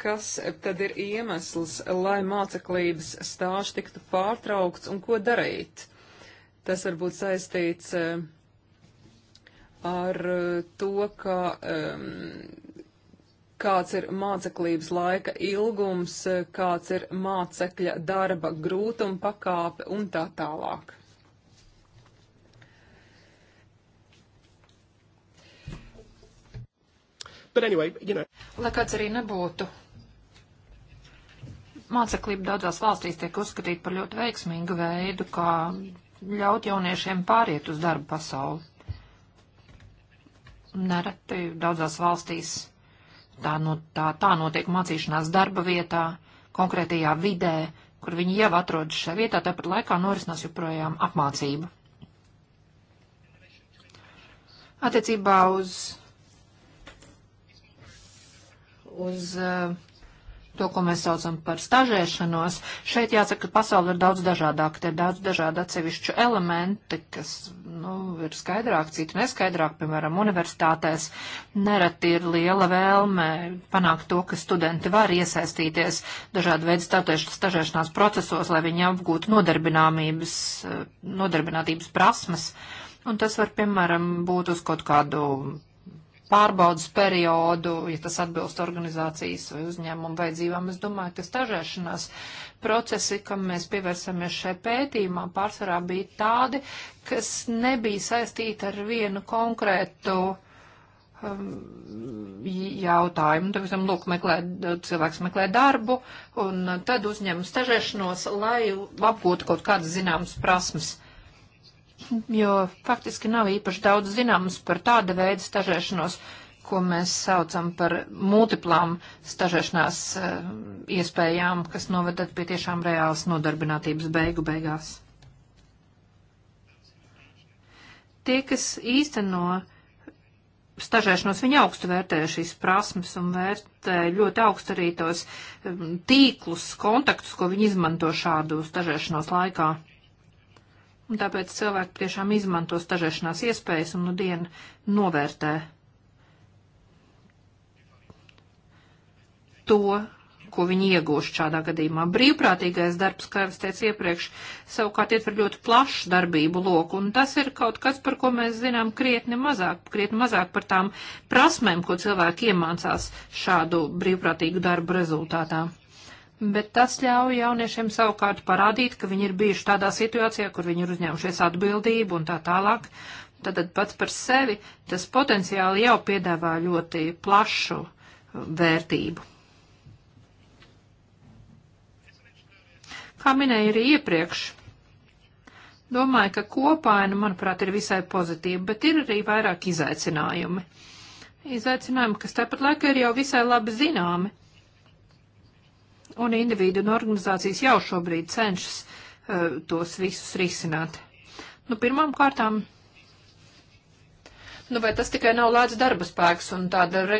Speaker 3: kas tad ir iemesls, lai māceklības stāsts tiktu pārtraukts un ko darīt. Tas var būt saistīts eh, ar to, ka um, kāds ir māceklības laika ilgums, kāds ir mācekļa darba grūtuma pakāpe un tā tālāk.
Speaker 1: But anyway, you know. Lai kāds arī nebūtu, māceklība daudzās valstīs tiek uzskatīta par ļoti veiksmīgu veidu, kā ļaut jauniešiem pāriet uz darbu pasauli. Nereti daudzās valstīs Tā, no, tā, tā notiek mācīšanās darba vietā, konkrētajā vidē, kur viņi jau atrodas šajā vietā, tāpat laikā norisinās joprojām apmācība. Attiecībā uz, uz uh, to, ko mēs saucam par stažēšanos, šeit jāsaka, ka pasauli ir daudz dažādāk, te ir daudz dažādi atsevišķu elementi, kas nu, ir skaidrāk, citi neskaidrāk, piemēram, universitātēs nereti ir liela vēlme panākt to, ka studenti var iesaistīties dažādu veidu stažēšanās procesos, lai viņi apgūtu nodarbinātības, eh, nodarbinātības prasmes. Un tas var, piemēram, būt uz kaut kādu pārbaudas periodu, ja tas atbilst organizācijas vai uzņēmumu vajadzībām. Es domāju, ka stažēšanās procesi, kam mēs pievērsāmies šai pētījumā, pārsvarā bija tādi, kas nebija saistīti ar vienu konkrētu um, jautājumu. Tad, piemēram, lūk, meklē, cilvēks meklē darbu un tad uzņem stažēšanos, lai apgūtu kaut kādas zināmas prasmes jo faktiski nav īpaši daudz zināms par tāda veida stažēšanos, ko mēs saucam par multiplām stažēšanās eh, iespējām, kas novedat pie tiešām reālas nodarbinātības beigu beigās. Tie, kas īsteno stažēšanos, viņi augstu vērtē šīs prasmes un vērtē ļoti augstu arī tos eh, tīklus, kontaktus, ko viņi izmanto šādu stažēšanos laikā. Un tāpēc cilvēki tiešām izmanto stažēšanās iespējas un nu dienu novērtē to, ko viņi iegūst šādā gadījumā. Brīvprātīgais darbs, kā es teicu iepriekš, savukārt ietver ļoti plašu darbību loku, un tas ir kaut kas, par ko mēs zinām krietni mazāk, krietni mazāk par tām prasmēm, ko cilvēki iemācās šādu brīvprātīgu darbu rezultātā bet tas ļauj jauniešiem savukārt parādīt, ka viņi ir bijuši tādā situācijā, kur viņi ir uzņēmušies atbildību un tā tālāk. Tad pats par sevi tas potenciāli jau piedāvā ļoti plašu uh, vērtību. Kā minēju arī iepriekš, domāju, ka kopaina, manuprāt, ir visai pozitīva, bet ir arī vairāk izaicinājumi. Izaicinājumi, kas tāpat laikā ir jau visai labi zināmi un individu un organizācijas jau šobrīd cenšas uh, tos visus risināt. Nu, pirmām kārtām, nu, vai tas tikai nav lēts darba spēks un tāda re,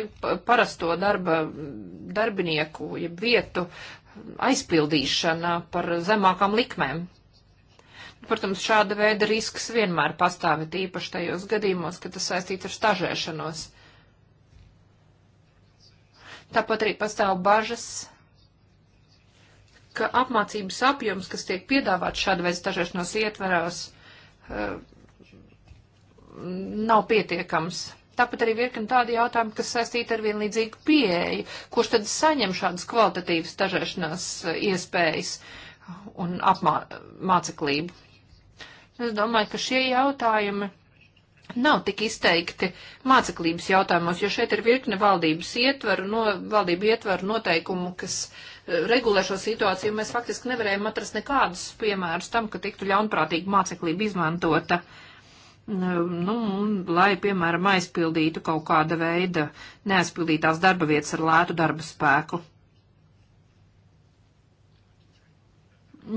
Speaker 1: parasto darba darbinieku, ja vietu aizpildīšana par zemākām likmēm? Protams, šāda veida risks vienmēr pastāv, īpaši tajos gadījumos, kad tas saistīts ar stažēšanos. Tāpat arī pastāv bažas ka apmācības apjoms, kas tiek piedāvāts šāda veida stažēšanos ietverās, eh, nav pietiekams. Tāpat arī virkni tādi jautājumi, kas saistīti ar vienlīdzīgu pieeju, kurš tad saņem šādas kvalitatīvas stažēšanās eh, iespējas un apmāceklību. Apmā es domāju, ka šie jautājumi nav tik izteikti māceklības jautājumos, jo šeit ir virkne valdības ietvaru, no, valdību ietvaru noteikumu, kas uh, regulē šo situāciju, mēs faktiski nevarējām atrast nekādus piemērus tam, ka tiktu ļaunprātīgi māceklība izmantota, nu, lai, piemēram, aizpildītu kaut kāda veida neaizpildītās darba vietas ar lētu darba spēku.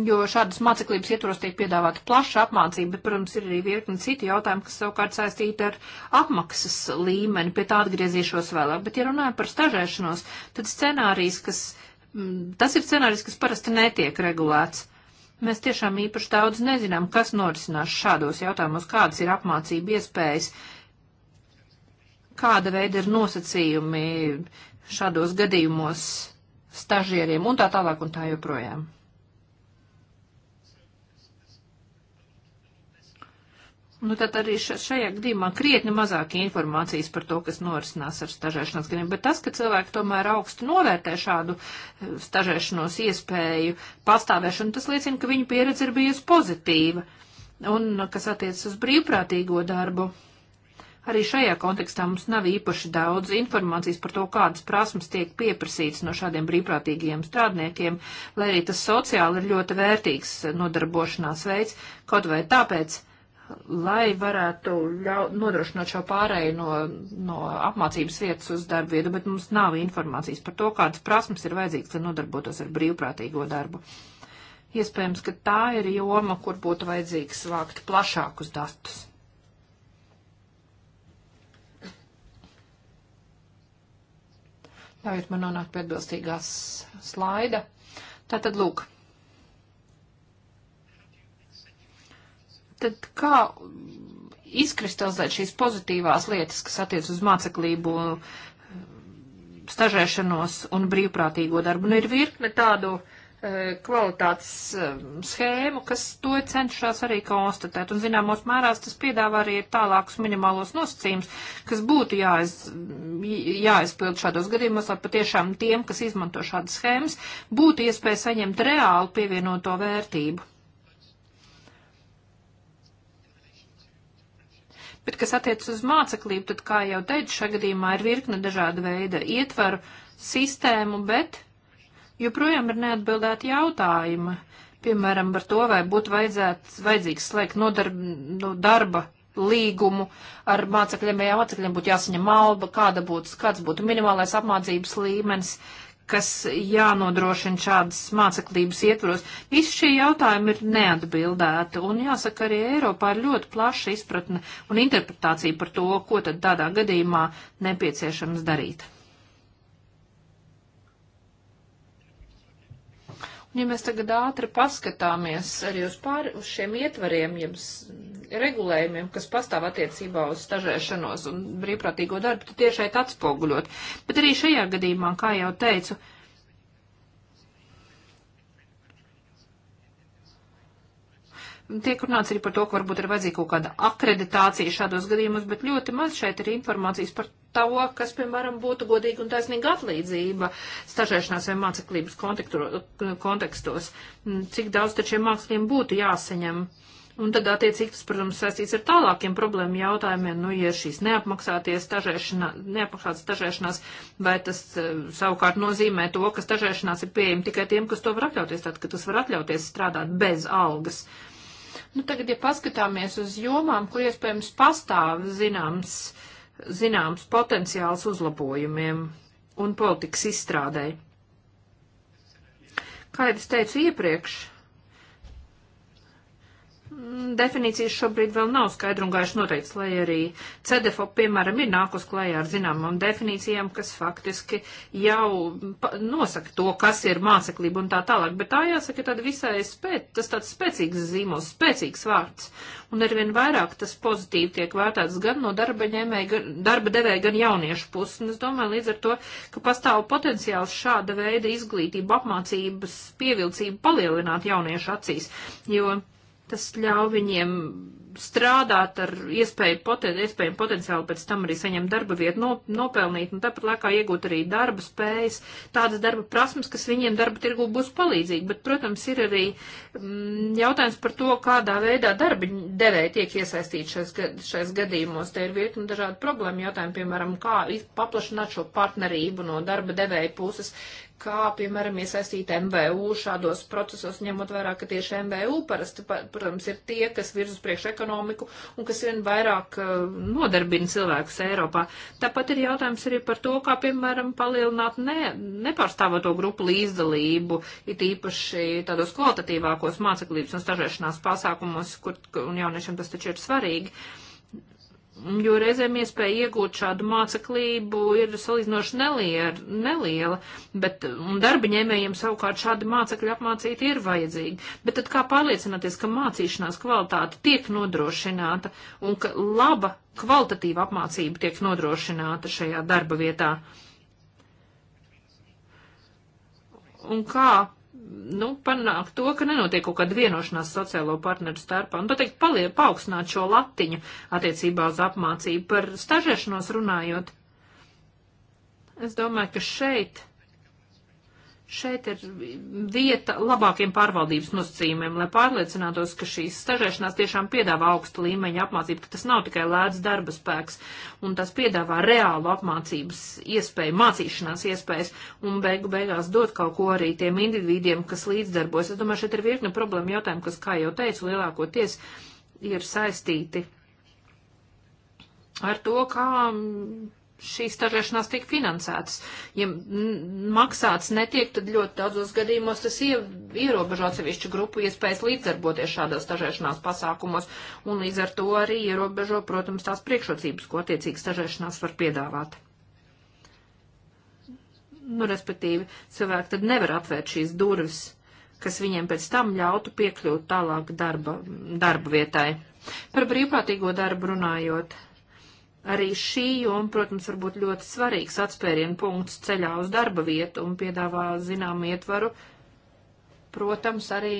Speaker 1: jo šādas māceklības ietvaros tiek piedāvāta plaša apmācība, bet, protams, ir arī virkni citi jautājumi, kas savukārt saistīti ar apmaksas līmeni, pie tā atgriezīšos vēlāk. Bet, ja runājam par stažēšanos, tad scenārijs, kas Mm, tas ir scenārijs, kas parasti netiek regulēts. Mēs tiešām īpaši daudz nezinām, kas norisinās šādos jautājumos, kādas ir apmācība iespējas, kāda veida ir nosacījumi šādos gadījumos stažieriem un tā tālāk un tā joprojām. Nu, tad arī šajā gadījumā krietni mazāk informācijas par to, kas norisinās ar stažēšanās gadiem. Bet tas, ka cilvēki tomēr augstu novērtē šādu eh, stažēšanos iespēju pastāvēšanu, tas liecina, ka viņu pieredze ir bijusi pozitīva. Un kas attiecas uz brīvprātīgo darbu, Arī šajā kontekstā mums nav īpaši daudz informācijas par to, kādas prasmes tiek pieprasītas no šādiem brīvprātīgiem strādniekiem, lai arī tas sociāli ir ļoti vērtīgs nodarbošanās veids, kaut vai tāpēc, lai varētu ļau, nodrošināt šo pārēju no, no apmācības vietas uz darbu vietu, bet mums nav informācijas par to, kādas prasmes ir vajadzīgas, lai nodarbotos ar brīvprātīgo darbu. Iespējams, ka tā ir joma, kur būtu vajadzīgs vākt plašākus datus. Ļaujiet man nonākt pie atbilstīgās slaida. Tātad, lūk, tad kā izkristalizēt šīs pozitīvās lietas, kas attiec uz māceklību, stažēšanos un brīvprātīgo darbu? Nu, ir virkne tādu eh, kvalitātes eh, schēmu, kas to ir cenšās arī konstatēt. Un zināmos mērās tas piedāvā arī tālākus minimālos nosacījumus, kas būtu jāiz, jāizpild šādos gadījumos, lai patiešām tiem, kas izmanto šādas schēmas, būtu iespēja saņemt reāli pievienoto vērtību. Bet, kas attiec uz māceklību, tad, kā jau teicu, šajā gadījumā ir virkne dažāda veida ietvaru sistēmu, bet joprojām ir neatbildēti jautājumi. Piemēram, par to, vai būtu vajadzīgs slēgt nodarb, no nu, darba līgumu ar mācekļiem, vai mācekļiem būtu jāsaņem alba, kāda būtu, kāds būtu minimālais apmācības līmenis. Uh, kas jānodrošina šādas māceklības ietvaros. Visi šie jautājumi ir neatbildēti, un jāsaka, arī Eiropā ir ļoti plaša izpratne un interpretācija par to, ko tad tādā gadījumā nepieciešams darīt. Un, ja mēs tagad ātri paskatāmies arī uz, pār, uz šiem ietvariem, jeb regulējumiem, kas pastāv attiecībā uz stažēšanos un brīvprātīgo darbu, tad tiešai atspoguļot. Bet arī šajā gadījumā, kā jau teicu, tiek runāts arī par to, ka varbūt ir vajadzīga kaut kāda akreditācija šādos gadījumos, bet ļoti maz šeit ir informācijas par to, kas, piemēram, būtu godīga un taisnīga atlīdzība stažēšanās vai māceklības kontekstos. Mm, cik daudz tačiem māksliniekiem būtu jāsaņem. Un tad, attiecīgi, tas, protams, saistīts ar tālākiem problēmu jautājumiem, nu, ja šīs neapmaksāties stažēšanā, neapmaksātas stažēšanās, vai tas eh, savukārt nozīmē to, ka stažēšanās ir pieejama tikai tiem, kas to var atļauties, tad, ka tas var atļauties strādāt bez algas. Nu, tagad, ja paskatāmies uz jomām, kur iespējams pastāv zināms, uh, zināms potenciāls uzlabojumiem un politikas izstrādēji. Kā jau es teicu iepriekš, definīcijas šobrīd vēl nav skaidri un gaiši noteikts, lai arī CDFO, piemēram, ir nākus klajā ar zināmām definīcijām, kas faktiski jau nosaka to, kas ir māceklība un tā tālāk. Bet tā jāsaka, tad visai spēc, tas tāds spēcīgs zīmols, spēcīgs vārds. Un arvien vairāk tas pozitīvi tiek vērtēts gan no darba ņēmēja, gan darba devēja, gan jauniešu puses. Un es domāju līdz ar to, ka pastāv potenciāls šāda veida izglītība, apmācības, pievilcība palielināt jauniešu acīs. Jo Tas ļauj viņiem strādāt ar iespēju poten, iespēju potenciāli pēc tam arī saņemt darba vietu, no, nopelnīt un tāpat laikā iegūt arī darba spējas, tādas darba prasmes, kas viņiem darba tirgu būs palīdzīgi. Bet, protams, ir arī mm, jautājums par to, kādā veidā darba devēja tiek iesaistīta šais, šais gadījumos. Te ir virkni dažādi problēma jautājumi, piemēram, kā paplašināt šo partnerību no darba devēja puses, kā, piemēram, iesaistīt MVU šādos procesos, ņemot vērā, ka tieši MVU parasti, protams, ir tie, kas virz uz priekšu ekonomiku un kas vien vairāk eh, nodarbina cilvēkus Eiropā. Tāpat ir jautājums arī par to, kā, piemēram, palielināt ne, nepārstāvoto grupu līdzdalību, it īpaši tādos kvalitatīvākos māceklības un stažēšanās pasākumos, kur, un jauniešiem tas taču ir svarīgi. Uh, jo reizēm iespēja iegūt šādu māceklību ir salīdzinoši neliela, neliela bet darba ņēmējiem savukārt šādi mācekļi apmācīti ir vajadzīgi. Bet tad kā pārliecināties, ka mācīšanās kvalitāte tiek nodrošināta un ka laba kvalitatīva apmācība tiek nodrošināta šajā darba vietā? Un kā nu, panākt to, ka nenotiek kaut kāda vienošanās sociālo partneru starpā. Un pateikt, paliek paaugstināt šo latiņu attiecībā uz apmācību par stažēšanos runājot. Es domāju, ka šeit Šeit ir vieta labākiem pārvaldības nosacījumiem, lai pārliecinātos, ka šīs stažēšanās tiešām piedāvā augsta līmeņa apmācību, ka tas nav tikai lēts darba spēks, un tas piedāvā reālu apmācības iespēju, mācīšanās iespējas, un beigu beigās dot kaut ko arī tiem individiem, kas līdzdarbojas. Es domāju, šeit ir virkni problēma jautājumu, kas, kā jau teicu, lielākoties ir saistīti ar to, kā šīs ražošanās tiek finansētas. Ja maksāts netiek, tad ļoti daudzos gadījumos tas ierobežo atsevišķu grupu iespējas līdzdarboties šādos ražošanās pasākumos, un līdz ar to arī ierobežo, protams, tās priekšrocības, ko attiecīgas ražošanās var piedāvāt. Nu, respektīvi, cilvēki tad nevar atvērt šīs durvis, kas viņiem pēc tam ļautu piekļūt tālāk darba, darba vietai. Par brīvprātīgo darbu runājot Arī šī joma, protams, var būt ļoti svarīgs atspērienu punkts ceļā uz darba vietu un piedāvā zinām ietvaru, protams, arī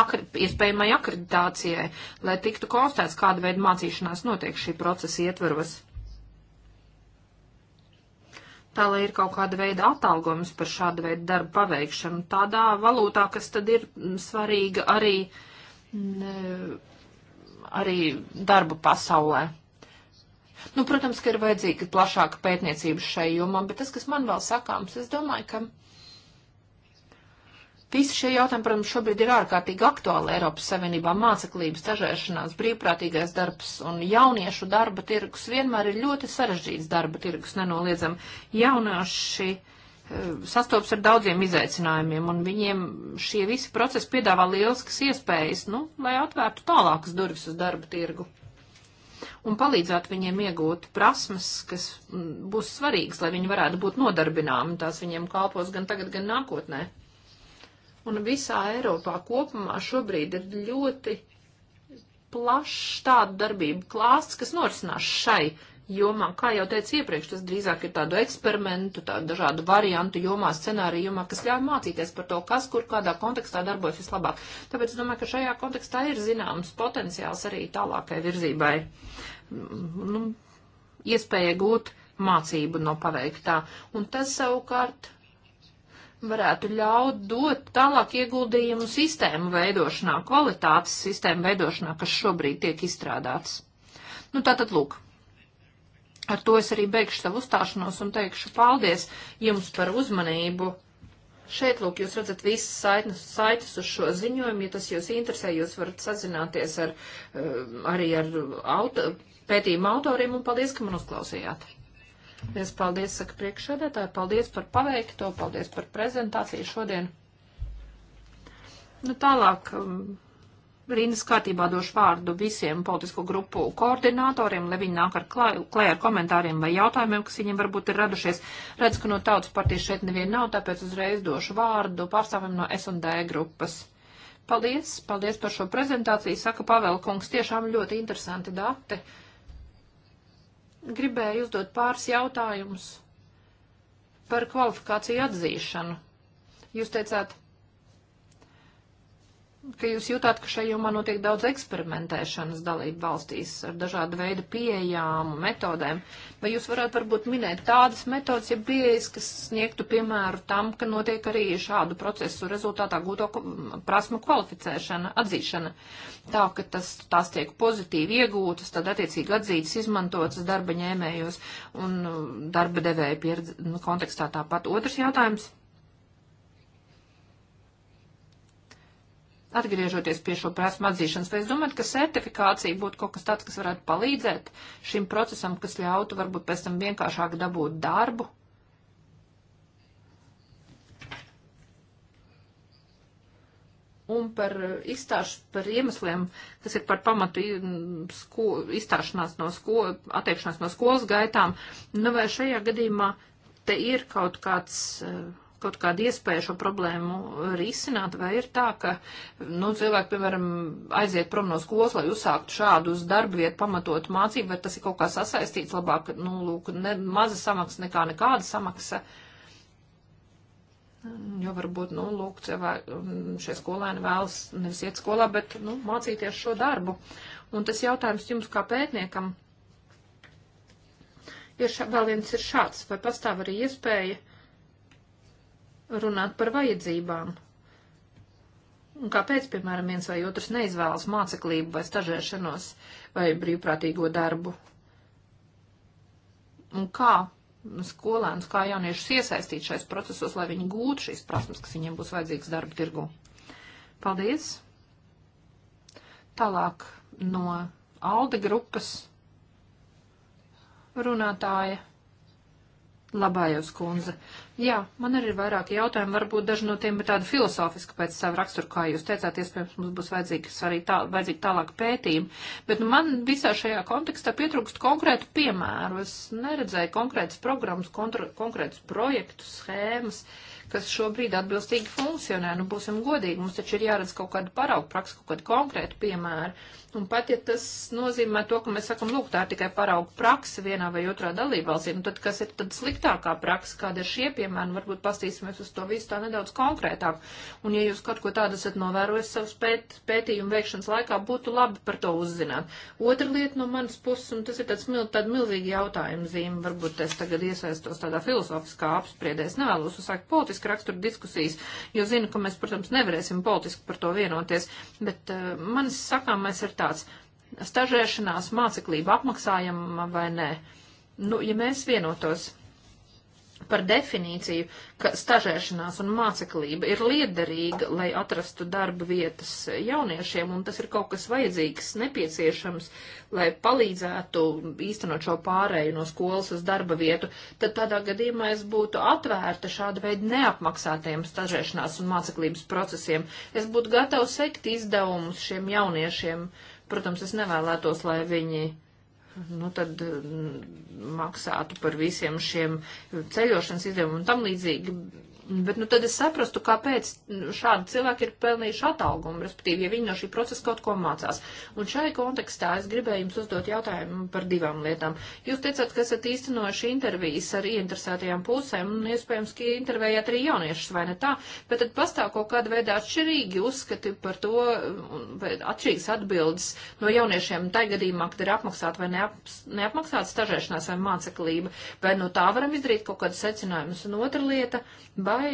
Speaker 1: akri, iespējamai akreditācijai, lai tiktu konstatēts, kāda veida mācīšanās notiek šī procesa ietvaros. Tā lai ir kaut kāda veida atalgojums par šādu veidu darbu paveikšanu, tādā valūtā, kas tad ir svarīga arī. Ne, mm, arī darba pasaulē. Nu, protams, ka ir vajadzīga plašāka pētniecība šai jomā, bet tas, kas man vēl sakāms, es domāju, ka visi šie jautājumi, protams, šobrīd ir ārkārtīgi aktuāli Eiropas Savienībā. Māceklības, stažēšanās, brīvprātīgais darbs un jauniešu darba tirgus vienmēr ir ļoti sarežģīts darba tirgus, nenoliedzam. Jaunāši. Uh, sastopas ar daudziem izaicinājumiem, un viņiem šie visi procesi piedāvā lieliskas iespējas, nu, lai atvērtu tālākas durvis uz darba tirgu un palīdzētu viņiem iegūt prasmes, kas mm, būs svarīgas, lai viņi varētu būt nodarbināmi, tās viņiem kalpos gan tagad, gan nākotnē. Un visā Eiropā kopumā šobrīd ir ļoti plašs tādu darbību klāsts, kas norisinās šai jomā. Kā jau teicu iepriekš, tas drīzāk ir tādu eksperimentu, tādu dažādu variantu jomā, scenāriju jomā, kas ļauj mācīties par to, kas kur kādā kontekstā darbojas vislabāk. Tāpēc es domāju, ka šajā kontekstā ir zināms potenciāls arī tālākai virzībai. Mm, nu, iespēja gūt mācību no paveiktā. Un tas savukārt varētu ļaut dot tālāk ieguldījumu sistēmu veidošanā, kvalitātes sistēmu veidošanā, kas šobrīd tiek izstrādāts. Nu, tātad, lūk, Ar to es arī beigšu savu uzstāšanos un teikšu paldies jums par uzmanību. Šeit, lūk, jūs redzat visas saitnes, saites uz šo ziņojumu. Ja tas jūs interesē, jūs varat sazināties ar, eh, arī ar auto, pētījumu autoriem un paldies, ka man uzklausījāt. Es paldies, saka priekšsēdētāji, paldies par paveikto, paldies par prezentāciju šodien. Nu, tālāk um, Brīnas kārtībā došu vārdu visiem politisko grupu koordinātoriem, lai viņi nāk ar klē ar komentāriem vai jautājumiem, kas viņiem varbūt ir radušies. Redz, ka no tautas partijas šeit neviena nav, tāpēc uzreiz došu vārdu pārstāvim no S&D grupas. Paldies, paldies par šo prezentāciju, saka Pavel kungs, tiešām ļoti interesanti dati. Gribēju uzdot pāris jautājumus par kvalifikāciju atzīšanu. Jūs teicāt, ka jūs jūtāt, ka šajā jomā notiek daudz eksperimentēšanas dalību valstīs ar dažādu veidu pieejām un metodēm. Vai jūs varētu varbūt minēt tādas metodas, ja pieejas, kas sniegtu piemēru tam, ka notiek arī šādu procesu rezultātā gūto prasmu kvalificēšana, atzīšana, tā, ka tas, tās tiek pozitīvi iegūtas, tad attiecīgi atzītas, izmantotas darba ņēmējos un um, darba devēja pieredze nu, kontekstā tāpat. Otrs jautājums. Atgriežoties pie šo prasmu atzīšanas, vai es domāju, ka certifikācija būtu kaut kas tāds, kas varētu palīdzēt šim procesam, kas ļautu varbūt pēc tam vienkāršāk dabūt darbu? Un par eh, izstāšu, par iemesliem, kas ir par pamatu mm, sko, izstāšanās no sko, attiekšanās no skolas gaitām, nu vai šajā gadījumā te ir kaut kāds. Uh, kaut kāda iespēja šo problēmu risināt, vai ir tā, ka, nu, cilvēki, piemēram, aiziet prom no skolas, lai uzsāktu šādu uz darba vietu pamatot mācību, vai tas ir kaut kā sasaistīts labāk, nu, lūk, ne, maza samaksa nekā nekāda samaksa. Jo varbūt, nu, lūk, cilvēki, šie skolēni vēlas nevis iet skolā, bet, nu, mācīties šo darbu. Un tas jautājums jums kā pētniekam ir šā, vēl viens ir šāds, vai pastāv arī iespēja runāt par vajadzībām. Un kāpēc, piemēram, viens vai otrs neizvēlas māceklību vai stažēšanos vai brīvprātīgo darbu? Un kā skolēnus, kā jauniešus iesaistīt šais procesos, lai viņi gūtu šīs prasmes, kas viņiem būs vajadzīgas darba tirgu? Paldies! Tālāk no Alde grupas runātāja Labājos kundze. Jā, man arī ir vairāki jautājumi, varbūt daži no tiem ir tādi filozofiski pēc savu raksturu, kā jūs teicāt, iespējams mums būs vajadzīgs arī tā, vajadzīgi tālāk pētījumi, bet nu, man visā šajā kontekstā pietrūkst konkrētu piemēru. Es neredzēju konkrētas programmas, kontra, konkrētas projektus, schēmas, kas šobrīd atbilstīgi funkcionē. Nu, būsim godīgi, mums taču ir jāredz kaut kāda parauga praksa, kaut kāda konkrēta piemēra Un pat, ja tas nozīmē to, ka mēs sakam, lūk, tā ir tikai parauga praksa vienā vai otrā dalībvalstī, nu tad kas ir tad sliktākā praksa, kāda ir šie piemēri, varbūt pastīsimies uz to visu tā nedaudz konkrētāk. Un ja jūs kaut ko tādu esat novērojis savus pēt, pētījumu veikšanas laikā, būtu labi par to uzzināt. Otra lieta no manas puses, un tas ir tāds mil, tāda milzīga jautājuma zīme, varbūt es tagad iesaistos tādā filozofiskā apspriedē, es nevēlos uzsākt politiski raksturu diskusijas, jo zinu, ka mēs, protams, nevarēsim politiski par to vienoties, bet uh, manis sakāmais ir tā rezultāts - stažēšanās, māceklība apmaksājama vai nē. Nu, ja mēs vienotos par definīciju, ka stažēšanās un māceklība ir liederīga, lai atrastu darba vietas jauniešiem, un tas ir kaut kas vajadzīgs, nepieciešams, lai palīdzētu īstenot šo pārēju no skolas uz darba vietu, tad tādā gadījumā es būtu atvērta šāda veida neapmaksātiem stažēšanās un māceklības procesiem. Es būtu gatava sekt izdevumus šiem jauniešiem. Uh, Protams, es nevēlētos, lai viņi nu, tad maksātu par visiem šiem ceļošanas izdevumiem un tam līdzīgi, Bet nu, tad es saprastu, kāpēc šādi cilvēki ir pelnījuši atalgumu, respektīvi, ja viņi no šī procesa kaut ko mācās. Un šai kontekstā es gribēju jums uzdot jautājumu par divām lietām. Jūs teicāt, ka esat īstenojuši intervijas ar ieinteresētajām pusēm, un iespējams, ka intervējāt arī jauniešus, vai ne tā, bet tad pastāv kaut kāda veida atšķirīgi uzskati par to, vai atšķirīgas atbildes no jauniešiem tai gadījumā, kad ir apmaksāta vai neap, neapmaksāta stažēšanās vai māceklība, vai no tā varam izdarīt kaut kādu secinājumus. Un otra lieta. Ba vai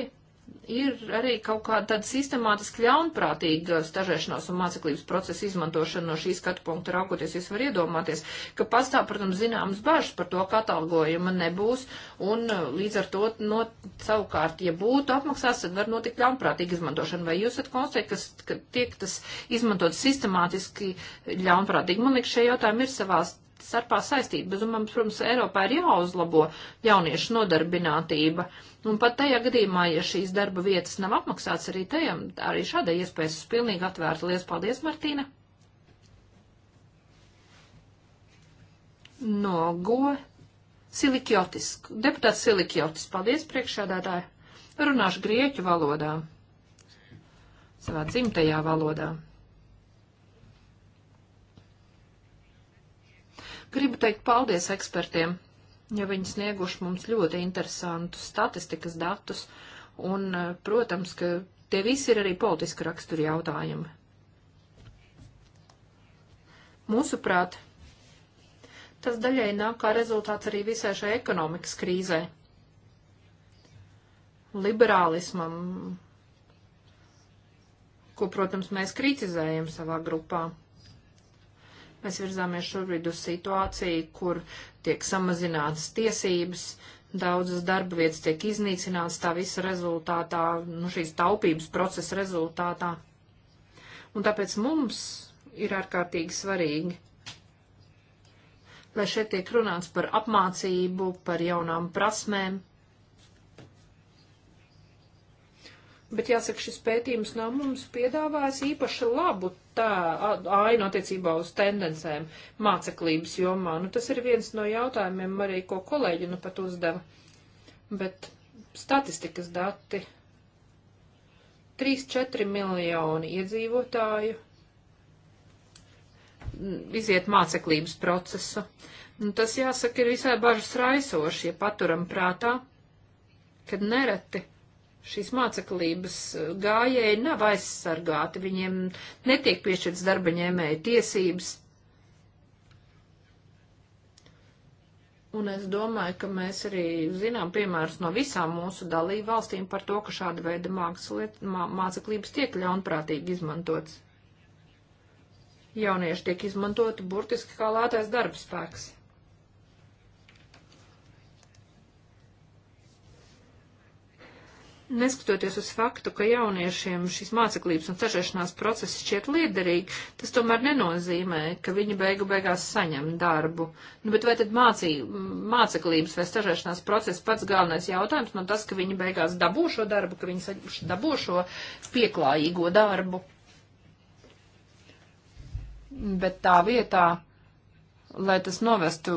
Speaker 1: ir arī kaut kāda tāda sistemātiski ļaunprātīga stažēšanās un māceklības procesa izmantošana no šī skatu punkta raugoties. Jūs var iedomāties, ka pastāv, protams, zināmas bažas par to, ka atalgojuma nebūs, un uh, līdz ar to, no, savukārt, ja būtu apmaksās, tad var notikt ļaunprātīga izmantošana. Vai jūs esat konstatējis, ka tiek tas izmantot sistemātiski ļaunprātīgi? Man liekas, šie jautājumi ir savās starpā saistības. Un mums, protams, Eiropā ir jāuzlabo jauniešu nodarbinātība. Un pat tajā gadījumā, ja šīs darba vietas nav apmaksāts, arī tajam, arī šādai iespējas uz pilnīgi atvērta. Lielas paldies, Martīna! No go Silikjotis, deputāts Silikjotis, paldies priekšādātāji. Runāšu grieķu valodā, savā dzimtajā valodā. Gribu teikt paldies ekspertiem, ja viņi snieguši mums ļoti interesantus statistikas datus, un, eh, protams, ka tie visi ir arī politiska rakstura jautājumi. Mūsuprāt, tas daļai nāk kā rezultāts arī visai šai ekonomikas krīzē, liberālismam, ko, protams, mēs kritizējam savā grupā. Mēs virzāmies šobrīd uz situāciju, kur tiek samazinātas tiesības, daudzas darba vietas tiek iznīcinātas tā visa rezultātā, nu, šīs taupības procesa rezultātā. Un tāpēc mums ir ārkārtīgi svarīgi, lai šeit tiek runāts par apmācību, par jaunām prasmēm Bet jāsaka, šis pētījums nav mums piedāvājis īpaši labu tā ainu attiecībā uz tendencēm māceklības jomā. Nu, tas ir viens no jautājumiem arī, ko kolēģi nu pat uzdeva. Bet statistikas dati 3-4 miljoni iedzīvotāju iziet māceklības procesu. Un nu, tas, jāsaka, ir visai bažas raisoši, ja paturam prātā, kad nereti šīs māceklības eh, gājēji nav aizsargāti, viņiem netiek piešķirts darba ņēmēja tiesības. Un es domāju, ka mēs arī zinām piemērus no visām mūsu dalību valstīm par to, ka šāda veida māksliet, mā, māceklības tiek ļaunprātīgi izmantots. Jaunieši tiek izmantoti burtiski kā lētais darbspēks. neskatoties uz faktu, ka jauniešiem šis māceklības un ceļošanās process šķiet liederīgi, tas tomēr nenozīmē, ka viņi beigu beigās saņem darbu. Nu, bet vai tad mācī, māceklības vai ceļošanās process pats galvenais jautājums man nu, tas, ka viņi beigās dabū šo darbu, ka viņi dabū šo pieklājīgo darbu? Bet tā vietā lai tas novestu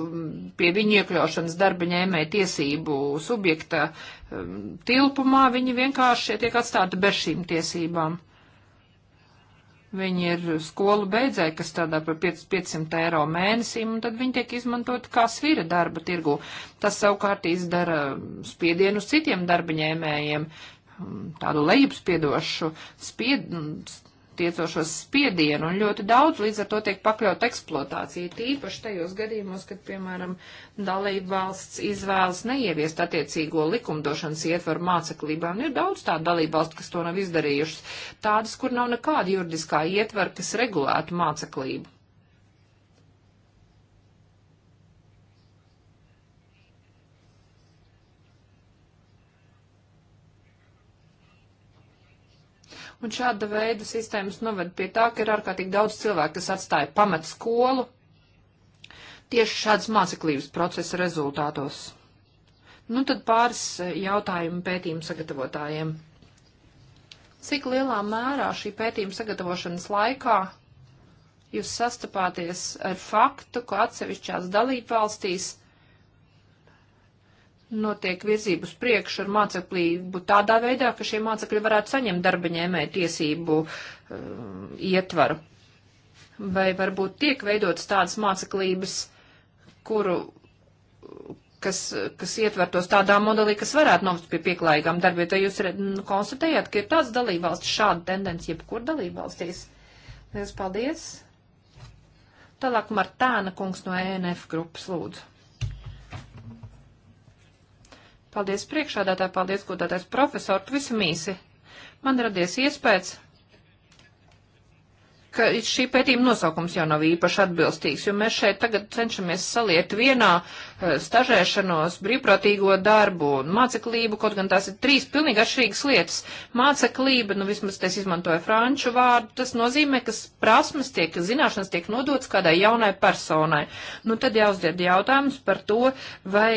Speaker 1: pie viņu iekļaušanas darba ņēmēja tiesību subjekta um, tilpumā, viņi vienkārši tiek atstāti bez šīm tiesībām. Viņi ir skolu beidzēji, kas strādā par 500 eiro mēnesī, un tad viņi tiek izmantot kā svira darba tirgu. Tas savukārt izdara spiedienu uz citiem darba ņēmējiem, um, tādu lejupspiedošu spied, tiecošos spiedienu, un ļoti daudz līdz ar to tiek pakļaut eksploatācija, tīpaši tajos gadījumos, kad, piemēram, dalība valsts izvēlas neieviest attiecīgo likumdošanas ietvaru māceklībām. Ir daudz tādu dalību valstu, kas to nav izdarījušas, tādas, kur nav nekāda juridiskā ietvara, kas regulētu māceklību. Un šāda veida sistēmas noved pie tā, ka ir ārkārtīgi daudz cilvēku, kas atstāja pamat skolu tieši šādas māceklības procesa rezultātos. Nu tad pāris e, jautājumu pētījumu sagatavotājiem. Cik lielā mērā šī pētījuma sagatavošanas laikā jūs sastapāties ar faktu, ka atsevišķās dalībvalstīs notiek virzību uz priekšu ar māceklību tādā veidā, ka šie mācekļi varētu saņemt darba ņēmēju tiesību uh, ietvaru. Vai varbūt tiek veidotas tādas māceklības, kuru, kas, kas ietvertos tādā modelī, kas varētu novest pie pieklājīgām darbiem. Vai jūs red, nu, konstatējat, ka ir tāds dalībvalsts šāda tendence jebkur dalībvalstīs? Liels paldies! Tālāk Martāna kungs no ENF grupas lūdzu. Paldies priekšādātā, paldies, godātais profesor, pavisam īsi. Man radies iespējas, ka šī pētījuma nosaukums jau nav īpaši atbilstīgs, jo mēs šeit tagad cenšamies saliet vienā eh, stažēšanos, brīvprātīgo darbu un māceklību, kaut gan tās ir trīs pilnīgi atšķirīgas lietas. Māceklība, nu vismaz es izmantoju franču vārdu, tas nozīmē, ka prasmes tiek, zināšanas tiek nodots kādai jaunai personai. Nu tad jāuzdied jautājums par to, vai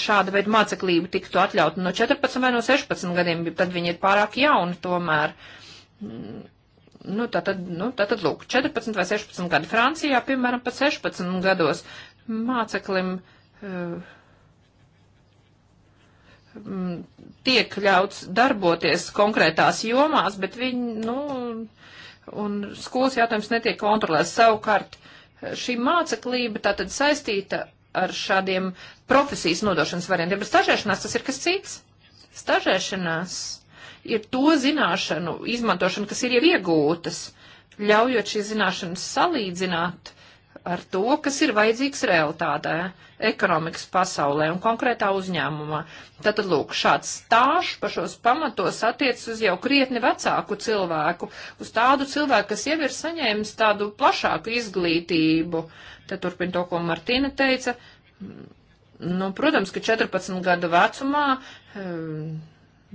Speaker 1: šāda veida māceklība tiktu atļauta no 14 vai no 16 gadiem, tad viņi ir pārāk jauni tomēr. Nu, tātad, nu, tātad, lūk, 14 vai 16 gadi. Francijā, piemēram, pat 16 gados māceklim uh, tiek ļauts darboties konkrētās jomās, bet viņi, nu, un skolas jautājums netiek kontrolēts. Savukārt šī māceklība tātad saistīta ar šādiem profesijas nodošanas variantiem, bet stažēšanās tas ir kas cits. Stažēšanās ir to zināšanu izmantošana, kas ir jau iegūtas, ļaujot šīs zināšanas salīdzināt ar to, kas ir vajadzīgs realitātē ekonomikas pasaulē un konkrētā uzņēmumā. Tātad, lūk, šāds stāžs pa šos pamatos attiec uz jau krietni vecāku cilvēku, uz tādu cilvēku, kas jau ir saņēmis tādu plašāku izglītību. Te turpin to, ko Martīna teica. Nu, protams, ka 14 gadu vecumā. Um,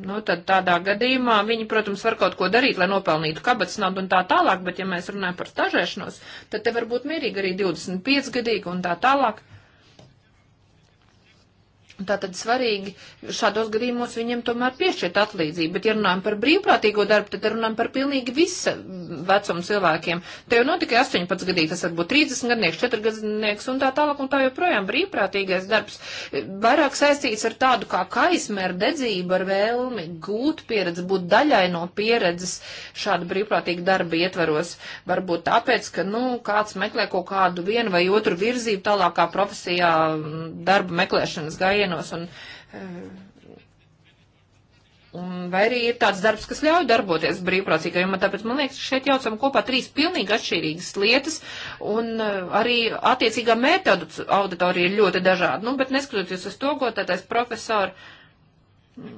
Speaker 1: Nu, tad tādā gadījumā viņi, protams, var kaut ko darīt, lai nopelnītu kabatas naudu un tā tālāk, bet ja mēs runājam par stažēšanos, tad te var būt mierīgi arī 25 gadīgi un tā tālāk. Tātad svarīgi šādos gadījumos viņiem tomēr piešķirt atlīdzību, bet ja runājam par brīvprātīgo darbu, tad runājam par pilnīgi visa vecuma cilvēkiem. Te jau notika 18 gadī, tas var būt 30 gadnieks, 4 gadnieks un tā tālāk un tā joprojām brīvprātīgais darbs. Eh, vairāk saistīts ar tādu kā kaismē, ar dedzību, ar vēlmi gūt pieredzi, būt daļai no pieredzes šāda brīvprātīga darba ietvaros. Varbūt tāpēc, ka, nu, kāds meklē kaut kādu vienu vai otru virzību tālākā profesijā darba meklēšanas gājienā dienos. Un, eh, Un vai arī ir tāds darbs, kas ļauj darboties brīvprātīgajiem, tāpēc man liekas, šeit jaucam kopā trīs pilnīgi atšķirīgas lietas, un eh, arī attiecīgā metodu auditorija ir ļoti dažāda. Nu, bet neskatoties uz to, ko tātais profesori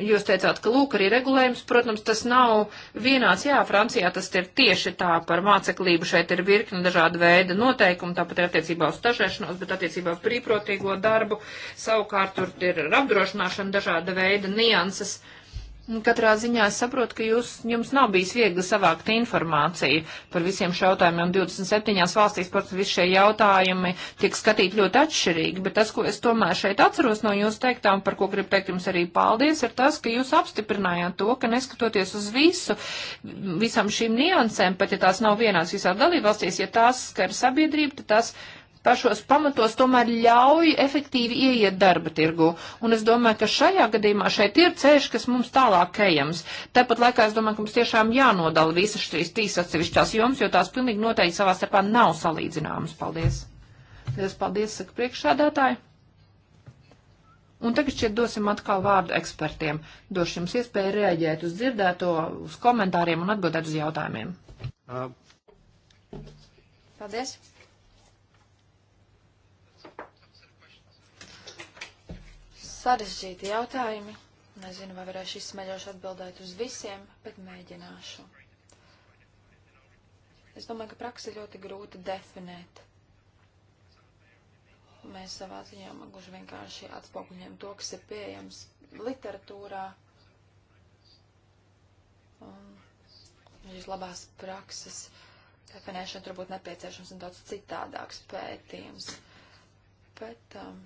Speaker 1: Jūs teicāt, ka lūk, arī regulējums, protams, tas nav vienāds. Jā, Francijā tas ir tieši tā par māceklību. Šeit ir virkni dažāda veida noteikumi, tāpat ir attiecībā uz stažēšanos, bet attiecībā uz brīvprotīgo darbu. Savukārt tur ir apdrošināšana dažāda veida nianses. Uh, Nu, katrā ziņā es saprotu, ka jūs, jums nav bijis viegli savākt informāciju par visiem šautājumiem. 27 valstīs, protams, visi šie jautājumi tiek skatīti ļoti atšķirīgi, bet tas, ko es tomēr šeit atceros no jūsu teiktām, par ko gribu teikt jums arī paldies, ir tas, ka jūs apstiprinājāt to, ka neskatoties uz visu, visam šīm niansēm, pat ja tās nav vienās visā dalībvalstīs, ja tās skar sabiedrību, tad tās. Tas pašos pamatos tomēr ļauj efektīvi ieiet darba tirgu. Un es domāju, ka šajā gadījumā šeit ir ceļš, kas mums tālāk ejams. Tāpat laikā es domāju, ka mums tiešām jānodala visas šīs trīs atsevišķās jomas, jo tās pilnīgi noteikti savā starpā nav salīdzināmas. Paldies! Lielas paldies, saka priekšsādātāji! Un tagad šķiet dosim atkal vārdu ekspertiem. Došu jums iespēju reaģēt uz dzirdēto, uz komentāriem un atbildēt uz jautājumiem.
Speaker 3: Uh.
Speaker 2: Paldies! sarežģīti jautājumi. Nezinu, vai varēšu izsmeļoši atbildēt uz visiem, bet mēģināšu. Es domāju, ka praksi ļoti grūti definēt. Mēs savā ziņā gluži vienkārši atspoguļojam to, kas ir pieejams literatūrā. Un šīs labās prakses definēšana tur būtu nepieciešams un daudz citādāks pētījums. Bet um,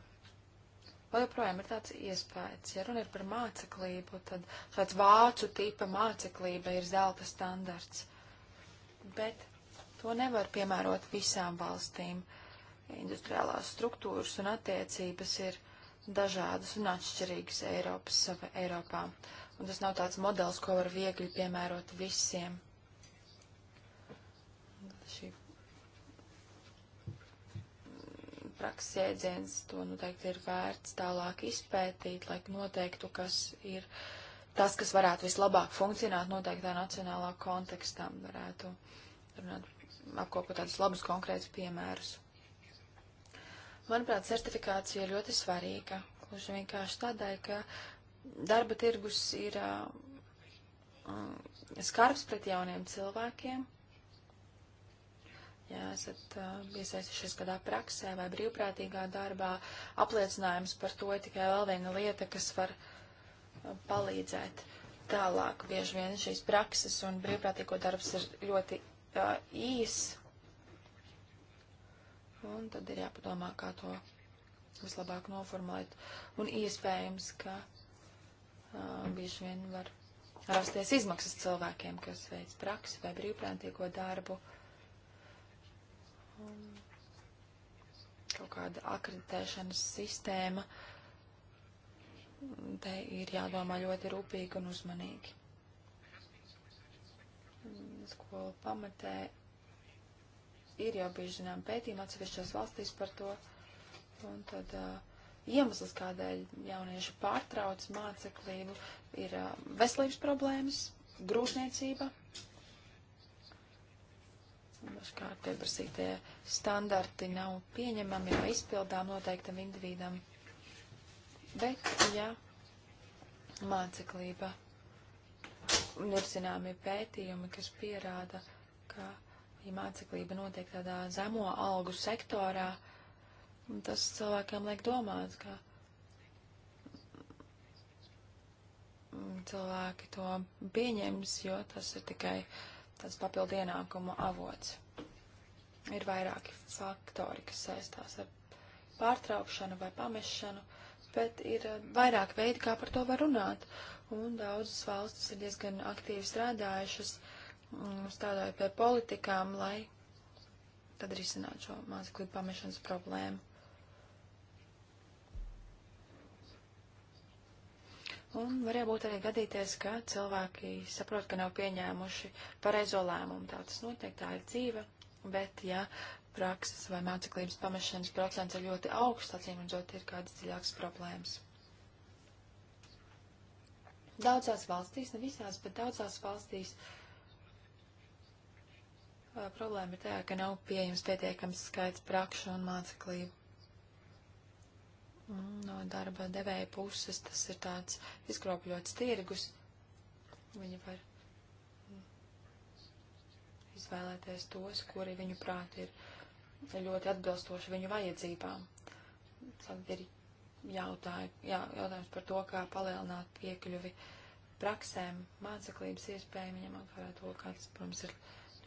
Speaker 2: Vēl joprojām ir tāds iespējas, ja runa ir par māceklību, tad tāds vācu tipa māceklība ir zelta standarts. Bet to nevar piemērot visām valstīm. Industriālās struktūras un attiecības ir dažādas un atšķirīgas Eiropas, Eiropā. Un tas nav tāds modelis, ko var viegli piemērot visiem. prakses jēdziens, to noteikti ir vērts tālāk izpētīt, lai noteiktu, kas ir tas, kas varētu vislabāk funkcionēt noteiktā nacionālā kontekstā, varētu runāt, apkopot tādus labus konkrētus piemērus. Manuprāt, certifikācija ir ļoti svarīga, gluži vienkārši tādēļ, ka darba tirgus ir uh, skarbs pret jauniem cilvēkiem ja esat uh, iesaistījušies kādā praksē vai brīvprātīgā darbā, apliecinājums par to ir tikai vēl viena lieta, kas var uh, palīdzēt tālāk. Bieži vien šīs prakses un brīvprātīgo darbs ir ļoti uh, īs, un tad ir jāpadomā, kā to vislabāk noformulēt. Un iespējams, ka uh, bieži vien var rasties izmaksas cilvēkiem, kas veic praksi vai brīvprātīgo darbu. Uh, um, kaut kāda akreditēšanas sistēma, te ir jādomā ļoti rūpīgi un uzmanīgi. Skolu pamatē ir jau bieži zinām pētījumi atsevišķās valstīs par to, un tad uh, iemesls, kādēļ jaunieši pārtrauc māceklību, ir uh, veselības problēmas, grūtniecība, dažkārt pieprasītie standarti nav pieņemami vai izpildām noteiktam individam. Bet, ja māceklība ir zināmi pētījumi, kas pierāda, ka, ja māceklība notiek tādā zemo algu sektorā, tas cilvēkiem liek domāt, ka cilvēki to pieņems, jo tas ir tikai uh, tāds papildu ienākumu avots. Ir vairāki faktori, kas saistās ar pārtraukšanu vai pamešanu, bet ir eh, vairāk veidi, kā par to var runāt. Un daudzas valstis ir diezgan aktīvi strādājušas, mm, strādājot pie politikām, lai tad risinātu šo mācekļu pamešanas problēmu. Un var jābūt arī gadīties, ka cilvēki saprot, ka nav pieņēmuši pareizo lēmumu. Tā tas notiek, tā ir dzīve. Bet, ja prakses vai māceklības pamešanas procents ir ļoti augsts, acīm redzot, ir kādas dziļākas problēmas. Daudzās valstīs, ne visās, bet daudzās valstīs problēma ir tā, ka nav pieejams pietiekams skaits prakšu un māceklību. No darba devēja puses tas ir tāds izkropļots tirgus. Viņi var izvēlēties tos, kuri viņu prāt ir ļoti atbilstoši viņu vajadzībām. Tad ir jautāj, jā, jautājums par to, kā palielināt piekļuvi praksēm, māceklības iespējām, ņemot vērā to, kā tas, protams, ir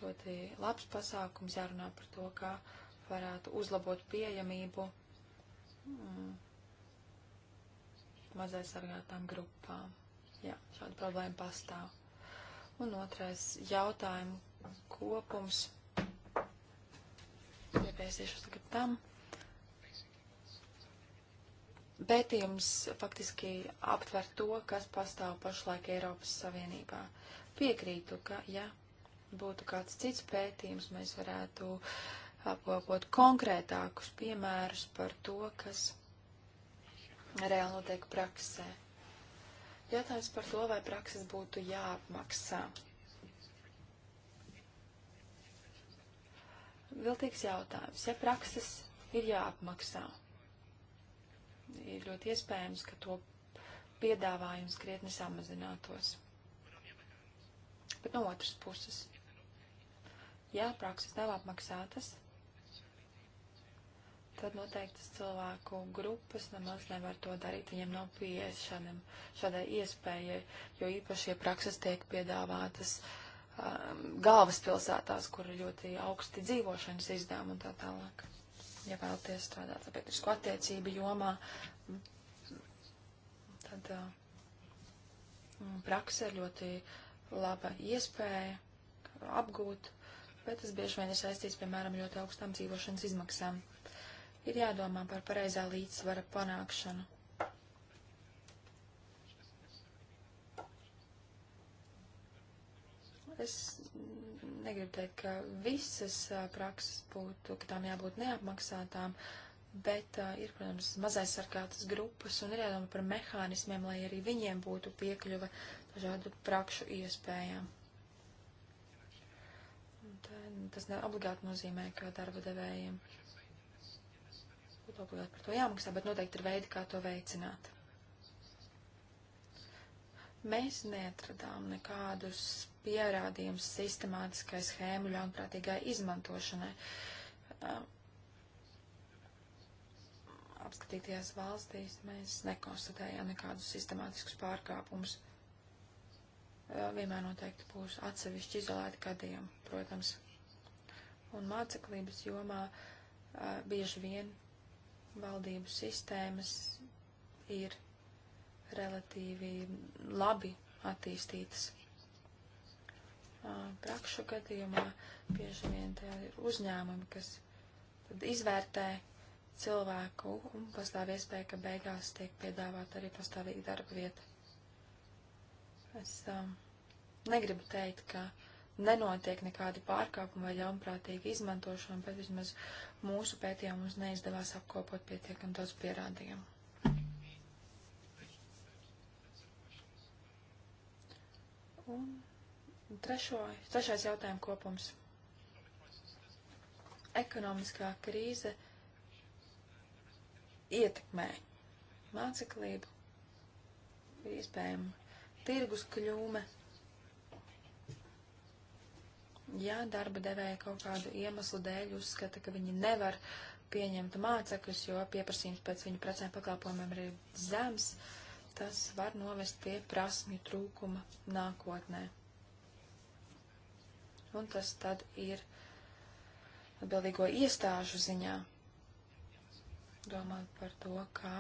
Speaker 2: ļoti labs pasākums, jārunā par to, kā varētu uzlabot pieejamību. Mm mazai sargātām grupām. Jā, šāda problēma pastāv. Un otrais jautājumu kopums. Nepēsiešos tagad tam. Pētījums faktiski aptver to, kas pastāv pašlaik Eiropas Savienībā. Piekrītu, ka, ja būtu kāds cits pētījums, mēs varētu apkopot konkrētākus piemērus par to, kas reāli notiek praksē. Jautājums par to, vai prakses būtu jāapmaksā. Viltīgs jautājums. Ja prakses ir jāapmaksā, ir ļoti iespējams, ka to piedāvājums krietni samazinātos. Bet no otras puses, ja prakses nav apmaksātas, tad noteiktas cilvēku grupas nemaz nevar to darīt, viņiem nav pieejas šādam, šādai iespējai, jo īpašie prakses tiek piedāvātas um, galvaspilsētās, kur ir ļoti augsti dzīvošanas izdevumi un tā tālāk. Ja vēlaties strādāt sabiedrisko attiecību jomā, tad uh, mm, praksa ir ļoti laba iespēja apgūt, bet tas bieži vien ir saistīts, piemēram, ļoti augstām dzīvošanas izmaksām ir jādomā par pareizā līdzsvara panākšanu. Es negribu teikt, ka visas prakses būtu, ka tām jābūt neapmaksātām, bet uh, ir, protams, mazais sarkātas grupas un ir jādomā par mehānismiem, lai arī viņiem būtu piekļuve dažādu prakšu iespējām tas ne obligāti nozīmē, ka darba devējiem Nodokļos par to jāmaksā, bet noteikti ir veidi, kā to veicināt. Mēs neatradām nekādus pierādījumus sistemātiskai schēmu ļaunprātīgai izmantošanai. Apskatīties valstīs mēs nekonstatējām nekādus sistemātiskus pārkāpumus. Vienmēr noteikti būs atsevišķi izolēti gadījumi, protams. Un māceklības jomā bieži vien valdību sistēmas ir relatīvi labi attīstītas. Prakšu gadījumā bieži vien tie ir uzņēmumi, kas tad izvērtē cilvēku un pastāv iespēja, ka beigās tiek piedāvāta arī pastāvīga darba vieta. Es um, negribu teikt, ka uh, nenotiek nekādi pārkāpumi vai ļaunprātīga izmantošana, bet vismaz mūsu pētījumus neizdevās apkopot pietiekam daudz pierādījumu. Un trešo, trešais jautājuma kopums. Ekonomiskā krīze ietekmē māceklību, iespējama tirgus kļūme Ja darba devēja kaut kādu iemeslu dēļ uzskata, ka viņi nevar pieņemt mācekļus, jo pieprasījums pēc viņu precēm pakalpojumiem ir zems, tas var novest pie prasmju trūkuma nākotnē. Un tas tad ir atbildīgo iestāžu ziņā domāt par to, kā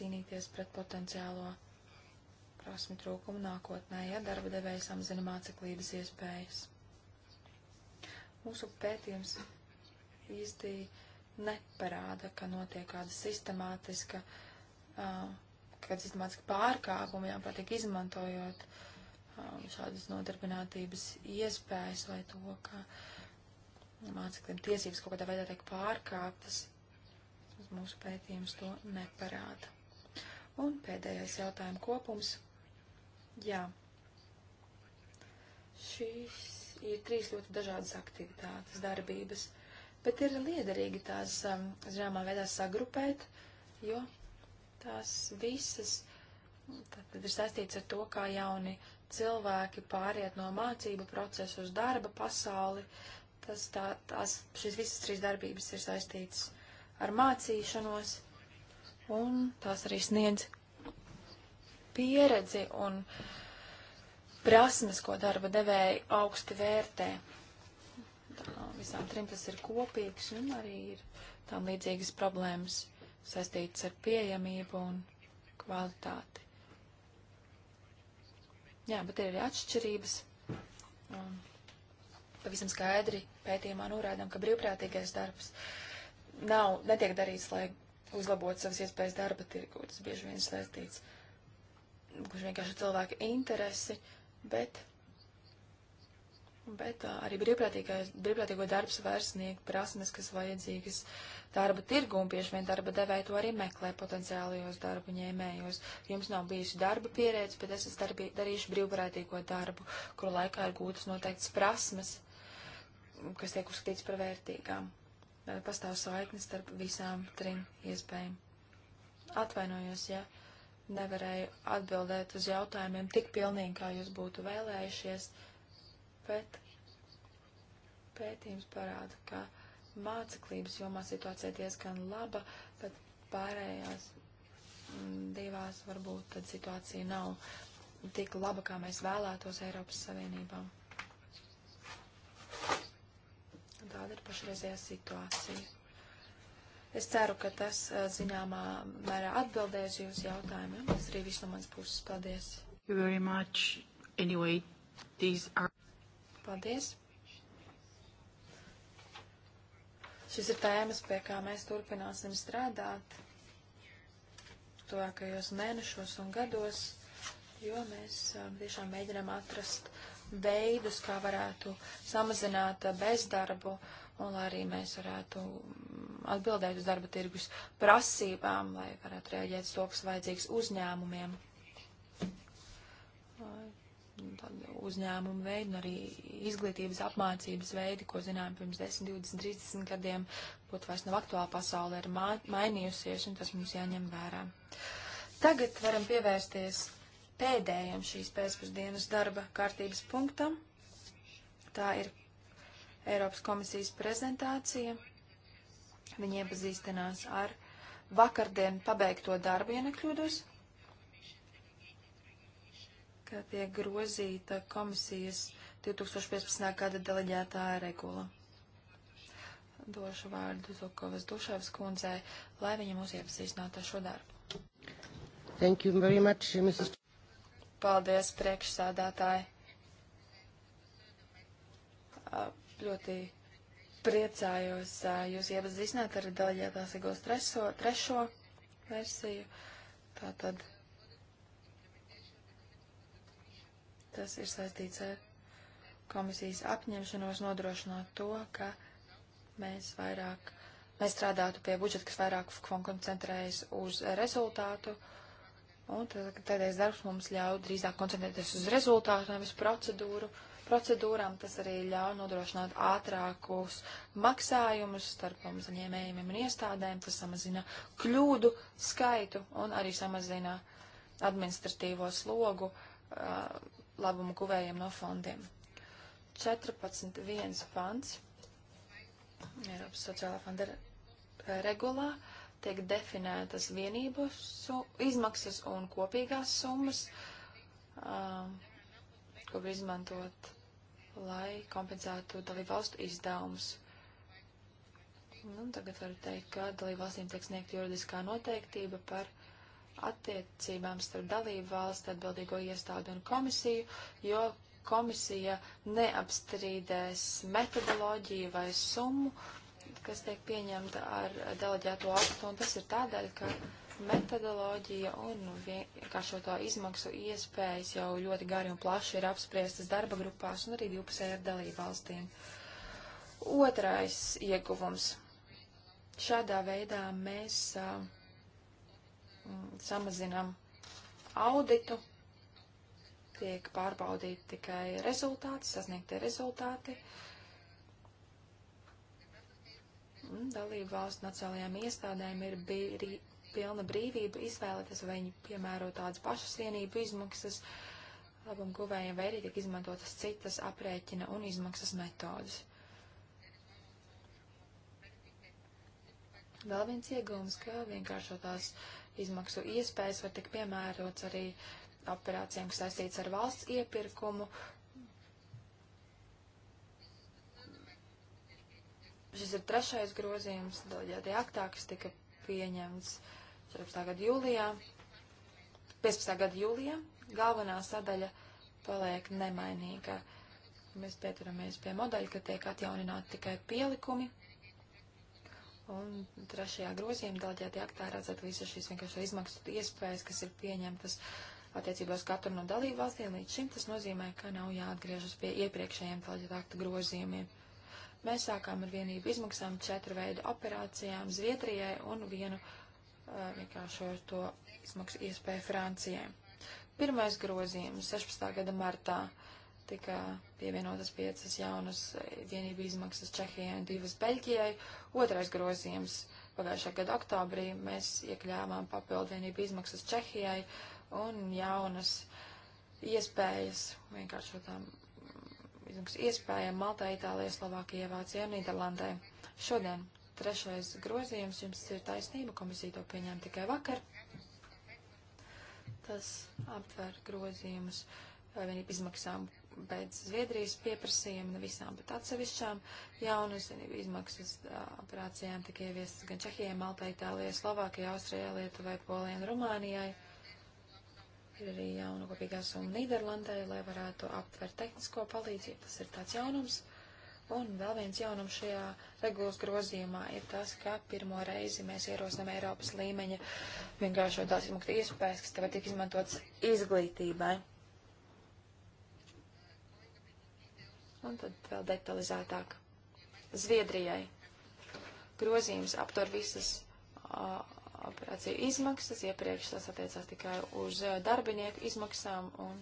Speaker 2: cīnīties pret potenciālo prasmi trūkumu nākotnē, ja darba devējs samazina māceklības iespējas. Mūsu pētījums īsti neparāda, ka notiek kāda sistemātiska, uh, kāda sistemātiska pārkāpuma, jā, patīk izmantojot uh, šādas nodarbinātības iespējas vai to, ka mācekļiem tiesības kaut kādā veidā tiek pārkāptas. Mūsu pētījums to neparāda. Un pēdējais jautājuma kopums. Jā. Šis ir trīs ļoti dažādas aktivitātes, darbības, bet ir liederīgi tās, um, zināmā veidā, sagrupēt, jo tās visas tad ir saistīts ar to, kā jauni cilvēki pāriet no mācību procesu uz darba pasauli. Tas tā, tās, šīs visas trīs darbības ir saistītas ar mācīšanos, un tās arī sniedz pieredzi un uh, prasmes, ko darba devēji augsti vērtē. Tā, visām trim tas ir kopīgs un arī ir tām līdzīgas problēmas saistītas ar pieejamību un kvalitāti. Jā, bet ir arī atšķirības. Un pavisam skaidri pētījumā norādām, ka brīvprātīgais darbs nav, netiek darīts, lai uzlabotu savas iespējas darba tirgū. Tas bieži vien saistīts gluži vienkārši cilvēka interesi bet, bet arī brīvprātīgo darbs var sniegt prasmes, kas vajadzīgas darba tirgu, un bieži vien darba devēja to arī meklē potenciālajos darbu ņēmējos. Jums nav bijusi darba pieredze, bet es esmu darījuši brīvprātīgo darbu, kuru laikā ir gūtas noteikts prasmes, kas tiek uzskatīts par vērtīgām. Pastāv saiknes starp visām trim iespējām. Atvainojos, jā. Ja nevarēju atbildēt uz jautājumiem tik pilnīgi, kā jūs būtu vēlējušies, bet pētījums parāda, ka māceklības jomā situācija diezgan laba, bet pārējās mm, divās varbūt tad situācija nav tik laba, kā mēs vēlētos Eiropas Savienībā. Tāda ir pašreizējā situācija. Es ceru, ka tas zināmā mērā atbildēs jūsu jautājumiem. Tas arī viss no manas puses. Paldies. Anyway, are... Paldies. Šis ir tēmas, pie kā mēs turpināsim strādāt tuvākajos mēnešos un gados, jo mēs tiešām mēģinām atrast veidus, kā varētu samazināt bezdarbu. Uh, un lai arī mēs varētu atbildēt uz darba tirgus prasībām, lai varētu rēģēt to, kas vajadzīgs uzņēmumiem. Tad uzņēmumu veidi un arī izglītības apmācības veidi, ko zinājām pirms 10, 20, 30 gadiem, būtu vairs nav aktuāla pasaule, ir ma mainījusies, un tas mums jāņem vērā. Tagad varam pievērsties pēdējiem šīs pēcpusdienas darba kārtības punktam. Tā ir Eiropas komisijas prezentācija. Viņi iepazīstinās ar vakardien pabeigto darbu, ja nekļūdos, ka tiek grozīta komisijas 2015. gada deleģētā regula. Došu vārdu Zukovas Dušavas kundzē, lai viņa mūs iepazīstinātu ar šo darbu.
Speaker 1: Thank you very much, Mrs.
Speaker 2: Paldies, priekšsādātāji. Uh, ļoti priecājos jūs iepazīstināt ar deleģētās egos treso, trešo versiju. Tātad tas ir saistīts ar komisijas apņemšanos nodrošināt to, ka mēs vairāk, mēs strādātu pie budžeta, kas vairāk koncentrējas uz rezultātu, un tad, tādējais darbs mums ļauj drīzāk koncentrēties uz rezultātu, nevis procedūru. Uh, procedūrām. Tas arī ļauj nodrošināt ātrākus maksājumus starp uzņēmējiem un iestādēm. Tas samazina kļūdu skaitu un arī samazina administratīvo slogu uh, labumu guvējiem no fondiem. 14.1 pants Eiropas sociālā fonda regulā tiek definētas vienības su, izmaksas un kopīgās summas, um, ko var izmantot lai kompensētu dalībvalstu izdevumus. Nu, tagad varu teikt, ka dalībvalstīm tiek sniegta juridiskā noteiktība par attiecībām starp dalībvalstu atbildīgo iestādi un komisiju, jo komisija neapstrīdēs metodoloģiju vai summu, kas tiek pieņemta ar deleģēto aktu, un tas ir tādēļ, ka metodoloģija un vienkāršoto izmaksu iespējas jau ļoti gari un plaši ir apspriestas darba grupās un arī 12 ar dalību valstīm. Otrais ieguvums. Šādā veidā mēs a, m, samazinam auditu, tiek pārbaudīti tikai rezultāti, sasniegtie rezultāti. Dalību valstu nacionālajām iestādēm ir pilna brīvība izvēlēties, vai viņi piemēro tādas pašas vienību izmaksas labam guvējiem, vai arī tiek izmantotas citas aprēķina un izmaksas metodas. Vēl viens iegūms, ka vienkāršotās izmaksu iespējas var tik piemērots arī operācijām, kas saistīts ar valsts iepirkumu, šis ir trešais grozījums daļai aktā, kas tika pieņemts 14. gada jūlijā, 15. gada jūlijā, galvenā sadaļa paliek nemainīga. Mēs pieturamies pie modeļa, ka tiek atjaunināti tikai pielikumi. Un trešajā grozījuma daļķētie aktā redzat visas šīs vienkārši izmaksu iespējas, kas ir pieņemtas attiecībās katru no dalību valstīm. Līdz šim tas nozīmē, ka nav jāatgriežas pie iepriekšējiem daļķētie aktu grozījumiem. Mēs sākām ar vienību izmaksām četru veidu operācijām Zviedrijai un vienu vienkāršojot to izmaksu iespēju Francijai. Pirmais grozījums 16. gada martā tika pievienotas piecas jaunas vienību izmaksas Čehijai un divas Beļģijai. Otrais grozījums pagājušā gada oktobrī mēs iekļāvām papildu vienību izmaksas Čehijai un jaunas iespējas vienkāršotām izmaksas iespējām Maltā, Itālijā, Slovākijā, Vācijā un Nīderlandē. Šodien Trešais grozījums jums ir taisnība, komisija to pieņēma tikai vakar. Tas aptver grozījumus vienību izmaksām pēc Zviedrijas pieprasījuma, ne visām, bet atsevišķām. Jaunas vienību izmaksas operācijām tika ieviestas gan Čehijai, Maltai, Itālijai, Slovākijai, Austrijai, Lietuvai, Polijai un Rumānijai. Ir arī jauna kopīgā summa Nīderlandē, lai varētu aptvert tehnisko palīdzību. Tas ir tāds jaunums. Un vēl viens jaunums šajā regulas grozījumā ir tas, ka pirmo reizi mēs ierosinām Eiropas līmeņa vienkāršo tās izmakta iespējas, kas tagad tiek izmantotas izglītībai. Un tad vēl detalizētāk. Zviedrijai grozījums aptver visas uh, operāciju izmaksas, iepriekš tas attiecās tikai uz darbinieku izmaksām un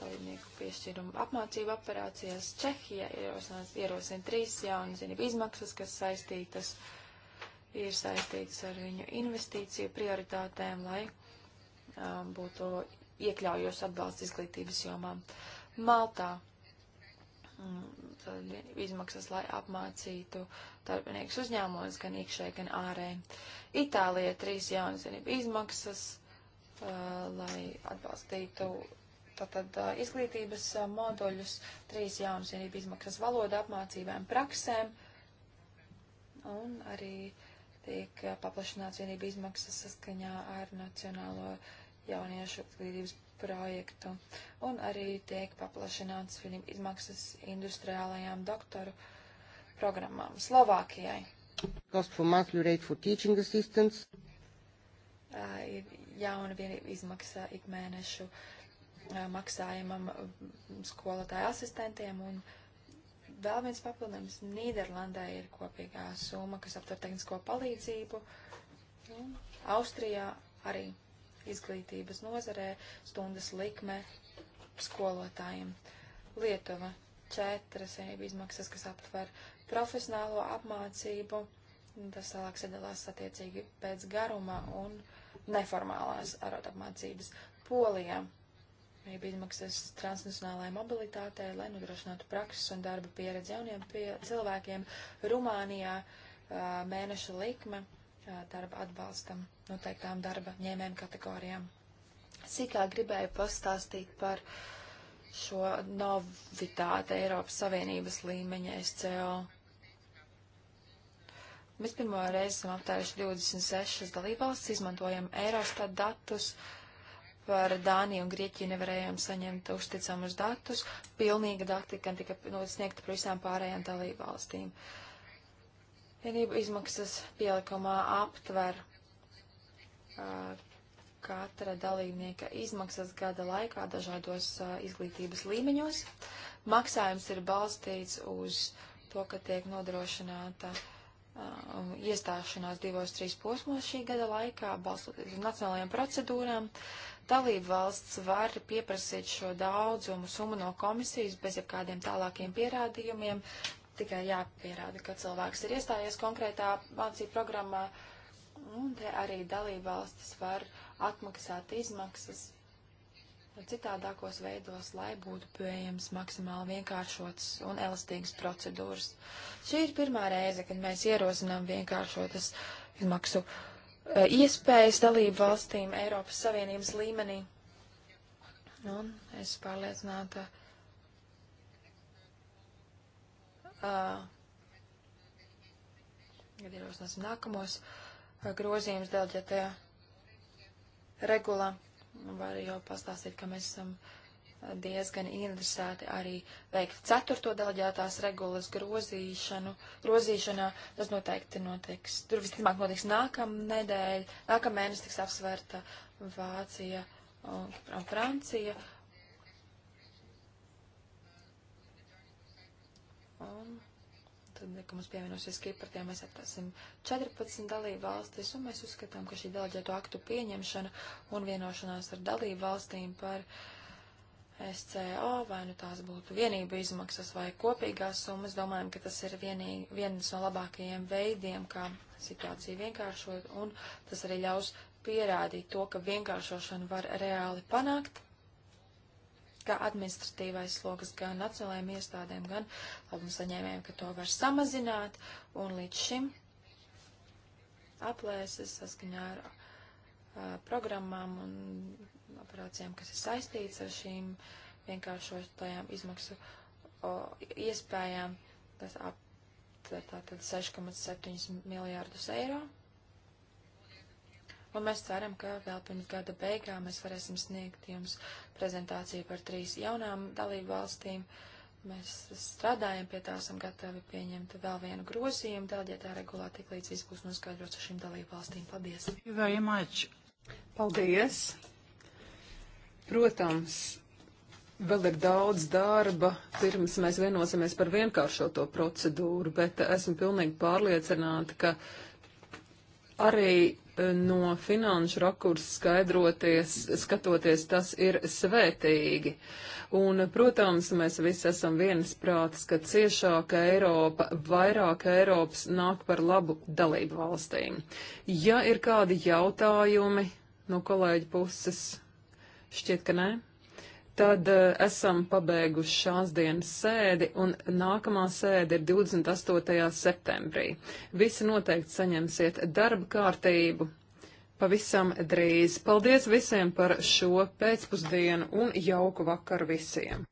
Speaker 2: dalībnieku piešķīrumu apmācību operācijās. Čehija ierosina trīs jaunas zinību izmaksas, kas saistītas, ir saistītas ar viņu investīciju prioritātēm, lai um, būtu iekļaujos atbalsts izglītības jomām. Maltā um, izmaksas, lai apmācītu darbiniekus uzņēmumos gan iekšēji, gan ārēji. Itālija trīs jaunas zinību izmaksas, uh, lai atbalstītu tātad izglītības moduļus, trīs jaunas vienību izmaksas valoda apmācībām praksēm, un arī tiek paplašināts vienību izmaksas saskaņā ar Nacionālo jauniešu izglītības projektu, un arī tiek paplašināts vienību izmaksas industriālajām doktoru programmām Slovākijai.
Speaker 3: Cost for monthly rate for teaching assistants.
Speaker 2: Uh, ir jauna vienība izmaksā ikmēnešu uh, Eh, maksājumam mm, skolotāju asistentiem un vēl viens papildinājums. Nīderlandē ir kopīgā summa, kas aptver tehnisko palīdzību. Un nu, Austrijā arī izglītības nozarē stundas likme skolotājiem. Lietuva četras eh, izmaksas, kas aptver profesionālo apmācību, tas tālāk sadalās attiecīgi pēc garuma un neformālās arotapmācības. Polijā Maybe izmaksas transnacionālajai mobilitātei, lai nodrošinātu prakses un darba pieredzi jauniem pie cilvēkiem. Rumānijā mēneša likme darba atbalstam noteiktām darba ņēmēm kategorijām. Sīkā gribēju pastāstīt par šo novitāti Eiropas Savienības līmeņa SCO. Mēs pirmo reizi esam aptēruši 26 dalībvalsts, izmantojam Eurostat datus. Uh, par Dāniju un Grieķiju nevarējām saņemt uzticamus datus. Pilnīga dati gan tika sniegta par visām pārējām dalību valstīm. Vienību izmaksas pielikumā aptver uh, katra dalībnieka izmaksas gada laikā dažādos uh, izglītības līmeņos. Maksājums ir balstīts uz to, ka tiek nodrošināta uh, um, iestāšanās divos, trīs posmos šī gada laikā, balstoties uz nacionālajām procedūrām. Dalība valsts var pieprasīt šo daudzumu summu no komisijas bez jebkādiem tālākiem pierādījumiem, tikai jāpierāda, ka cilvēks ir iestājies konkrētā mācību programmā, un te arī dalība valstis var atmaksāt izmaksas citādākos veidos, lai būtu pieejams maksimāli vienkāršots un elastīgas procedūras. Šī ir pirmā reize, kad mēs ierosinām vienkāršotas izmaksu e, iespējas dalību valstīm Eiropas Savienības līmenī. Un es pārliecināta. Uh, kad ierosināsim nākamos grozījumus dēļ, ja tajā regulā varu jau pastāstīt, ka mēs esam diezgan interesēti arī veikt ceturto deleģētās regulas grozīšanu, grozīšanā. Tas noteikti notiks, tur visticamāk notiks nākamnedēļ, nākamēnes tiks apsvērta Vācija un, un Francija. Un tad, ka mums pievienosies Kipra, tie mēs atrasim 14 dalību valstis, un mēs uzskatām, ka šī deleģēto aktu pieņemšana un vienošanās ar dalību valstīm par SCO, vai nu tās būtu vienība izmaksas vai kopīgās summas, domājam, ka tas ir vienī, viens no labākajiem veidiem, kā situāciju vienkāršot, un tas arī ļaus pierādīt to, ka vienkāršošanu var reāli panākt ka administratīvais sloks gan nacionālajiem iestādēm, gan labuma saņēmējiem, ka to var samazināt, un līdz šim aplēses saskaņā ar uh, programmām un operācijām, kas ir saistīts ar šīm vienkāršotajām izmaksu o, iespējām, tas aptver tātad 6,7 miljārdus eiro un mēs ceram, ka vēl pirms gada beigām mēs varēsim sniegt jums prezentāciju par trīs jaunām dalību valstīm. Mēs strādājam pie tā, esam gatavi pieņemt vēl vienu grozījumu, delģētā regulā tik līdz viss būs noskaidrots ar šīm dalību valstīm. Paldies!
Speaker 3: Paldies! Protams, vēl ir daudz darba, pirms mēs vienosimies par vienkāršoto procedūru, bet esmu pilnīgi pārliecināta, ka arī no finanšu rakursa skaidroties, skatoties, tas ir svētīgi. Un, protams, mēs visi esam viensprātis, ka ciešāka Eiropa, vairāk Eiropas nāk par labu dalību valstīm. Ja ir kādi jautājumi no kolēģa puses, šķiet, ka nē tad eh, esam pabeiguši šās dienas sēdi, un nākamā sēde ir 28. septembrī. Visi noteikti saņemsiet darba kārtību pavisam drīz. Paldies visiem par šo pēcpusdienu un jauku vakaru visiem!